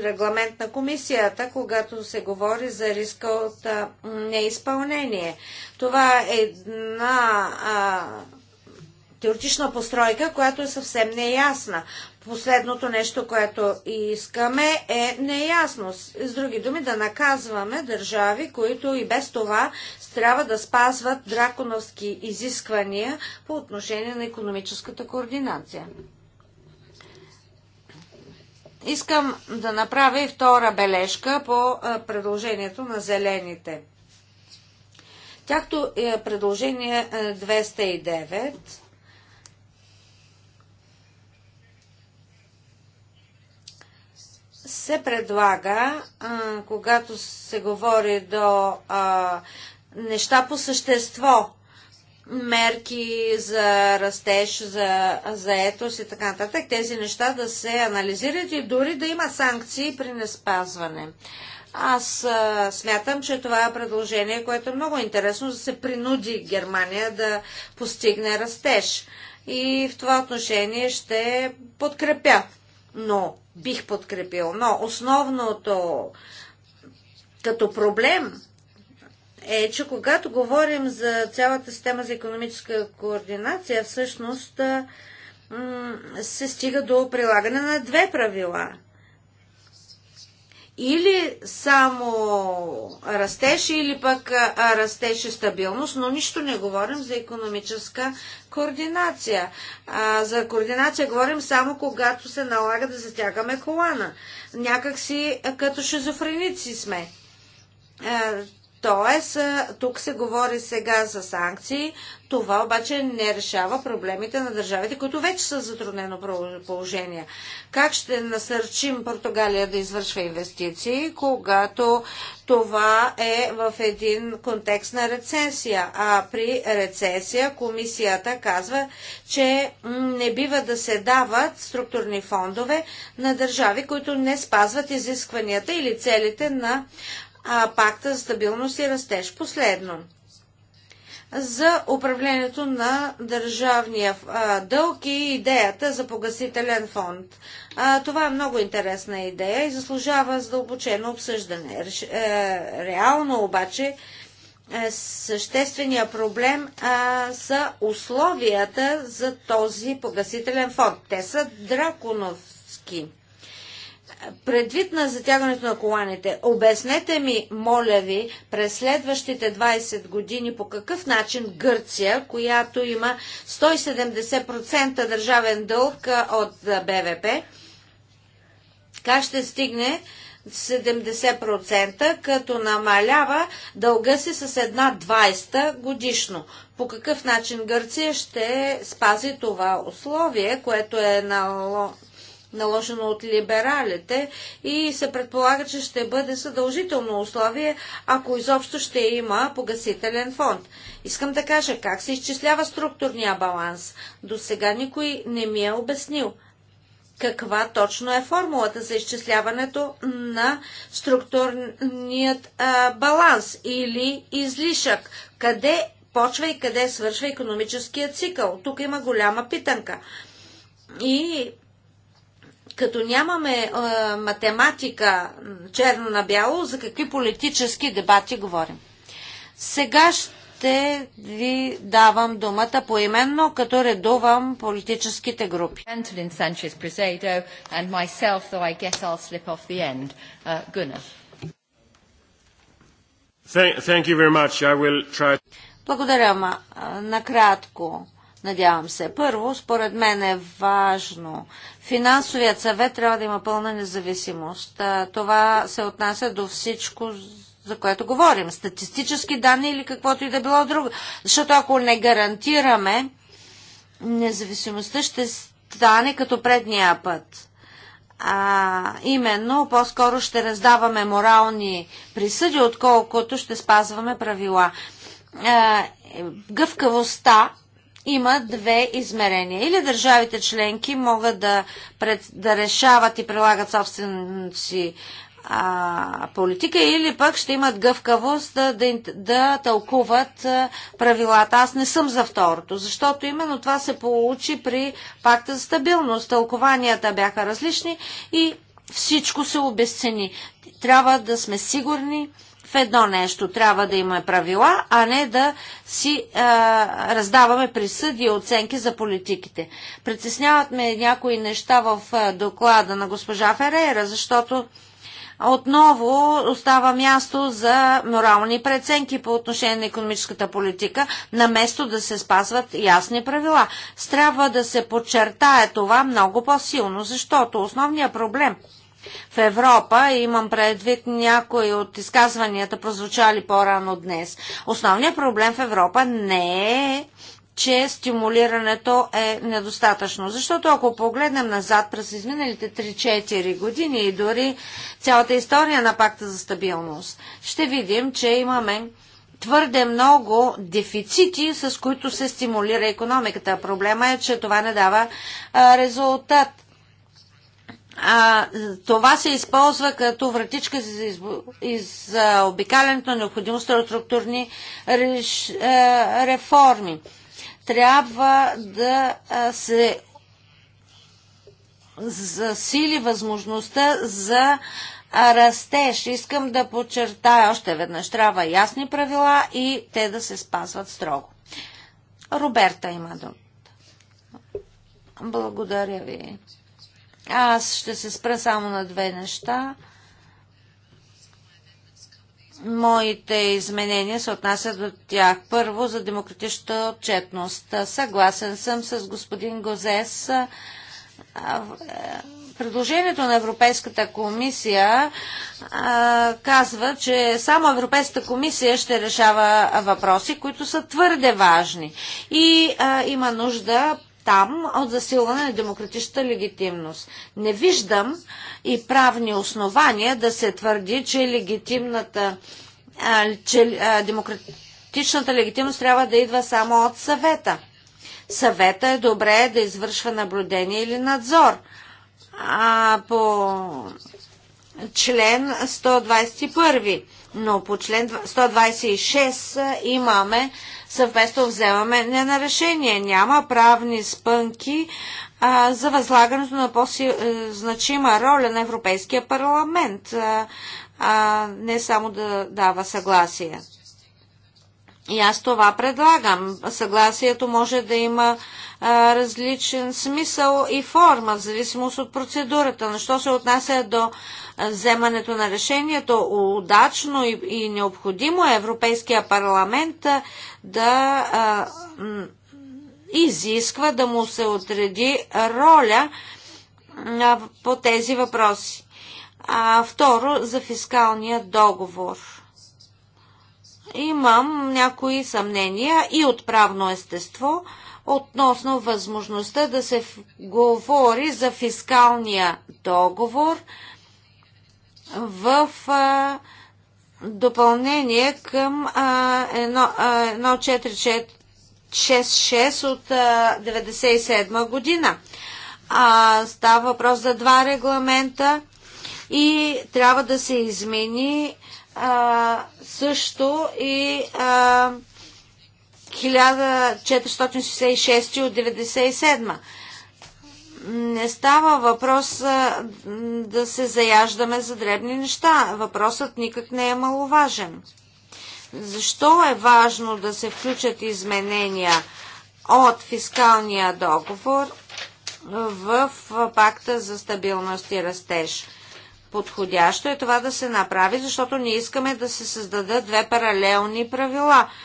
регламент на комисията, когато се говори за риска от неизпълнение. Това е една теоретична постройка, която е съвсем неясна. Последното нещо, което искаме е неясност. С други думи, да наказваме държави, които и без това трябва да спазват драконовски изисквания по отношение на економическата координация. Искам да направя и втора бележка по предложението на зелените. Тяхто е предложение 209 се предлага, а, когато се говори до а, неща по същество, мерки за растеж, за заетост и така нататък, тези неща да се анализират и дори да има санкции при неспазване. Аз а, смятам, че това е предложение, което е много интересно, да се принуди Германия да постигне растеж. И в това отношение ще подкрепя. Но бих подкрепил. Но основното като проблем е, че когато говорим за цялата система за економическа координация, всъщност се стига до прилагане на две правила – или само растеж, или пък растеж и стабилност, но нищо не говорим за економическа координация. за координация говорим само когато се налага да затягаме колана. Някак си като шизофреници сме. Тоест, тук се говори сега за санкции, това обаче не решава проблемите на държавите, които вече са затруднено положение. Как ще насърчим Португалия да извършва инвестиции, когато това е в един контекст на рецесия? А при рецесия комисията казва, че не бива да се дават структурни фондове на държави, които не спазват изискванията или целите на а, пакта за стабилност и растеж. Последно. За управлението на държавния а, дълг и идеята за погасителен фонд. А, това е много интересна идея и заслужава задълбочено обсъждане. Реш, е, реално обаче е, съществения проблем а, са условията за този погасителен фонд. Те са драконовски. Предвид на затягането на коланите, обяснете ми, моля ви, през следващите 20 години по какъв начин Гърция, която има 170% държавен дълг от БВП, как ще стигне 70%, като намалява дълга си с една 20 годишно. По какъв начин Гърция ще спази това условие, което е на наложено от либералите и се предполага, че ще бъде съдължително условие, ако изобщо ще има погасителен фонд. Искам да кажа как се изчислява структурния баланс. До сега никой не ми е обяснил каква точно е формулата за изчисляването на структурният а, баланс или излишък. Къде почва и къде свършва економическия цикъл? Тук има голяма питанка. И като нямаме е, математика черно на бяло, за какви политически дебати говорим. Сега ще ви давам думата поименно, като редувам политическите групи. Uh, Благодаря, ма. Накратко. Надявам се. Първо, според мен е важно. Финансовият съвет трябва да има пълна независимост. Това се отнася до всичко, за което говорим. Статистически данни или каквото и да било друго. Защото ако не гарантираме, независимостта ще стане като предния път. А, именно, по-скоро ще раздаваме морални присъди, отколкото ще спазваме правила. А, гъвкавостта има две измерения. Или държавите членки могат да, пред, да решават и прилагат собствената си а, политика, или пък ще имат гъвкавост да, да, да тълкуват а, правилата. Аз не съм за второто, защото именно това се получи при пакта за стабилност. Тълкованията бяха различни и всичко се обесцени. Трябва да сме сигурни, в едно нещо. Трябва да има правила, а не да си а, раздаваме присъди и оценки за политиките. Притесняват ме някои неща в доклада на госпожа Ферейра, защото отново остава място за морални преценки по отношение на економическата политика, на место да се спазват ясни правила. Трябва да се подчертае това много по-силно, защото основният проблем – в Европа. Имам предвид някои от изказванията, прозвучали по-рано днес. Основният проблем в Европа не е че стимулирането е недостатъчно. Защото ако погледнем назад през изминалите 3-4 години и дори цялата история на пакта за стабилност, ще видим, че имаме твърде много дефицити, с които се стимулира економиката. Проблема е, че това не дава резултат а, това се използва като вратичка за, избо... за обикалянето на необходимостта от структурни реш... реформи. Трябва да се засили възможността за растеж. Искам да подчертая още веднъж. Трябва ясни правила и те да се спазват строго. Роберта има думата. Благодаря ви. Аз ще се спра само на две неща. Моите изменения се отнасят до тях. Първо, за демократичната отчетност. Съгласен съм с господин Гозес. Е, предложението на Европейската комисия а, казва, че само Европейската комисия ще решава въпроси, които са твърде важни. И а, има нужда там от засилване на демократичната легитимност. Не виждам и правни основания да се твърди, че легитимната че демократичната легитимност трябва да идва само от съвета. Съвета е добре да извършва наблюдение или надзор. А по член 121, но по член 126 имаме съвместно вземаме не на решение. Няма правни спънки а, за възлагането на по-значима е, роля на Европейския парламент, а, а, не само да дава съгласие. И аз това предлагам. Съгласието може да има а, различен смисъл и форма, в зависимост от процедурата. Но що се отнася до вземането на решението. Удачно и, необходимо е Европейския парламент да изисква да му се отреди роля по тези въпроси. А, второ, за фискалния договор. Имам някои съмнения и от правно естество относно възможността да се говори за фискалния договор – в а, допълнение към а, едно, а, 1466 от а, 97 година. А, става въпрос за два регламента и трябва да се измени а, също и а, 1466 от 97 не става въпрос да се заяждаме за дребни неща. Въпросът никак не е маловажен. Защо е важно да се включат изменения от фискалния договор в пакта за стабилност и растеж? Подходящо е това да се направи, защото не искаме да се създадат две паралелни правила –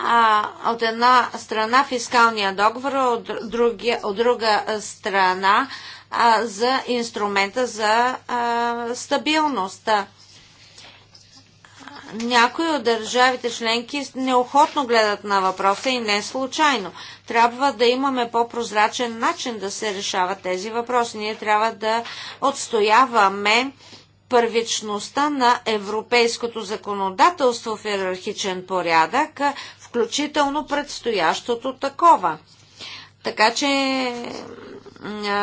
а, от една страна фискалния договор, от, други, от друга страна а, за инструмента за а, стабилност. Някои от държавите членки неохотно гледат на въпроса и не случайно. Трябва да имаме по-прозрачен начин да се решават тези въпроси. Ние трябва да отстояваме първичността на европейското законодателство в иерархичен порядък, включително предстоящото такова. Така че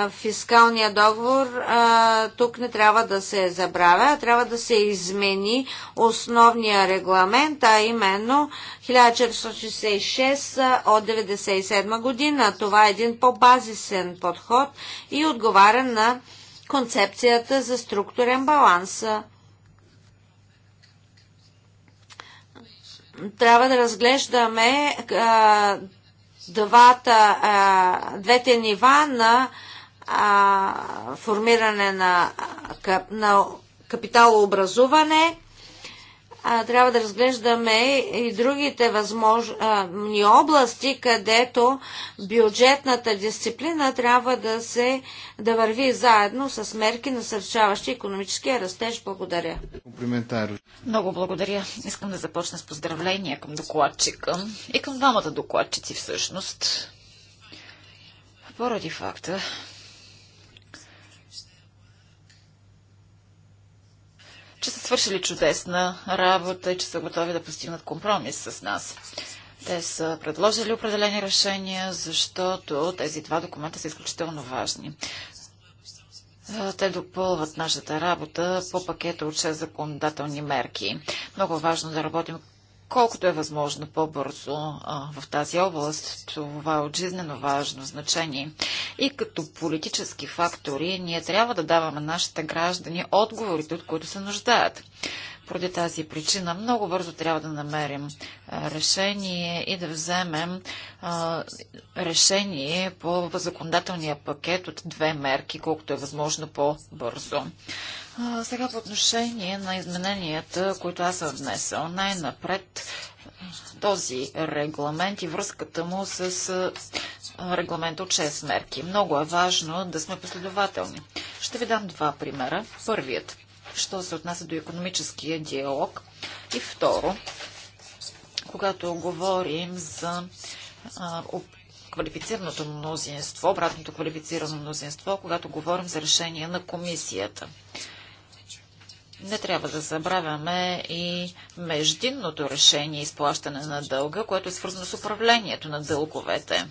фискалния договор а, тук не трябва да се забравя, а трябва да се измени основния регламент, а именно 1466 от 1997 година. Това е един по-базисен подход и отговаря на концепцията за структурен баланс. трябва да разглеждаме а, двата, а, двете нива на а, формиране на, на капиталообразуване а, трябва да разглеждаме и другите възможни области, където бюджетната дисциплина трябва да се да върви заедно с мерки на сърчаващи економическия растеж. Благодаря. Много благодаря. Искам да започна с поздравления към докладчика и към двамата докладчици всъщност. Поради факта, че са свършили чудесна работа и че са готови да постигнат компромис с нас. Те са предложили определени решения, защото тези два документа са изключително важни. Те допълват нашата работа по пакета от 6 законодателни мерки. Много важно да работим колкото е възможно по-бързо в тази област. Това е от жизнено важно значение. И като политически фактори, ние трябва да даваме нашите граждани отговорите, от които се нуждаят. Поради тази причина много бързо трябва да намерим решение и да вземем решение по законодателния пакет от две мерки, колкото е възможно по-бързо сега по отношение на измененията, които аз съм внесъл, най-напред този регламент и връзката му с регламент от 6 мерки. Много е важно да сме последователни. Ще ви дам два примера. Първият, що се отнася до економическия диалог. И второ, когато говорим за квалифицираното мнозинство, обратното квалифицирано мнозинство, когато говорим за решение на комисията не трябва да забравяме и междинното решение изплащане на дълга, което е свързано с управлението на дълговете.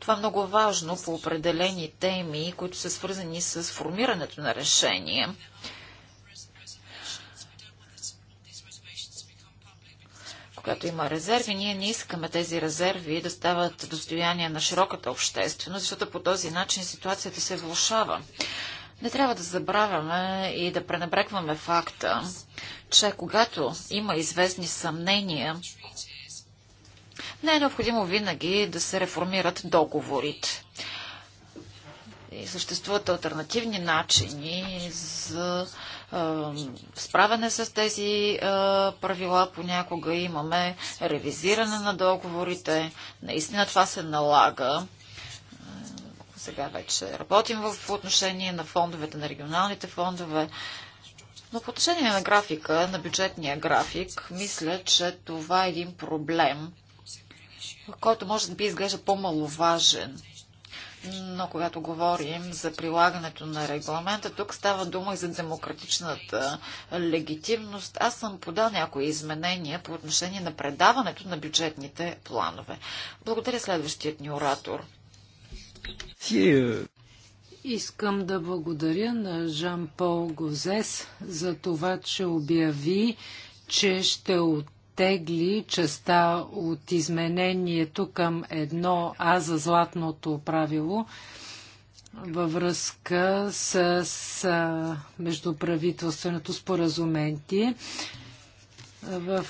Това е много важно по определени теми, които са свързани с формирането на решение. когато има резерви, ние не искаме тези резерви да стават достояние на широката общественост, защото по този начин ситуацията се влушава. Не трябва да забравяме и да пренебрегваме факта, че когато има известни съмнения, не е необходимо винаги да се реформират договорите. И съществуват альтернативни начини за справяне с тези е, правила. Понякога имаме ревизиране на договорите. Наистина това се налага. Сега вече работим в отношение на фондовете, на регионалните фондове. Но по отношение на графика, на бюджетния график, мисля, че това е един проблем, който може да би изглежда по-маловажен. Но когато говорим за прилагането на регламента, тук става дума и за демократичната легитимност. Аз съм подал някои изменения по отношение на предаването на бюджетните планове. Благодаря следващият ни оратор. Искам да благодаря на Жан-Пол Гозес за това, че обяви, че ще оттегли частта от изменението към едно А за златното правило във връзка с, с междуправителственото споразумение. В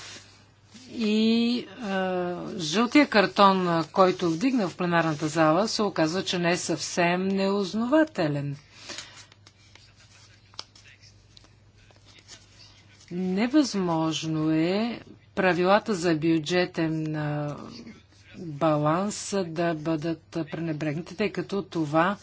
и а, жълтия картон, който вдигна в пленарната зала, се оказва, че не е съвсем неознавателен. Невъзможно е правилата за бюджетен баланс да бъдат пренебрегнати, тъй като това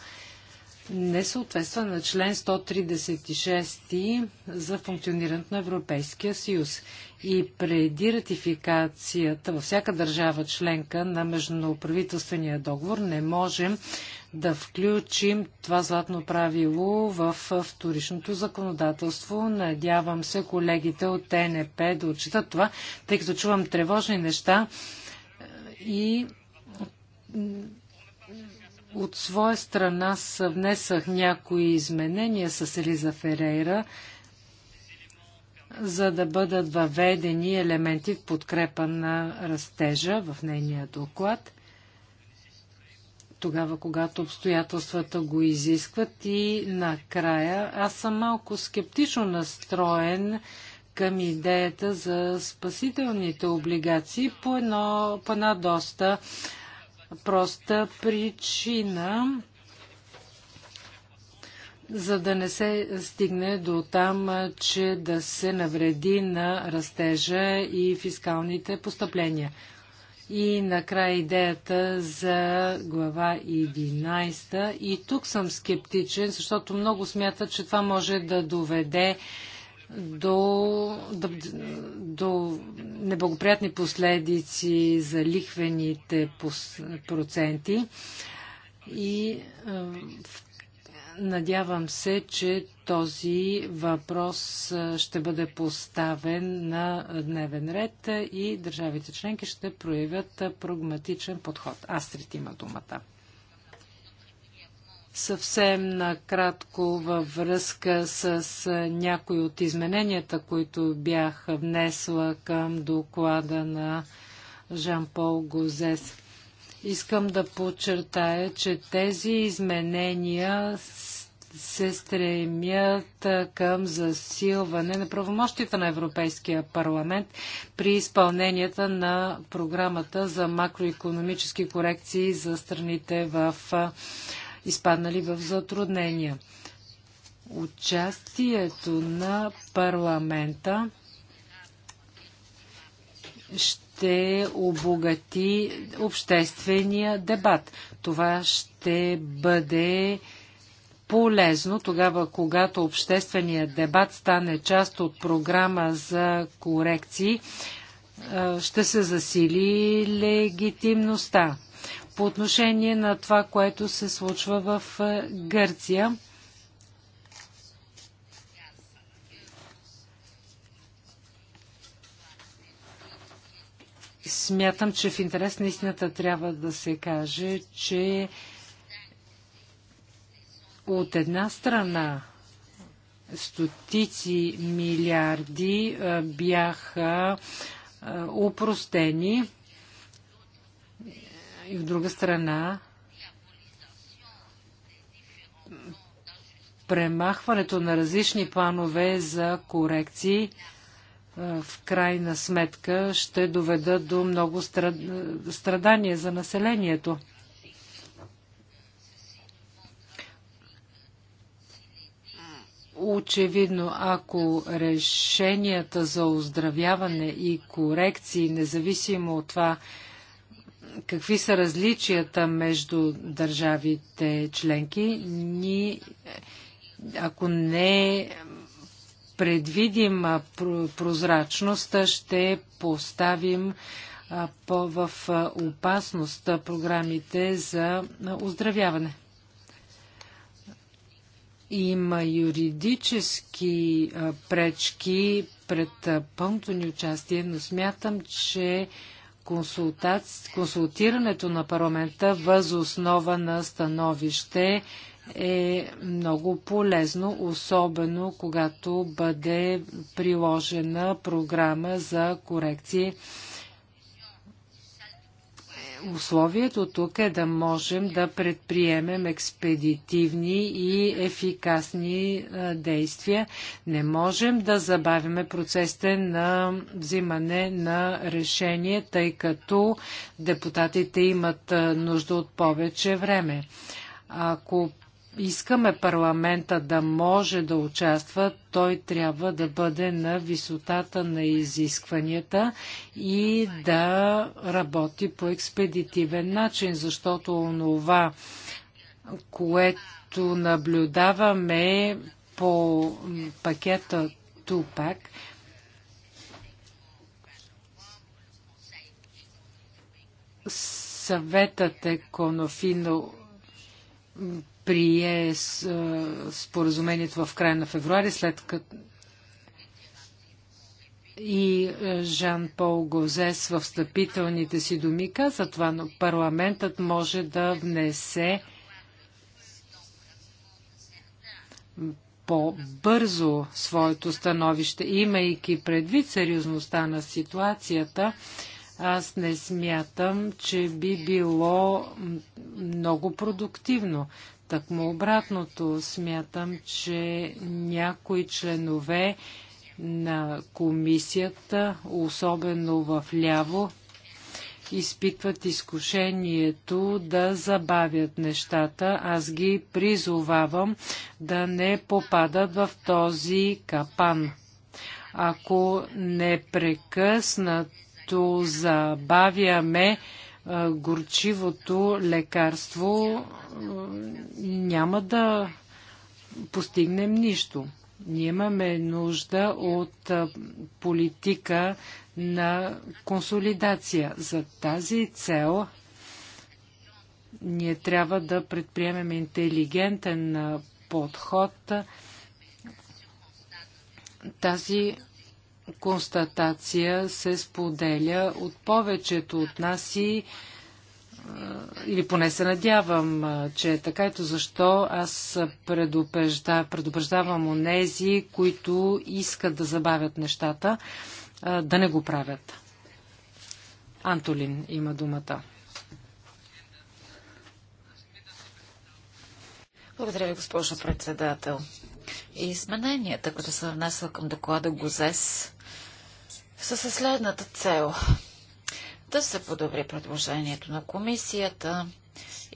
не съответства на член 136 за функционирането на Европейския съюз. И преди ратификацията във всяка държава членка на междуправителствения договор не можем да включим това златно правило в вторичното законодателство. Надявам се колегите от ТНП да отчитат това, тъй като чувам тревожни неща и от своя страна съвнесах някои изменения с Елиза Ферейра, за да бъдат въведени елементи в подкрепа на растежа в нейния доклад, тогава когато обстоятелствата го изискват и накрая аз съм малко скептично настроен към идеята за спасителните облигации по, едно, по една доста проста причина, за да не се стигне до там, че да се навреди на растежа и фискалните постъпления. И накрая идеята за глава 11. И тук съм скептичен, защото много смятат, че това може да доведе до, до, до неблагоприятни последици за лихвените пос, проценти и е, надявам се, че този въпрос ще бъде поставен на дневен ред и държавите членки ще проявят прагматичен подход. Астрид има думата. Съвсем накратко във връзка с някои от измененията, които бях внесла към доклада на Жан-Пол Гозес. Искам да подчертая, че тези изменения се стремят към засилване на правомощите на Европейския парламент при изпълненията на програмата за макроекономически корекции за страните в изпаднали в затруднения. Участието на парламента ще обогати обществения дебат. Това ще бъде полезно тогава, когато общественият дебат стане част от програма за корекции, ще се засили легитимността по отношение на това, което се случва в е, Гърция. Смятам, че в интерес на истината трябва да се каже, че от една страна стотици милиарди е, бяха е, упростени и в друга страна премахването на различни планове за корекции в крайна сметка ще доведа до много страдания за населението. Очевидно, ако решенията за оздравяване и корекции, независимо от това какви са различията между държавите членки, ни, ако не предвидим прозрачност, ще поставим в опасност програмите за оздравяване. Има юридически пречки пред пълното ни участие, но смятам, че консулта... консултирането на парламента въз основа на становище е много полезно, особено когато бъде приложена програма за корекции Условието тук е да можем да предприемем експедитивни и ефикасни действия. Не можем да забавиме процесите на взимане на решение, тъй като депутатите имат нужда от повече време. Ако искаме парламента да може да участва, той трябва да бъде на висотата на изискванията и да работи по експедитивен начин, защото онова, което наблюдаваме по пакета Тупак, съветът е конофино прие е, споразумението в края на февруари, след като и е, Жан-Пол Гозес в встъпителните си думи каза това, но парламентът може да внесе по-бързо своето становище, имайки предвид сериозността на ситуацията, аз не смятам, че би било много продуктивно Такмо обратното, смятам, че някои членове на комисията, особено в ляво, изпитват изкушението да забавят нещата. Аз ги призовавам да не попадат в този капан. Ако непрекъснато забавяме, горчивото лекарство няма да постигнем нищо. Ние имаме нужда от политика на консолидация. За тази цел ние трябва да предприемем интелигентен подход. Тази констатация се споделя от повечето от нас и е, или поне се надявам, е, че е така. Ето защо аз предупрежда, предупреждавам онези, които искат да забавят нещата, е, да не го правят. Антолин има думата. Благодаря ви, госпожо председател. Измененията, които са внесла към доклада ГОЗЕС, са със следната цел. Да се подобри предложението на комисията,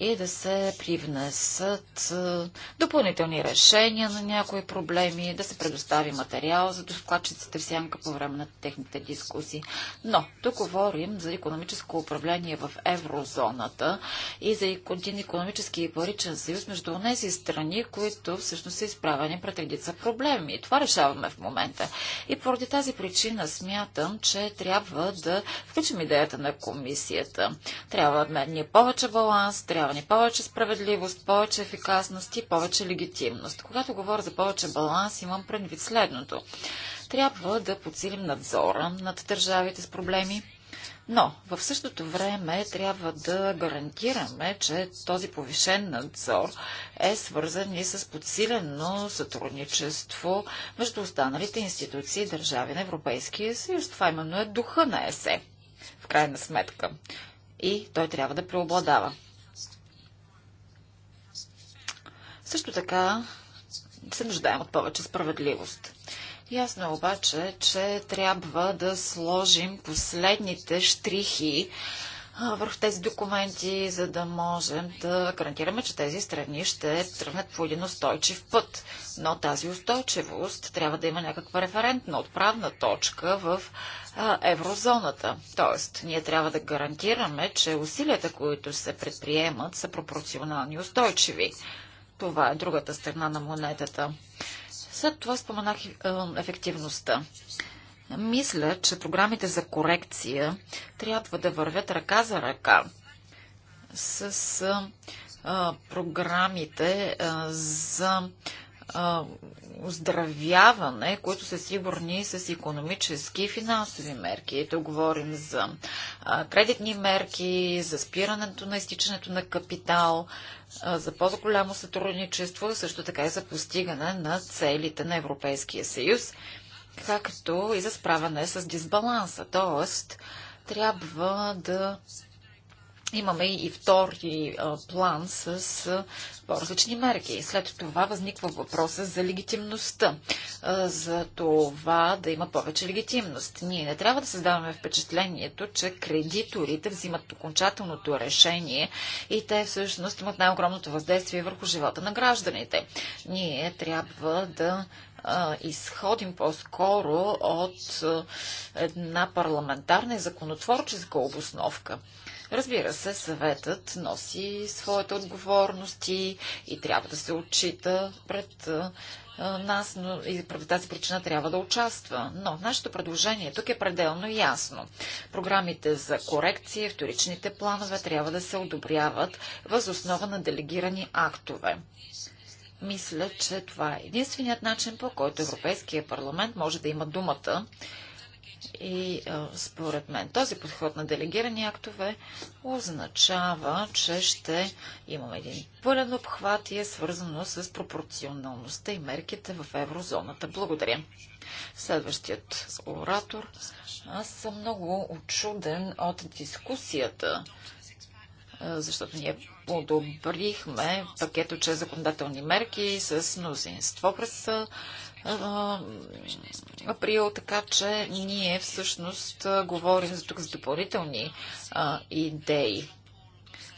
и да се привнесат е, допълнителни решения на някои проблеми, да се предостави материал за докладчиците в сянка по време на техните дискусии. Но, тук говорим за економическо управление в еврозоната и за един економически и паричен съюз между тези страни, които всъщност са изправени пред редица проблеми. И това решаваме в момента. И поради тази причина смятам, че трябва да включим идеята на комисията. Трябва да ни е повече баланс, трябва партньорни. Повече справедливост, повече ефикасност и повече легитимност. Когато говоря за повече баланс, имам предвид следното. Трябва да подсилим надзора над държавите с проблеми, но в същото време трябва да гарантираме, че този повишен надзор е свързан и с подсилено сътрудничество между останалите институции и държави на Европейския съюз. Това именно е духа на ЕСЕ, в крайна сметка. И той трябва да преобладава. Също така се нуждаем от повече справедливост. Ясно е обаче, че трябва да сложим последните штрихи върху тези документи, за да можем да гарантираме, че тези страни ще тръгнат по един устойчив път. Но тази устойчивост трябва да има някаква референтна отправна точка в еврозоната. Тоест, ние трябва да гарантираме, че усилията, които се предприемат, са пропорционални и устойчиви. Това е другата страна на монетата. След това споменах е, ефективността. Мисля, че програмите за корекция трябва да вървят ръка за ръка с е, програмите е, за оздравяване, които са сигурни с економически и финансови мерки. Ето говорим за а, кредитни мерки, за спирането на изтичането на капитал, а, за по-голямо сътрудничество, също така и за постигане на целите на Европейския съюз, както и за справяне с дисбаланса. Тоест, трябва да имаме и втори план с по-различни мерки. След това възниква въпроса за легитимността, за това да има повече легитимност. Ние не трябва да създаваме впечатлението, че кредиторите взимат окончателното решение и те всъщност имат най-огромното въздействие върху живота на гражданите. Ние трябва да изходим по-скоро от една парламентарна и законотворческа обосновка. Разбира се, съветът носи своите отговорности и трябва да се отчита пред нас, но и поради тази причина трябва да участва. Но нашето предложение тук е пределно ясно. Програмите за корекции, вторичните планове трябва да се одобряват въз основа на делегирани актове. Мисля, че това е единственият начин, по който Европейския парламент може да има думата и а, според мен този подход на делегирани актове означава, че ще имаме един пълен обхват и е свързано с пропорционалността и мерките в еврозоната. Благодаря. Следващият оратор. Аз съм много очуден от дискусията, защото ние подобрихме пакет от 6 законодателни мерки с мнозинство през април, така че ние всъщност говорим за тук за допълнителни а, идеи.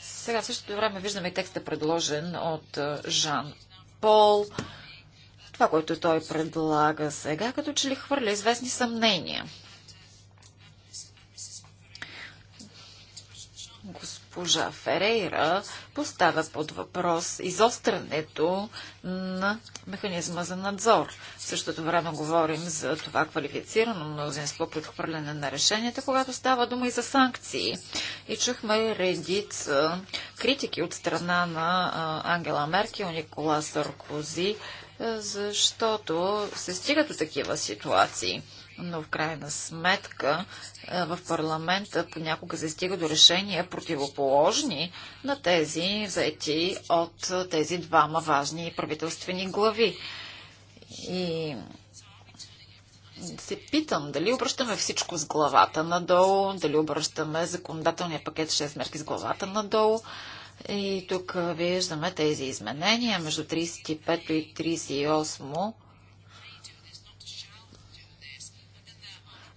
Сега в същото време виждаме текста предложен от Жан Пол. Това, което той предлага сега, като че ли хвърля известни съмнения госпожа Ферейра поставя под въпрос изострането на механизма за надзор. В същото време говорим за това квалифицирано мнозинство при хвърляне на решенията, когато става дума и за санкции. И чухме редица критики от страна на Ангела Меркел, Никола Саркози, защото се стига до такива ситуации но в крайна сметка е, в парламента понякога се стига до решения противоположни на тези взети от е, тези двама важни правителствени глави. И се питам дали обръщаме всичко с главата надолу, дали обръщаме законодателния пакет 6 мерки с главата надолу. И тук е, виждаме тези изменения между 35 и 38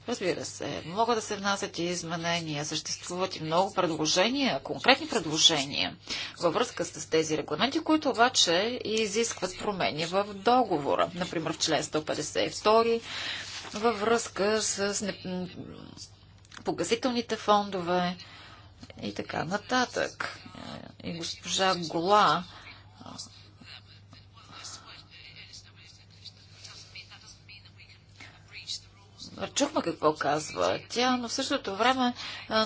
Разбира се, могат да се внасят и изменения. Съществуват и много предложения, конкретни предложения във връзка с тези регламенти, които обаче изискват промени в договора. Например, в член 152 във връзка с погасителните фондове и така нататък. И госпожа Гола чухме какво казва тя, но в същото време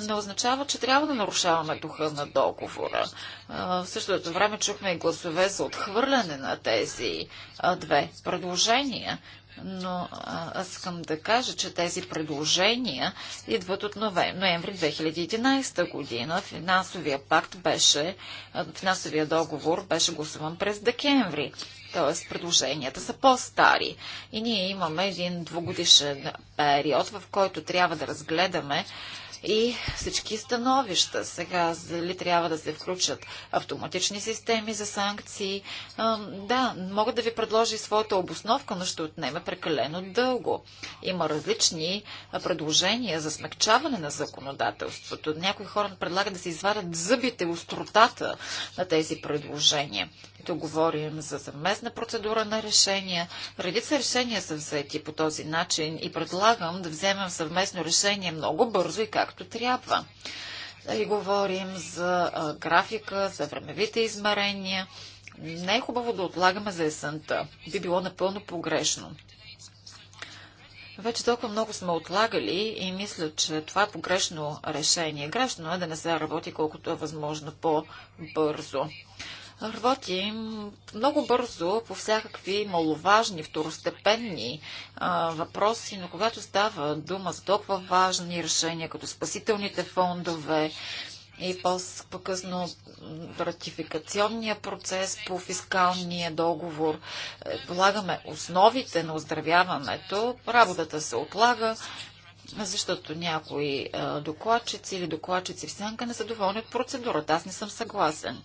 не означава, че трябва да нарушаваме духа на договора. В същото време чухме и гласове за отхвърляне на тези две предложения. Но аз искам да кажа, че тези предложения идват от ноември 2011 година. Финансовия пакт беше, финансовия договор беше гласуван през декември. Т.е. предложенията са по-стари. И ние имаме един двугодишен период, в който трябва да разгледаме и всички становища. Сега, дали трябва да се включат автоматични системи за санкции? да, мога да ви предложи своята обосновка, но ще отнеме прекалено дълго. Има различни предложения за смягчаване на законодателството. Някои хора предлагат да се извадят зъбите, остротата на тези предложения. Тук говорим за съвместна процедура на решения. Редица решения са взети по този начин и предлагам да вземем съвместно решение много бързо и както трябва. И нали, говорим за графика, за времевите измерения. Не е хубаво да отлагаме за есента. Би било напълно погрешно. Вече толкова много сме отлагали и мисля, че това е погрешно решение. Грешно е да не се работи колкото е възможно по-бързо. Работим много бързо по всякакви маловажни, второстепенни а, въпроси, но когато става дума за толкова важни решения, като спасителните фондове и по-късно ратификационния процес по фискалния договор, е, полагаме основите на оздравяването, работата се отлага, защото някои докладчици или докладчици в сянка не са доволни от процедурата. Аз не съм съгласен.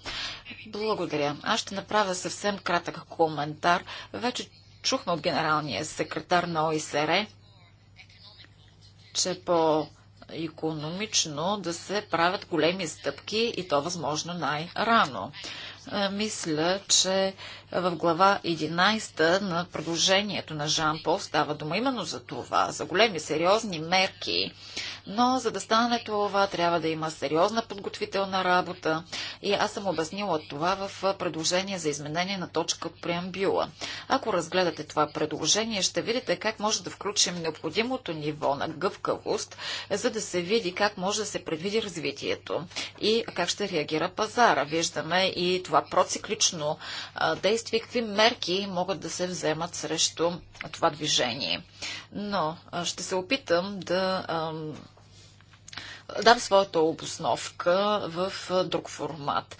Благодаря. Аз ще направя съвсем кратък коментар. Вече чухме от генералния секретар на ОИСР, че по економично да се правят големи стъпки и то възможно най-рано. Мисля, че в глава 11 на продължението на Жан Пол става дума именно за това, за големи, сериозни мерки. Но за да стане това, трябва да има сериозна подготвителна работа. И аз съм обяснила това в предложение за изменение на точка от преамбюла. Ако разгледате това предложение, ще видите как може да включим необходимото ниво на гъвкавост, за да се види как може да се предвиди развитието и как ще реагира пазара. Виждаме и това проциклично действие действия, какви мерки могат да се вземат срещу това движение. Но ще се опитам да дам своята обосновка в друг формат.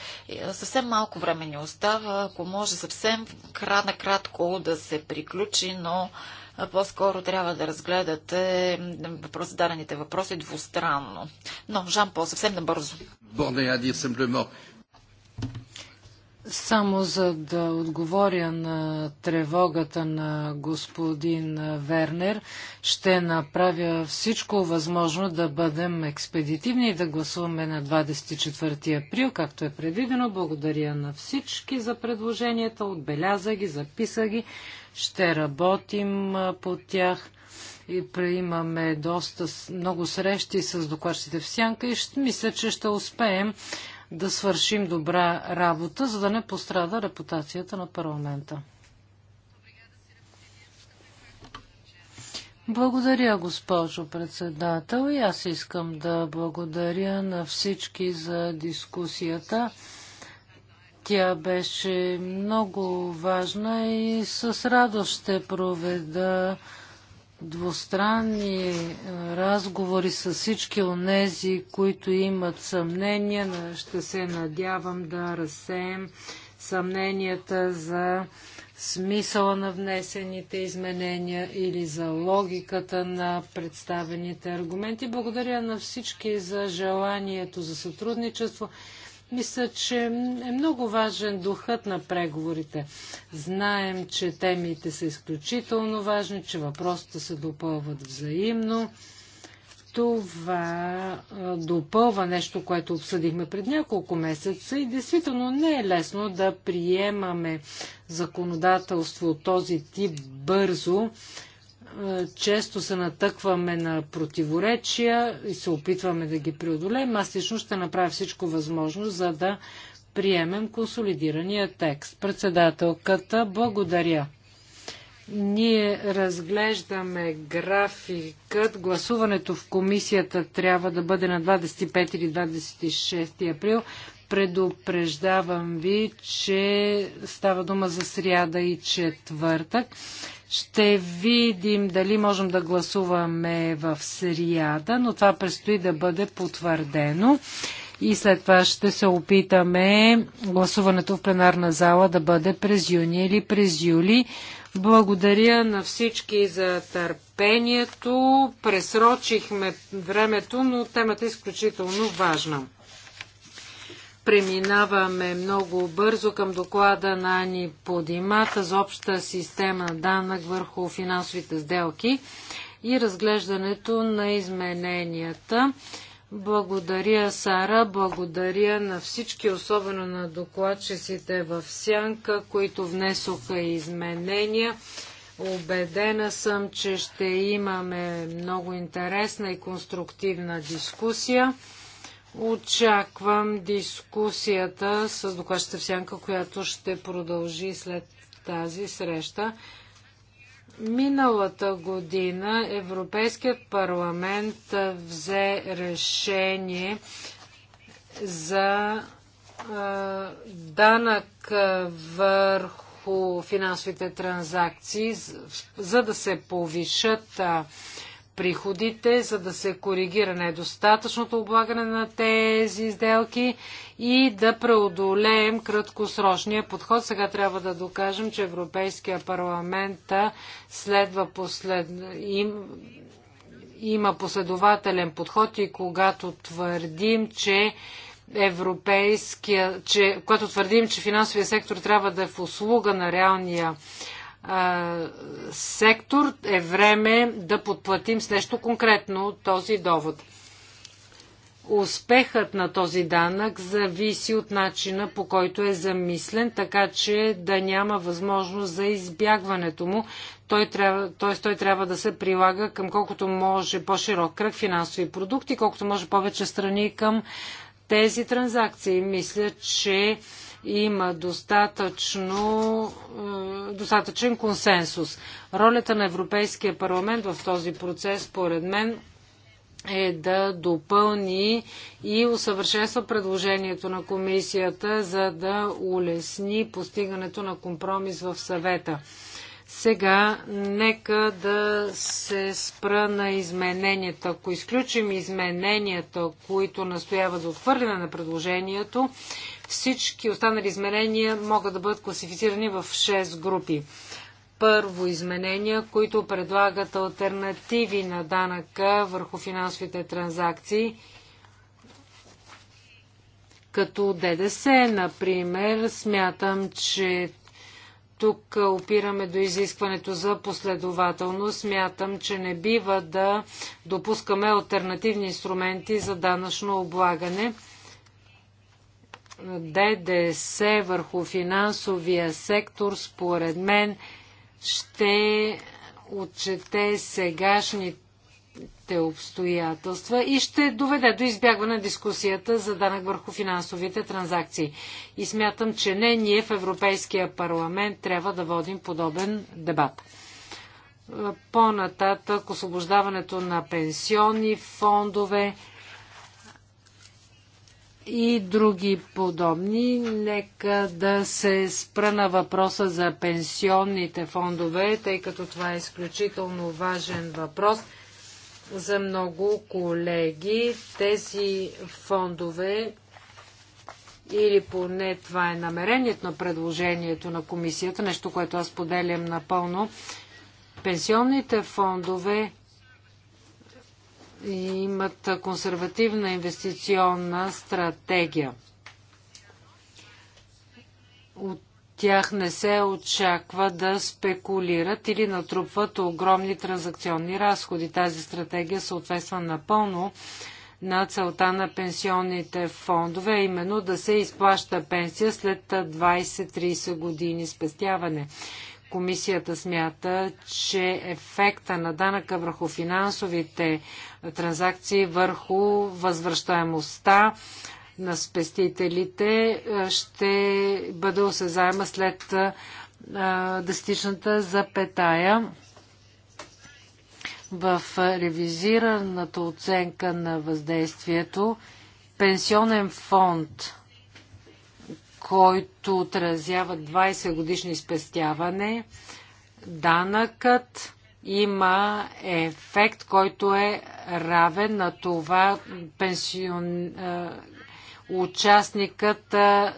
Съвсем малко време ни остава, ако може съвсем крана кратко да се приключи, но по-скоро трябва да разгледате въпрос, дадените въпроси двустранно. Но, Жан Пол, съвсем набързо. Bon, само за да отговоря на тревогата на господин Вернер, ще направя всичко възможно да бъдем експедитивни и да гласуваме на 24 април, както е предвидено. Благодаря на всички за предложенията, отбеляза ги, записа ги, ще работим по тях. И имаме доста много срещи с докладчите в Сянка и ще, мисля, че ще успеем да свършим добра работа, за да не пострада репутацията на парламента. Благодаря, госпожо председател. И аз искам да благодаря на всички за дискусията. Тя беше много важна и с радост ще проведа двустранни е, разговори с всички нези, които имат съмнения. Ще се надявам да разсеем съмненията за смисъла на внесените изменения или за логиката на представените аргументи. Благодаря на всички за желанието за сътрудничество. Мисля, че е много важен духът на преговорите. Знаем, че темите са изключително важни, че въпросите се допълват взаимно. Това допълва нещо, което обсъдихме пред няколко месеца и действително не е лесно да приемаме законодателство от този тип бързо често се натъкваме на противоречия и се опитваме да ги преодолеем. Аз лично ще направя всичко възможно, за да приемем консолидирания текст. Председателката, благодаря. Ние разглеждаме графикът. Гласуването в комисията трябва да бъде на 25 или 26 април. Предупреждавам ви, че става дума за сряда и четвъртък. Ще видим дали можем да гласуваме в сряда, но това предстои да бъде потвърдено. И след това ще се опитаме гласуването в пленарна зала да бъде през юни или през юли. Благодаря на всички за търпението. Пресрочихме времето, но темата е изключително важна. Преминаваме много бързо към доклада на Ани Подимата за обща система данък върху финансовите сделки и разглеждането на измененията. Благодаря, Сара, благодаря на всички, особено на докладчиците в Сянка, които внесоха изменения. Обедена съм, че ще имаме много интересна и конструктивна дискусия. Очаквам дискусията с докладчета в сянка, която ще продължи след тази среща. Миналата година Европейският парламент взе решение за данък върху финансовите транзакции, за да се повишат приходите, за да се коригира недостатъчното облагане на тези сделки и да преодолеем краткосрочния подход. Сега трябва да докажем, че Европейския парламент следва послед... им... има последователен подход и когато твърдим, че европейския, че, когато твърдим, че финансовия сектор трябва да е в услуга на реалния сектор, е време да подплатим с нещо конкретно този довод. Успехът на този данък зависи от начина по който е замислен, така че да няма възможност за избягването му. Той трябва, т.е. той трябва да се прилага към колкото може по-широк кръг финансови продукти, колкото може повече страни към тези транзакции. Мисля, че има достатъчно, е, достатъчен консенсус. Ролята на Европейския парламент в този процес, според мен, е да допълни и усъвършенства предложението на комисията, за да улесни постигането на компромис в съвета. Сега нека да се спра на измененията. Ако изключим измененията, които настояват за отвърляне на предложението, всички останали изменения могат да бъдат класифицирани в 6 групи. Първо изменения, които предлагат альтернативи на данъка върху финансовите транзакции, като ДДС, например, смятам, че тук опираме до изискването за последователност. Смятам, че не бива да допускаме альтернативни инструменти за данъчно облагане. ДДС върху финансовия сектор, според мен, ще отчете сегашните те обстоятелства и ще доведе до избягване на дискусията за данък върху финансовите транзакции. И смятам, че не ние в Европейския парламент трябва да водим подобен дебат. По-нататък освобождаването на пенсионни фондове и други подобни. Нека да се спра на въпроса за пенсионните фондове, тъй като това е изключително важен въпрос – за много колеги. Тези фондове или поне това е намерението на предложението на комисията, нещо, което аз поделям напълно. Пенсионните фондове имат консервативна инвестиционна стратегия. От тях не се очаква да спекулират или натрупват огромни транзакционни разходи. Тази стратегия съответства напълно на целта на пенсионните фондове, именно да се изплаща пенсия след 20-30 години спестяване. Комисията смята, че ефекта на данъка върху финансовите транзакции, върху възвръщаемостта на спестителите ще бъде осезаема след десетичната запетая. В ревизираната оценка на въздействието пенсионен фонд, който отразява 20 годишни спестяване, данъкът има ефект, който е равен на това пенсион, участникът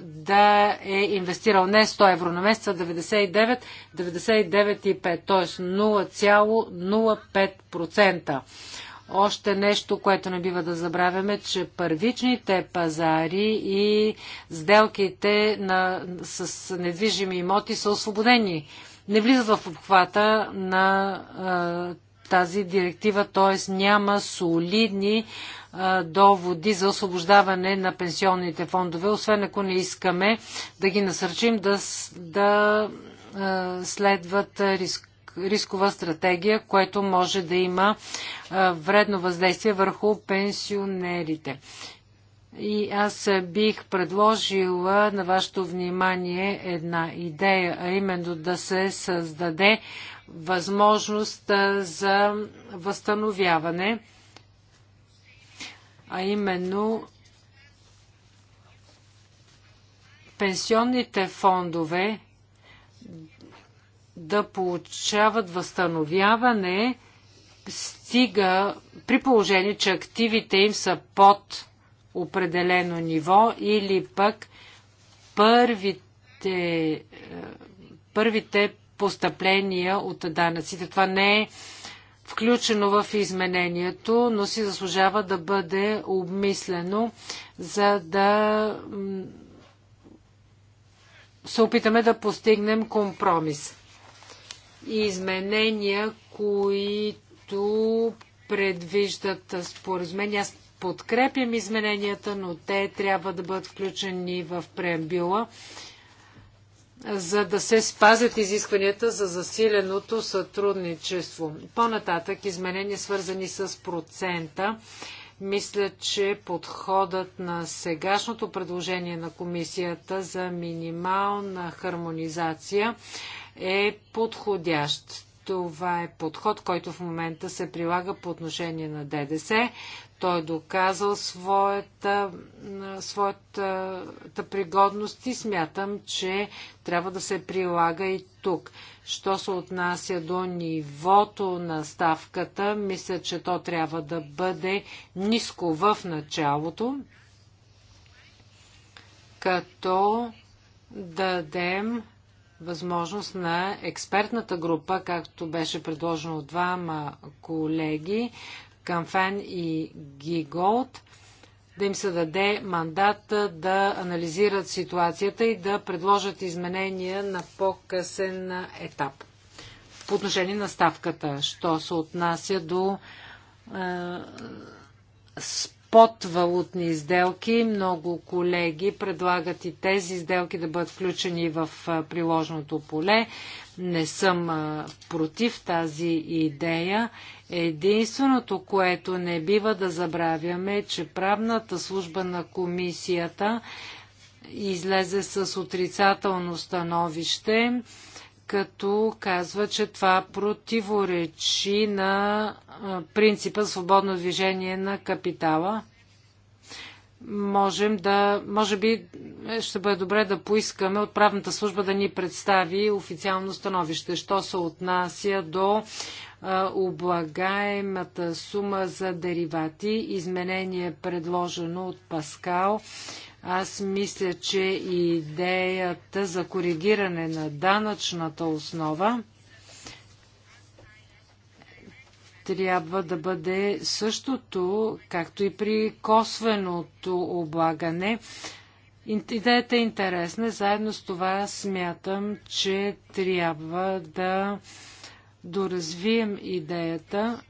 да е инвестирал не 100 евро на месец, а 99, 99,5, т.е. 0,05%. Още нещо, което не бива да забравяме, че първичните пазари и сделките на, с недвижими имоти са освободени. Не влизат в обхвата на а, тази директива, т.е. няма солидни доводи за освобождаване на пенсионните фондове, освен ако не искаме да ги насърчим да, да следват риск, рискова стратегия, което може да има вредно въздействие върху пенсионерите. И аз бих предложила на вашето внимание една идея, а именно да се създаде възможност за възстановяване а именно пенсионните фондове да получават възстановяване стига при положение, че активите им са под определено ниво или пък първите, е, първите постъпления от данъците. Това не е включено в изменението, но си заслужава да бъде обмислено, за да се опитаме да постигнем компромис. И изменения, които предвиждат споразумение. Аз подкрепям измененията, но те трябва да бъдат включени в преамбюла за да се спазят изискванията за засиленото сътрудничество. По-нататък изменения свързани с процента. Мисля, че подходът на сегашното предложение на комисията за минимална хармонизация е подходящ. Това е подход, който в момента се прилага по отношение на ДДС. Той е доказал своята, своята пригодност и смятам, че трябва да се прилага и тук. Що се отнася до нивото на ставката, мисля, че то трябва да бъде ниско в началото, като дадем възможност на експертната група, както беше предложено от двама колеги, Камфен и Гиголд, да им се даде мандат да анализират ситуацията и да предложат изменения на по-късен етап. По отношение на ставката, що се отнася до е, под валутни изделки. Много колеги предлагат и тези изделки да бъдат включени в приложното поле. Не съм против тази идея. Единственото, което не бива да забравяме, е, че правната служба на комисията излезе с отрицателно становище като казва, че това противоречи на принципа свободно движение на капитала. Можем да, може би е, ще бъде добре да поискаме от правната служба да ни представи официално становище, що се отнася до облагаемата сума за деривати. Изменение предложено от Паскал аз мисля, че идеята за коригиране на данъчната основа трябва да бъде същото, както и при косвеното облагане. Идеята е интересна. Заедно с това смятам, че трябва да доразвием идеята,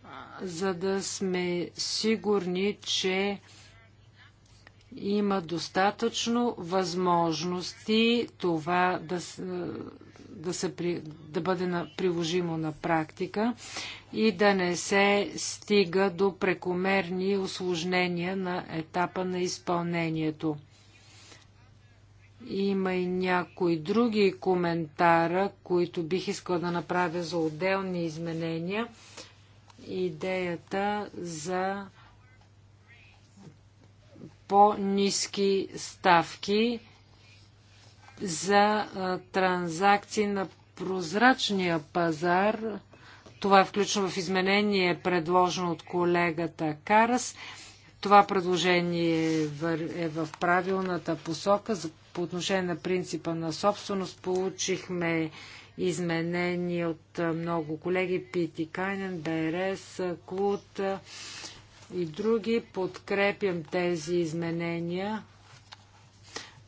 за да сме сигурни, че има достатъчно възможности това да, да, се, да бъде на, приложимо на практика и да не се стига до прекомерни осложнения на етапа на изпълнението. Има и някои други коментара, които бих искала да направя за отделни изменения. Идеята за по-низки ставки за транзакции на прозрачния пазар. Това е включено в изменение, предложено от колегата Карас. Това предложение е в правилната посока. По отношение на принципа на собственост получихме изменения от много колеги. Пити Кайнен, Берес, Клут, и други. Подкрепям тези изменения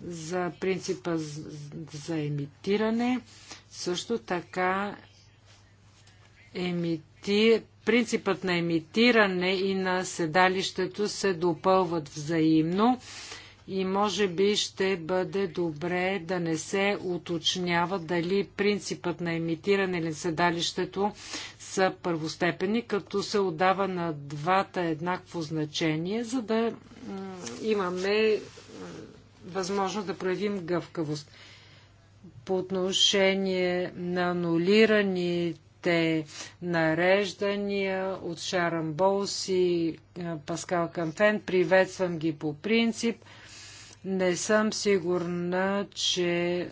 за принципа за емитиране. Също така емити... принципът на емитиране и на седалището се допълват взаимно и може би ще бъде добре да не се уточнява дали принципът на емитиране или седалището са първостепени, като се отдава на двата еднакво значение, за да имаме възможност да проявим гъвкавост. По отношение на анулираните нареждания от Шаран Болс и Паскал Камфен, приветствам ги по принцип. Не съм сигурна, че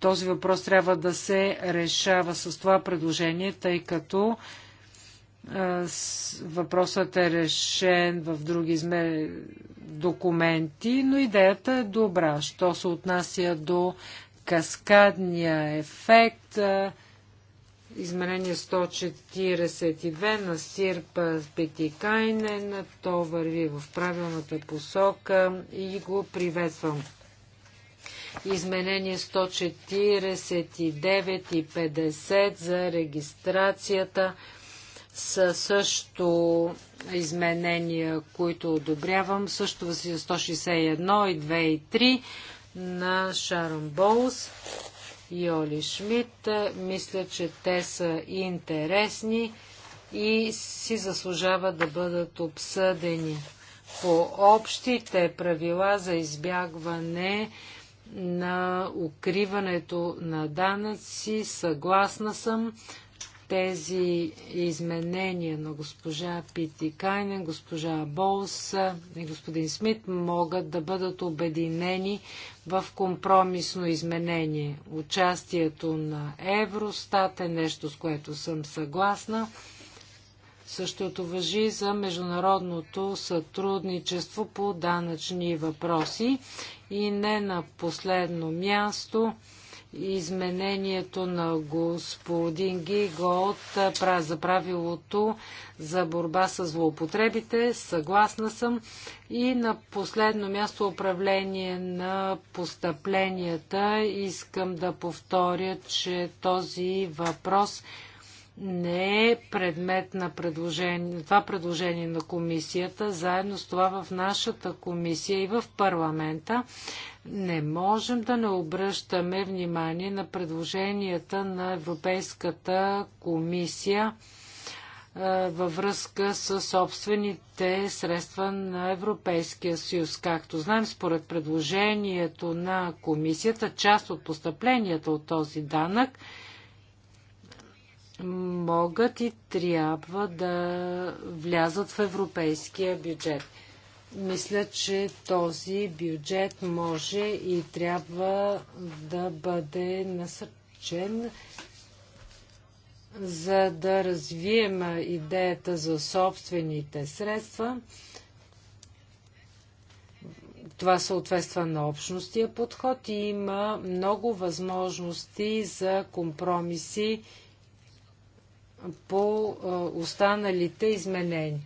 този въпрос трябва да се решава с това предложение, тъй като въпросът е решен в други документи, но идеята е добра. Що се отнася до каскадния ефект, изменение 142 на Сирпа Петикайнен, то върви в правилната посока и го приветствам изменение 149 и 50 за регистрацията са също изменения, които одобрявам. Също в 161 и 2 и 3 на Шарон Боус и Оли Шмидт. Мисля, че те са интересни и си заслужава да бъдат обсъдени по общите правила за избягване на укриването на данъци. Съгласна съм тези изменения на госпожа Пити Кайнен, госпожа Болс и господин Смит могат да бъдат обединени в компромисно изменение. Участието на Евростат е нещо, с което съм съгласна. Същото въжи за международното сътрудничество по данъчни въпроси и не на последно място, изменението на господин Гиго от за правилото за борба с злоупотребите. Съгласна съм. И на последно място управление на постъпленията. Искам да повторя, че този въпрос е не е предмет на предложение, това предложение на комисията, заедно с това в нашата комисия и в парламента, не можем да не обръщаме внимание на предложенията на Европейската комисия е, във връзка с собствените средства на Европейския съюз. Както знаем, според предложението на комисията, част от постъпленията от този данък – могат и трябва да влязат в европейския бюджет. Мисля, че този бюджет може и трябва да бъде насърчен, за да развием идеята за собствените средства. Това съответства на общностия подход и има много възможности за компромиси по останалите изменения.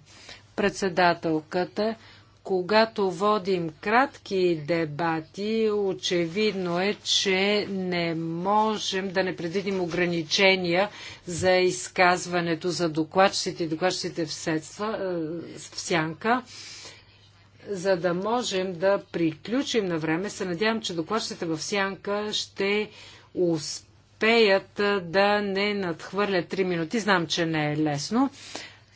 Председателката, когато водим кратки дебати, очевидно е, че не можем да не предвидим ограничения за изказването за докладчиците и докладчиците в, седства, в сянка за да можем да приключим на време. Се надявам, че докладчиците в Сянка ще успеят успеят да не надхвърлят 3 минути. Знам, че не е лесно.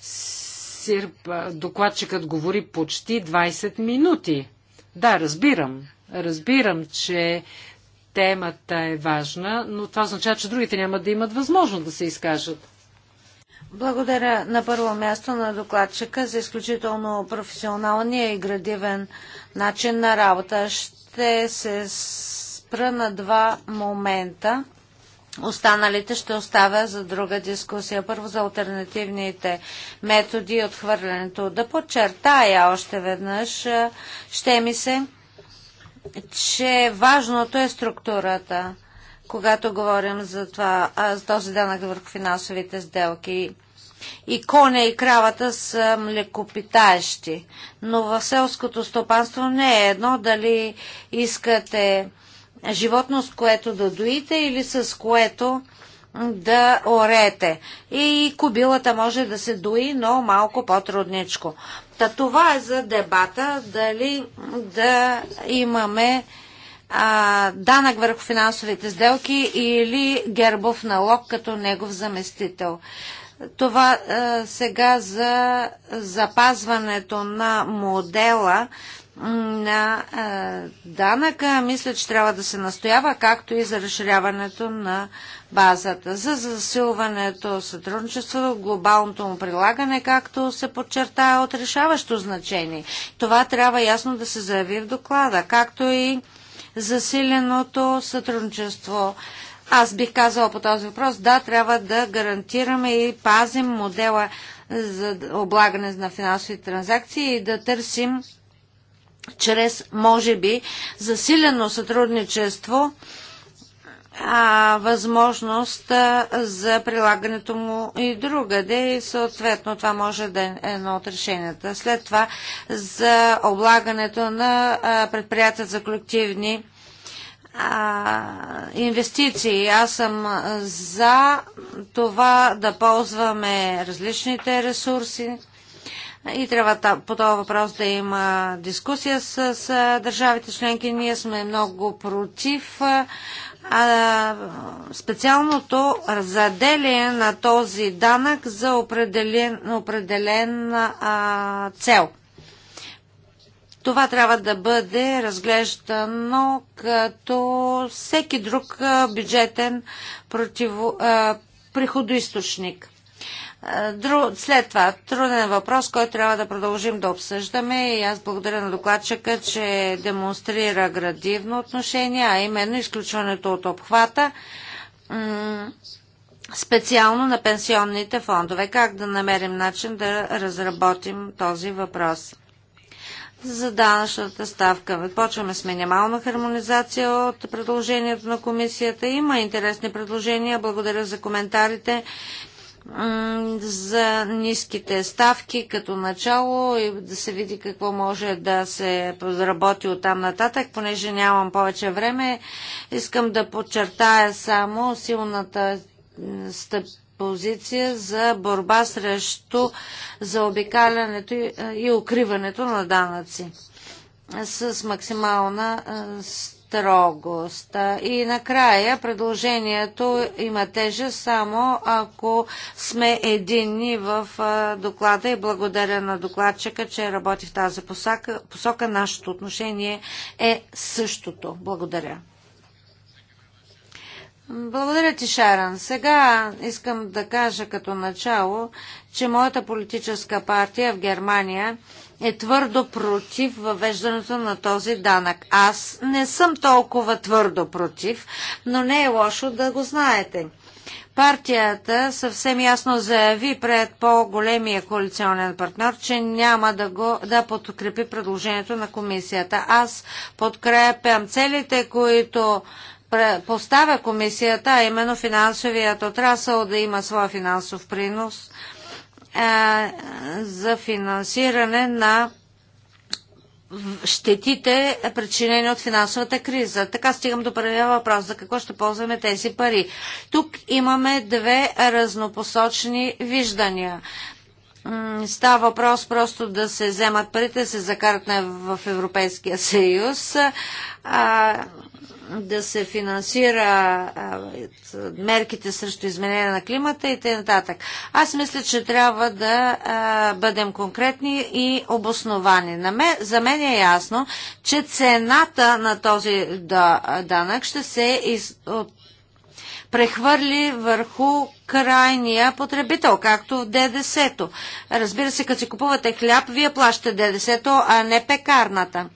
Сирп, докладчикът говори почти 20 минути. Да, разбирам. Разбирам, че темата е важна, но това означава, че другите няма да имат възможност да се изкажат. Благодаря на първо място на докладчика за изключително професионалния и градивен начин на работа. Ще се спра на два момента, Останалите ще оставя за друга дискусия. Първо за альтернативните методи и отхвърлянето. Да подчертая още веднъж, ще ми се, че важното е структурата, когато говорим за, това, с този данък върху финансовите сделки. И коня и кравата са млекопитаещи, но в селското стопанство не е едно дали искате животно, с което да доите или с което да орете. И кобилата може да се дои, но малко по-трудничко. Та това е за дебата дали да имаме а, данък върху финансовите сделки или гербов налог като негов заместител. Това а, сега за запазването на модела на данъка, мисля, че трябва да се настоява, както и за разширяването на базата, за засилването сътрудничеството, глобалното му прилагане, както се подчертава от решаващо значение. Това трябва ясно да се заяви в доклада, както и засиленото сътрудничество. Аз бих казала по този въпрос, да, трябва да гарантираме и пазим модела за облагане на финансови транзакции и да търсим чрез, може би, засилено сътрудничество, а, възможност а, за прилагането му и другаде и съответно това може да е едно от решенията. След това за облагането на предприятията предприятия за колективни а, инвестиции. Аз съм за това да ползваме различните ресурси, и трябва по този въпрос да има дискусия с, с държавите членки. Ние сме много против а, специалното разделение на този данък за определен, определен а, цел. Това трябва да бъде разглеждано като всеки друг бюджетен противо, а, приходоисточник. Друг, след това, труден въпрос, който трябва да продължим да обсъждаме и аз благодаря на докладчика, че демонстрира градивно отношение, а именно изключването от обхвата специално на пенсионните фондове. Как да намерим начин да разработим този въпрос? За данъчната ставка. Почваме с минимална хармонизация от предложението на комисията. Има интересни предложения. Благодаря за коментарите за ниските ставки като начало и да се види какво може да се подработи от там нататък. Понеже нямам повече време, искам да подчертая само силната стъп позиция за борба срещу заобикалянето и укриването на данъци с максимална степен строгост. И накрая предложението има теже само ако сме единни в доклада и благодаря на докладчика, че работи в тази посока. посока нашето отношение е същото. Благодаря. Благодаря ти, Шаран. Сега искам да кажа като начало, че моята политическа партия в Германия е твърдо против въвеждането на този данък. Аз не съм толкова твърдо против, но не е лошо да го знаете. Партията съвсем ясно заяви пред по-големия коалиционен партньор, че няма да, го, да подкрепи предложението на комисията. Аз подкрепям целите, които поставя комисията, а именно финансовият отрасъл да има своя финансов принос – е, за финансиране на щетите, причинени от финансовата криза. Така стигам до първия въпрос. За какво ще ползваме тези пари? Тук имаме две разнопосочни виждания. Става въпрос просто да се вземат парите, да се закарат в Европейския съюз, а, да се финансира а, мерките срещу изменение на климата и т.н. Аз мисля, че трябва да а, бъдем конкретни и обосновани. На мен, за мен е ясно, че цената на този данък ще се из, от, прехвърли върху крайния потребител, както в ДДС-то. Разбира се, като си купувате хляб, вие плащате ДДС-то, а не пекарната.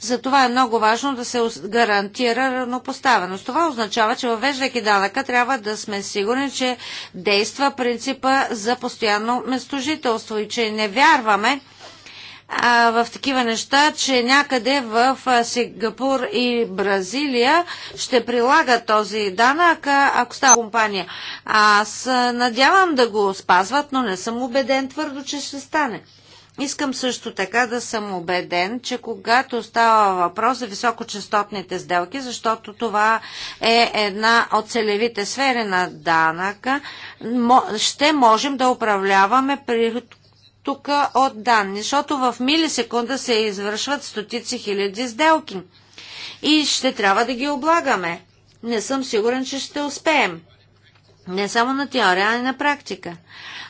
Затова е много важно да се гарантира равнопоставеност. Това означава, че въвеждайки данъка трябва да сме сигурни, че действа принципа за постоянно местожителство и че не вярваме, а, в такива неща, че някъде в Сингапур и Бразилия ще прилага този данък, ако става компания. Аз надявам да го спазват, но не съм убеден твърдо, че ще стане. Искам също така да съм убеден, че когато става въпрос за високочастотните сделки, защото това е една от целевите сфери на данъка, ще можем да управляваме тук от данни, защото в милисекунда се извършват стотици хиляди сделки и ще трябва да ги облагаме. Не съм сигурен, че ще успеем. Не само на теория, а и на практика.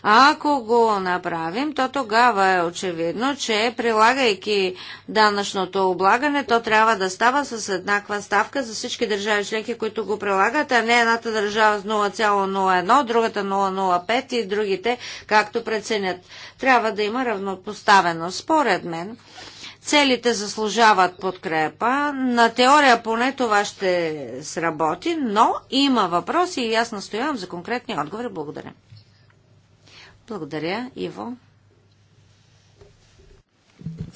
Ако го направим, то тогава е очевидно, че прилагайки данъчното облагане, то трябва да става с еднаква ставка за всички държави членки, които го прилагат, а не едната държава с 0,01, другата 0,05 и другите, както преценят. Трябва да има равнопоставеност. Според мен, целите заслужават подкрепа. На теория поне това ще сработи, но има въпроси и аз настоявам за конкретни отговори. Благодаря. Благодаря. Иво?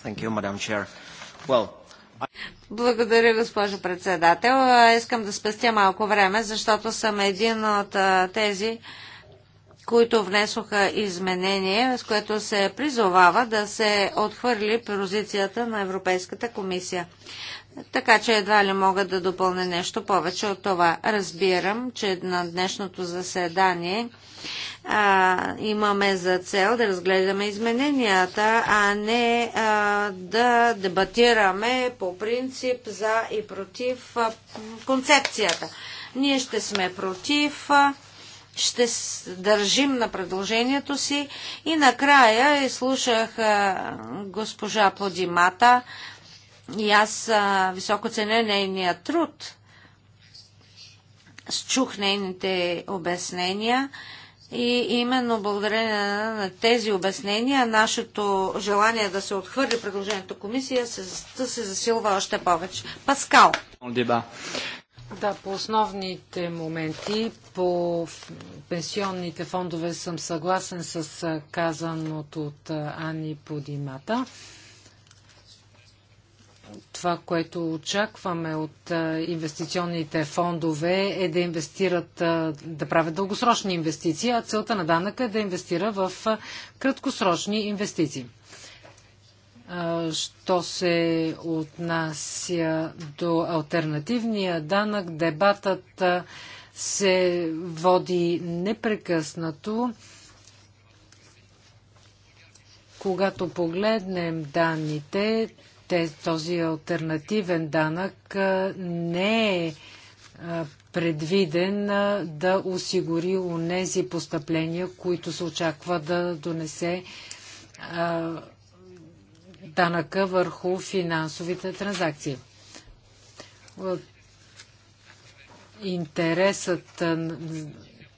Thank you, Madam Chair. Well, благодаря, госпожо председател. Искам да спестя малко време, защото съм един от тези, които внесоха изменение, с което се призовава да се отхвърли позицията на Европейската комисия. Така че едва ли мога да допълня нещо повече от това. Разбирам, че на днешното заседание а, имаме за цел да разгледаме измененията, а не а, да дебатираме по принцип за и против а, концепцията. Ние ще сме против, а, ще държим на предложението си и накрая изслушах е, а, госпожа Плодимата и аз а, високо ценя нейния труд. Счух нейните обяснения и именно благодарение на тези обяснения, нашето желание да се отхвърли предложението комисия се, да се засилва още повече. Паскал. Да, по основните моменти, по пенсионните фондове съм съгласен с казаното от Ани Подимата това, което очакваме от инвестиционните фондове е да инвестират, да правят дългосрочни инвестиции, а целта на данъка е да инвестира в краткосрочни инвестиции. Що се отнася до альтернативния данък, дебатът се води непрекъснато. Когато погледнем данните, този альтернативен данък не е предвиден да осигури онези постъпления, които се очаква да донесе данъка върху финансовите транзакции. Интересът,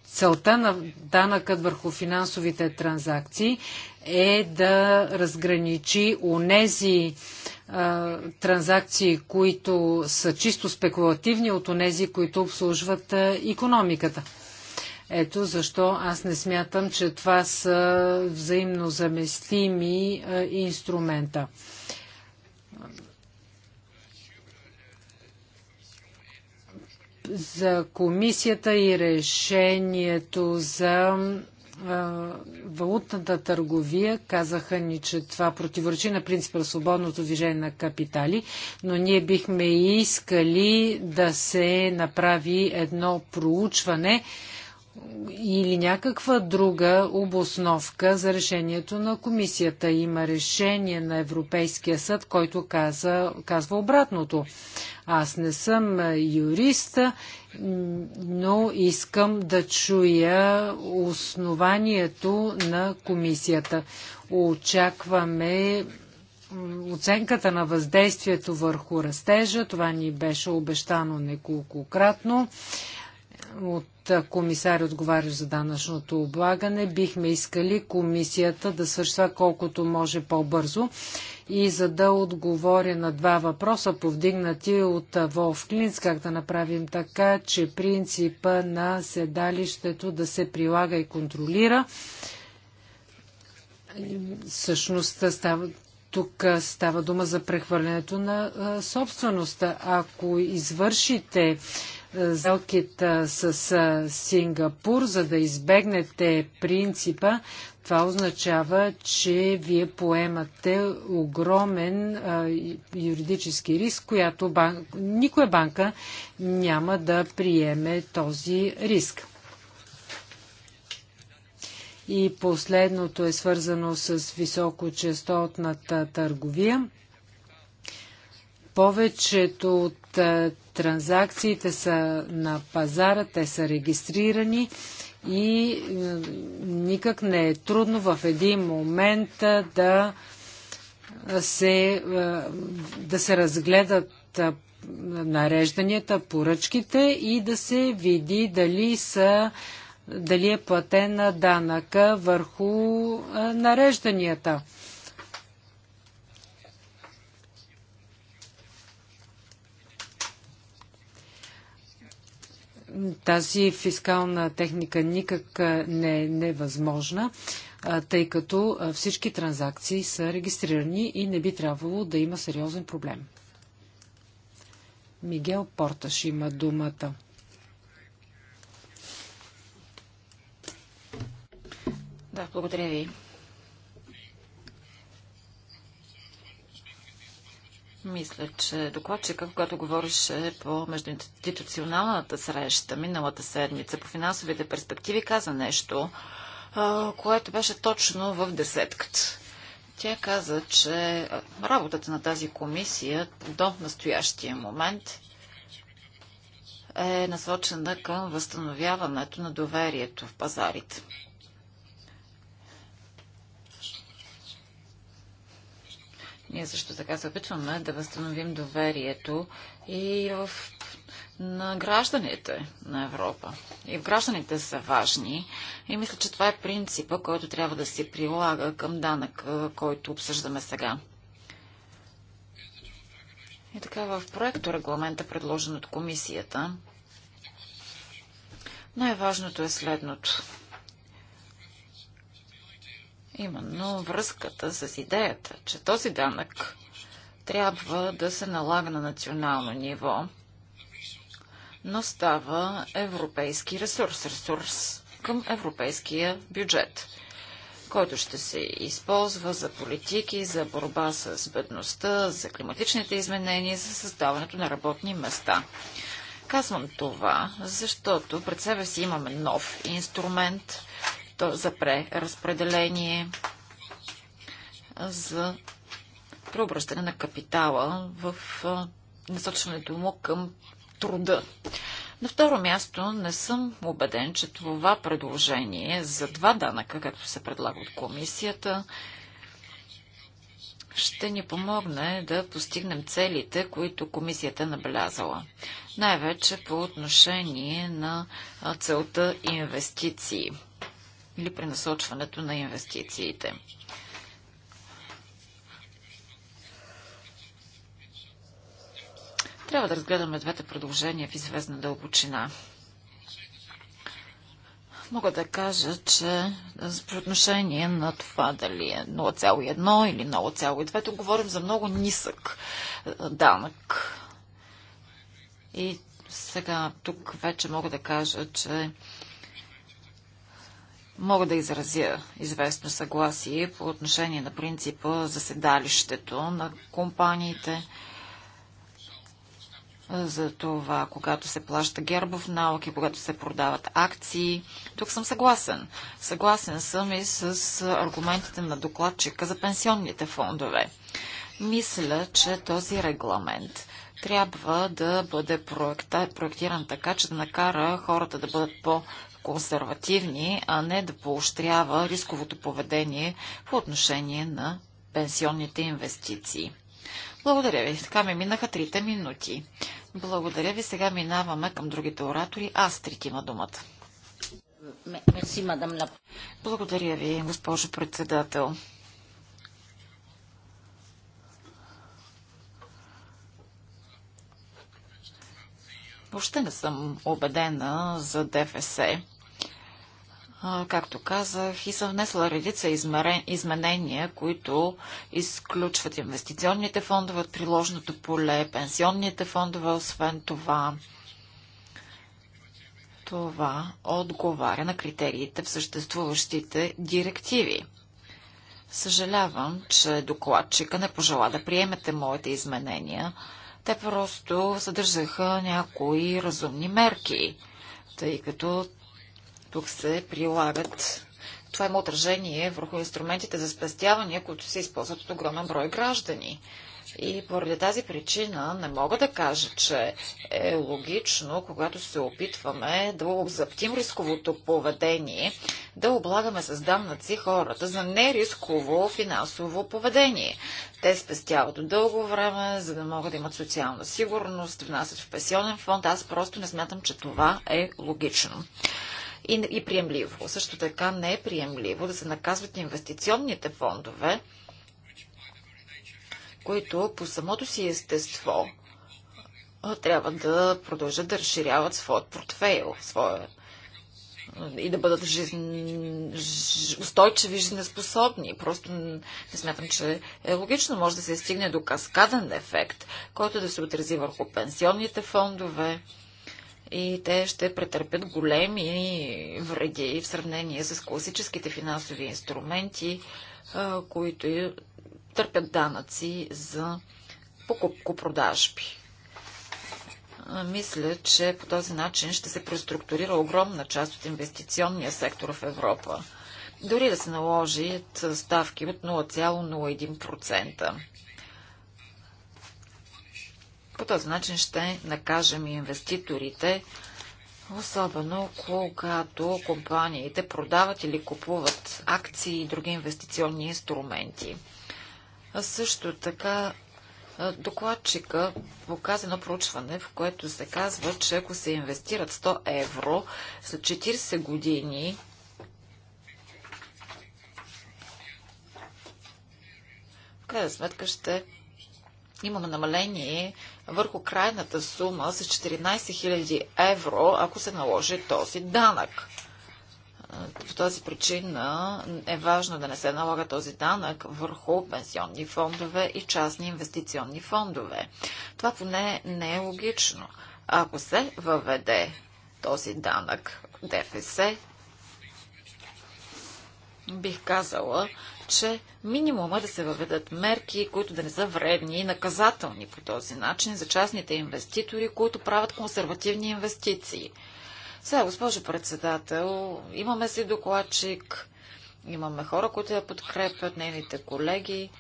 целта на данъкът върху финансовите транзакции е да разграничи онези транзакции, които са чисто спекулативни от онези, които обслужват економиката. Ето защо аз не смятам, че това са взаимно заместими инструмента. За комисията и решението за е, валутната търговия. Казаха ни, че това противоречи на принципа на свободното движение на капитали, но ние бихме искали да се направи едно проучване, или някаква друга обосновка за решението на комисията. Има решение на Европейския съд, който каза, казва обратното. Аз не съм юрист, но искам да чуя основанието на комисията. Очакваме оценката на въздействието върху растежа. Това ни беше обещано неколкократно от комисар, отговарящ за данъчното облагане, бихме искали комисията да свършва колкото може по-бързо. И за да отговоря на два въпроса, повдигнати от Волф Клинц, как да направим така, че принципа на седалището да се прилага и контролира. Всъщност става, тук става дума за прехвърлянето на собствеността. Ако извършите сделките с Сингапур, за да избегнете принципа, това означава, че вие поемате огромен юридически риск, която бан... никоя банка няма да приеме този риск. И последното е свързано с високочастотната търговия повечето от Транзакциите са на пазара, те са регистрирани и никак не е трудно в един момент да се, да се разгледат нарежданията, поръчките и да се види дали са дали е платена данъка върху нарежданията. Тази фискална техника никак не е невъзможна, тъй като всички транзакции са регистрирани и не би трябвало да има сериозен проблем. Мигел Порташ има думата. Да, благодаря ви. Мисля, че докладчика, когато говореше по междуинституционалната среща миналата седмица по финансовите перспективи, каза нещо, което беше точно в десетката. Тя каза, че работата на тази комисия до настоящия момент е насочена към възстановяването на доверието в пазарите. Ние също така се опитваме да възстановим доверието и в, на гражданите на Европа. И в гражданите са важни. И мисля, че това е принципа, който трябва да се прилага към данък, който обсъждаме сега. И така в проекто регламента, предложен от комисията, най-важното е следното – Именно връзката с идеята, че този данък трябва да се налага на национално ниво, но става европейски ресурс, ресурс към европейския бюджет, който ще се използва за политики, за борба с бедността, за климатичните изменения, за създаването на работни места. Казвам това, защото пред себе си имаме нов инструмент, за преразпределение, за преобръщане на капитала в насочването му към труда. На второ място не съм убеден, че това предложение за два данъка, както се предлага от комисията, ще ни помогне да постигнем целите, които комисията е набелязала. Най-вече по отношение на целта инвестиции или пренасочването на инвестициите. Трябва да разгледаме двете предложения в известна дълбочина. Мога да кажа, че по отношение на това дали е 0,1 или 0,2, то говорим за много нисък е, данък. И сега тук вече мога да кажа, че Мога да изразя известно съгласие по отношение на принципа за седалището на компаниите. За това, когато се плаща гербов налог и когато се продават акции. Тук съм съгласен. Съгласен съм и с аргументите на докладчика за пенсионните фондове. Мисля, че този регламент трябва да бъде проектиран така, че да накара хората да бъдат по- консервативни, а не да поощрява рисковото поведение по отношение на пенсионните инвестиции. Благодаря ви. Така ми минаха трите минути. Благодаря ви. Сега минаваме към другите оратори. Аз Астрид има думата. Благодаря ви, госпожо председател. Въобще не съм убедена за ДФС както казах, и съм внесла редица изменения, които изключват инвестиционните фондове от приложното поле, пенсионните фондове, освен това. Това отговаря на критериите в съществуващите директиви. Съжалявам, че докладчика не пожела да приемете моите изменения. Те просто съдържаха някои разумни мерки, тъй като тук се прилагат. Това има е отражение върху инструментите за спестявания, които се използват от огромен брой граждани. И поради тази причина не мога да кажа, че е логично, когато се опитваме да обзаптим рисковото поведение, да облагаме с данъци хората за нерисково финансово поведение. Те спестяват от дълго време, за да могат да имат социална сигурност, внасят в пенсионен фонд. Аз просто не смятам, че това е логично и, и приемливо. Също така не е приемливо да се наказват инвестиционните фондове, които по самото си естество трябва да продължат да разширяват своят портфейл, своя и да бъдат устойчиви устойчиви, жизнеспособни. Просто не смятам, че е логично. Може да се стигне до каскаден ефект, който да се отрази върху пенсионните фондове, и те ще претърпят големи вреди в сравнение с класическите финансови инструменти, които търпят данъци за покупко-продажби. Мисля, че по този начин ще се преструктурира огромна част от инвестиционния сектор в Европа. Дори да се наложат ставки от 0,01%. По този начин ще накажем и инвеститорите, особено когато компаниите продават или купуват акции и други инвестиционни инструменти. А също така докладчика показа на проучване, в което се казва, че ако се инвестират 100 евро, след 40 години в крайна сметка ще имаме намаление върху крайната сума за 14 000 евро, ако се наложи този данък. По тази причина е важно да не се налага този данък върху пенсионни фондове и частни инвестиционни фондове. Това поне не е логично. Ако се въведе този данък ДФС, бих казала, че минимума е да се въведат мерки, които да не са вредни и наказателни по този начин за частните инвеститори, които правят консервативни инвестиции. Сега, госпожо председател, имаме си докладчик, имаме хора, които я подкрепят, нейните колеги,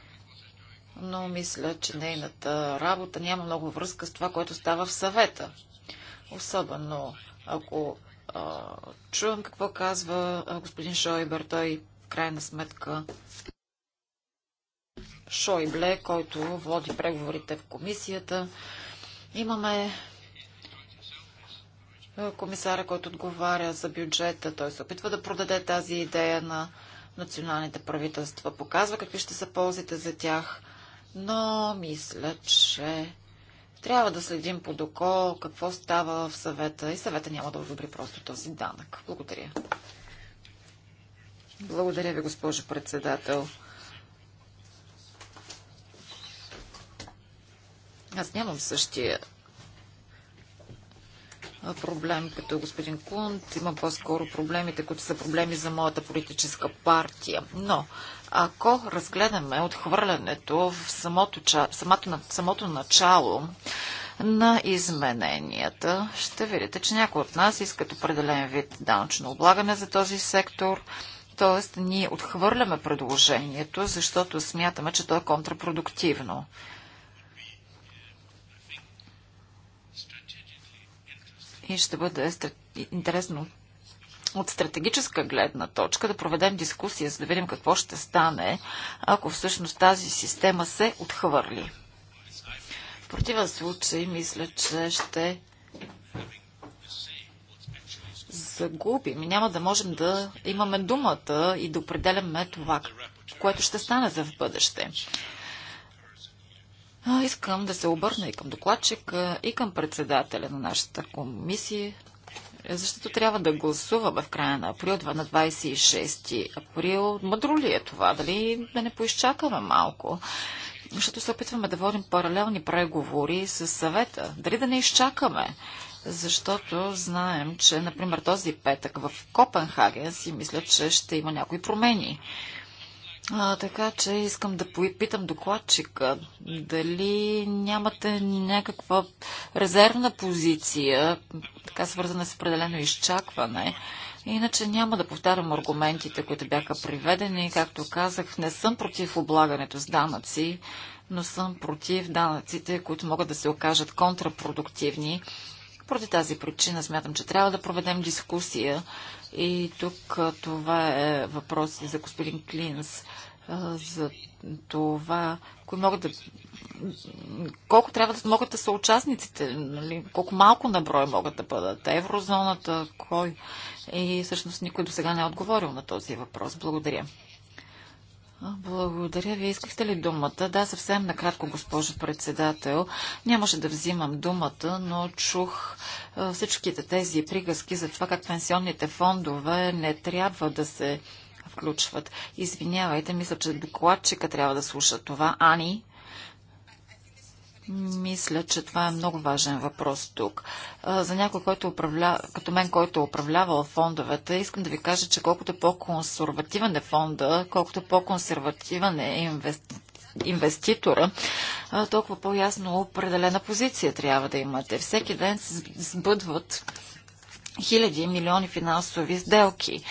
но мисля, че нейната работа няма много връзка с това, което става в съвета. Особено ако а, чувам какво казва господин Шойбер, той крайна сметка Шойбле, който води преговорите в комисията. Имаме е, комисара, който отговаря за бюджета. Той се опитва да продаде тази идея на националните правителства. Показва какви ще са ползите за тях. Но мисля, че трябва да следим по доко какво става в съвета и съвета няма да одобри просто този данък. Благодаря. Благодаря ви, госпожо председател. Аз нямам същия проблем като господин Кунт. Имам по-скоро проблемите, които са проблеми за моята политическа партия. Но ако разгледаме отхвърлянето в самото, самото, самото начало на измененията, ще видите, че някои от нас искат определен вид данъчно облагане за този сектор – Тоест, ние отхвърляме предложението, защото смятаме, че то е контрапродуктивно. И ще бъде интересно от стратегическа гледна точка да проведем дискусия, за да видим какво ще стане, ако всъщност тази система се отхвърли. В противен случай, мисля, че ще загубим и няма да можем да имаме думата и да определяме това, което ще стане за в бъдеще. Искам да се обърна и към докладчика, и към председателя на нашата комисия, защото трябва да гласуваме в края на април, на 26 април. Мъдро ли е това? Дали да не поизчакаме малко? Защото се опитваме да водим паралелни преговори с съвета. Дали да не изчакаме? защото знаем, че, например, този петък в Копенхаген си мисля, че ще има някои промени. А, така че искам да попитам докладчика дали нямате някаква резервна позиция, така свързана с определено изчакване. Иначе няма да повтарям аргументите, които бяха приведени. Както казах, не съм против облагането с данъци, но съм против данъците, които могат да се окажат контрапродуктивни поради тази причина смятам, че трябва да проведем дискусия и тук това е въпрос за господин Клинс за това, кои могат да... Колко трябва да могат да са участниците, нали? колко малко на брой могат да бъдат еврозоната, кой. И всъщност никой до сега не е отговорил на този въпрос. Благодаря. Благодаря ви. Искахте ли думата? Да, съвсем накратко, госпожо председател. Нямаше да взимам думата, но чух всичките тези приказки за това как пенсионните фондове не трябва да се включват. Извинявайте, мисля, че докладчика трябва да слуша това. Ани? Мисля, че това е много важен въпрос тук. За някой, който управля... като мен, който е управлявал фондовете, искам да ви кажа, че колкото по-консервативен е фонда, колкото по-консервативен е инвестиция, инвеститора, толкова по-ясно определена позиция трябва да имате. Всеки ден се сбъдват хиляди милиони финансови сделки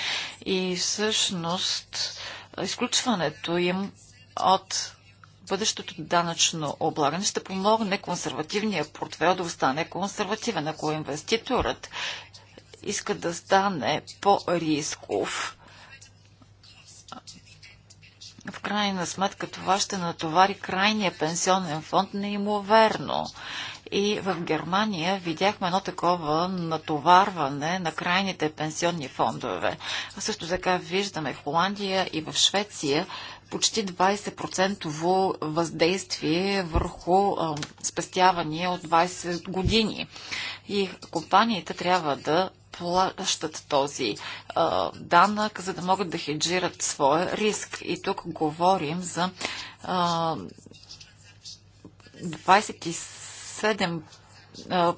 и всъщност изключването им от бъдещото данъчно облагане ще помогне консервативния портфел да остане консервативен. Ако инвеститорът иска да стане по-рисков, в крайна сметка това ще натовари крайния пенсионен фонд неимоверно. И в Германия видяхме едно такова натоварване на крайните пенсионни фондове. също така виждаме в Холандия и в Швеция почти 20% въздействие върху спестявания от 20 години. И компаниите трябва да плащат този а, данък, за да могат да хеджират своя риск. И тук говорим за а, 27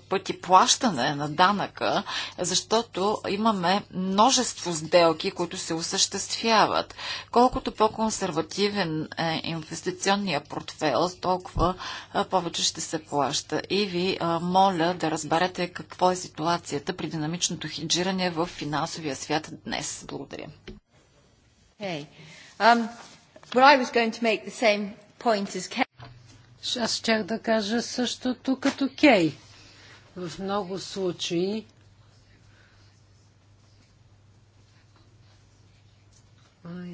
пъти плащане на данъка, защото имаме множество сделки, които се осъществяват. Колкото по-консервативен е инвестиционния портфел, толкова повече ще се плаща. И ви моля да разберете какво е ситуацията при динамичното хеджиране в финансовия свят днес. Благодаря. Okay. Um, but I was going to make the same point as Аз щях да кажа същото като Кей. В много случаи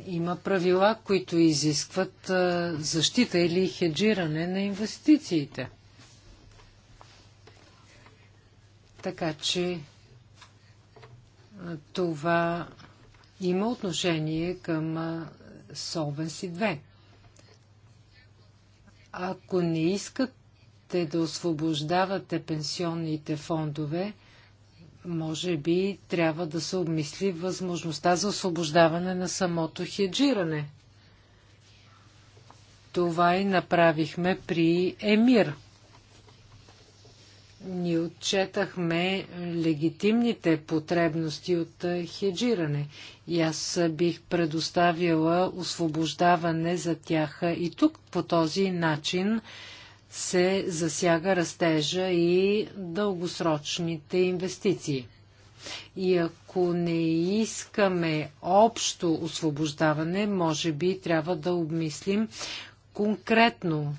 има правила, които изискват защита или хеджиране на инвестициите. Така че това има отношение към Solvency 2. Ако не искат искате да освобождавате пенсионните фондове, може би трябва да се обмисли възможността за освобождаване на самото хеджиране. Това и направихме при Емир. Ние отчетахме легитимните потребности от хеджиране и аз бих предоставила освобождаване за тях и тук по този начин се засяга растежа и дългосрочните инвестиции. И ако не искаме общо освобождаване, може би трябва да обмислим конкретно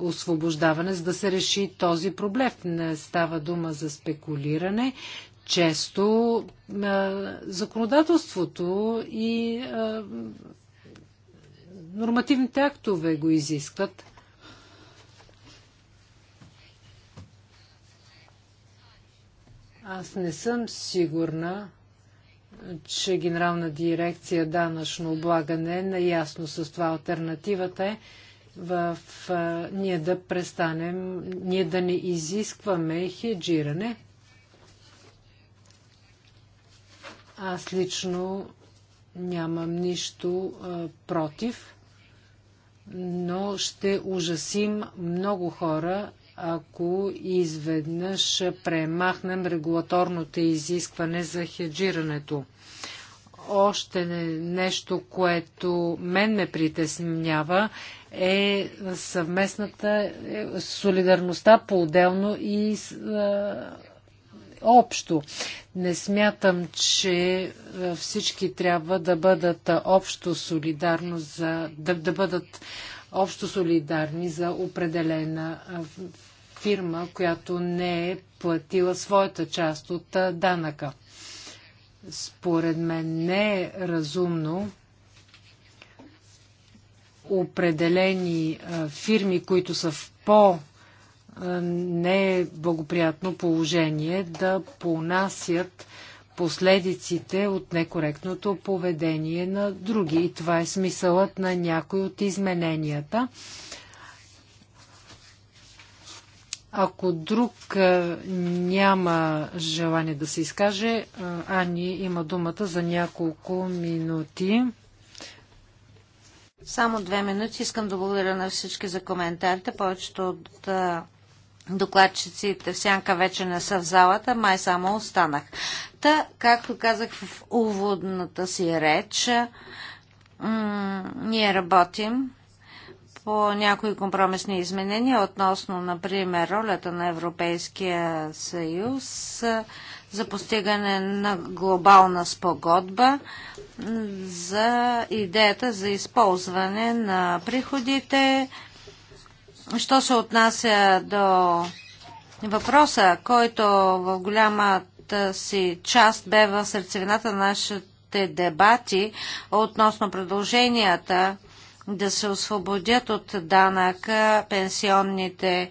освобождаване, за да се реши този проблем. Не става дума за спекулиране. Често законодателството и нормативните актове го изискват. Аз не съм сигурна, че Генерална дирекция данъчно облагане е наясно с това. Альтернативата е в, а, ние да престанем, ние да не изискваме хеджиране. Аз лично нямам нищо а, против, но ще ужасим много хора ако изведнъж премахнем регулаторното изискване за хеджирането. Още нещо, което мен ме притеснява, е съвместната е, солидарността по-отделно и общо. Не смятам, че всички трябва да бъдат общо солидарно за, да, да бъдат общо солидарни за определена фирма, която не е платила своята част от данъка. Според мен не е разумно определени фирми, които са в по- неблагоприятно положение да понасят последиците от некоректното поведение на други. И това е смисълът на някои от измененията. Ако друг няма желание да се изкаже, Ани има думата за няколко минути. Само две минути. Искам да благодаря на всички за коментарите. Повечето от докладчиците в сянка вече не са в залата, май само останах. Та, както казах в уводната си реч, ние работим по някои компромисни изменения относно, например, ролята на Европейския съюз за постигане на глобална спогодба за идеята за използване на приходите. Що се отнася до въпроса, който в голямата си част бе в сърцевината на нашите дебати относно предложенията да се освободят от данъка пенсионните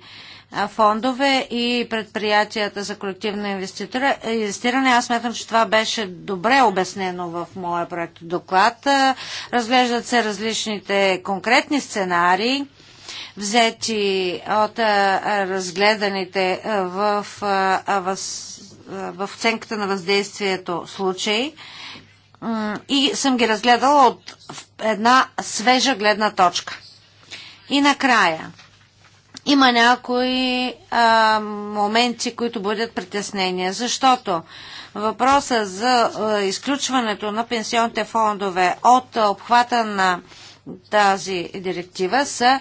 фондове и предприятията за колективно инвестиране. Аз смятам, че това беше добре обяснено в моя проект доклад. Разглеждат се различните конкретни сценарии, взети от разгледаните в, в, в оценката на въздействието случаи и съм ги разгледала от една свежа гледна точка. И накрая, има някои а, моменти, които бъдат притеснения, защото въпроса за а, изключването на пенсионните фондове от а, обхвата на тази директива са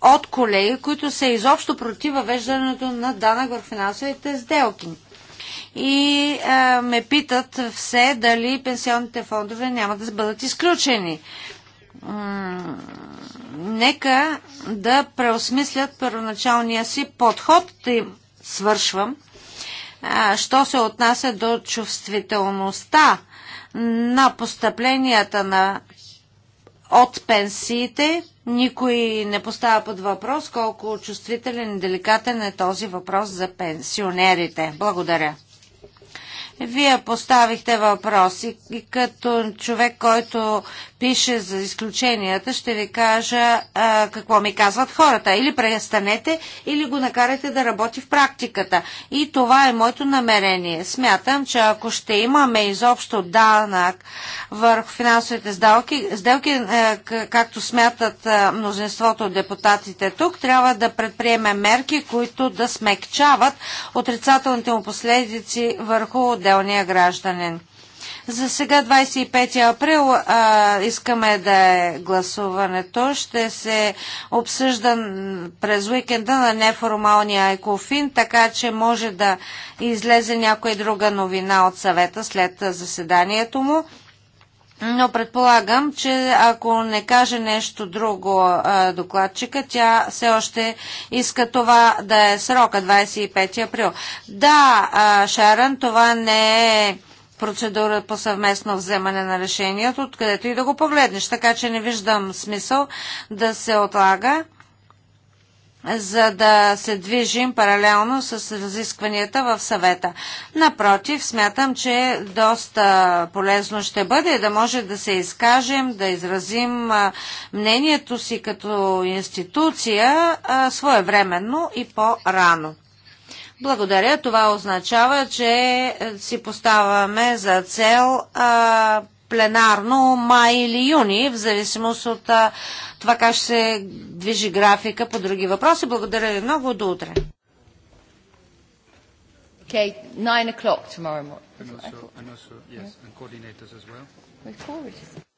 от колеги, които са изобщо против въвеждането на данък в финансовите сделки и а, е, ме питат все дали пенсионните фондове няма да бъдат изключени. М нека да преосмислят първоначалния си подход. им свършвам. А, що се отнася до чувствителността на постъпленията на от пенсиите, никой не поставя под въпрос колко чувствителен и деликатен е този въпрос за пенсионерите. Благодаря. Вие поставихте въпроси и като човек, който пише за изключенията, ще ви кажа а, какво ми казват хората. Или престанете, или го накарате да работи в практиката. И това е моето намерение. Смятам, че ако ще имаме изобщо данък върху финансовите сделки, сделки както смятат мнозинството от депутатите тук, трябва да предприеме мерки, които да смекчават отрицателните му последици върху отделния гражданин. За сега 25 април а, искаме да е гласуването. Ще се обсъжда през уикенда на неформалния екофин, така че може да излезе някоя друга новина от съвета след заседанието му. Но предполагам, че ако не каже нещо друго а, докладчика, тя все още иска това да е срока 25 април. Да, а, Шаран, това не е процедура по съвместно вземане на решението, откъдето и да го погледнеш. Така че не виждам смисъл да се отлага, за да се движим паралелно с разискванията в съвета. Напротив, смятам, че доста полезно ще бъде да може да се изкажем, да изразим мнението си като институция своевременно и по-рано. Благодаря. Това означава, че си поставяме за цел а, пленарно май или юни, в зависимост от а, това как ще се движи графика по други въпроси. Благодаря ви много. До утре. Okay, 9 o'clock tomorrow morning. And also, and also yes, and coordinators as well.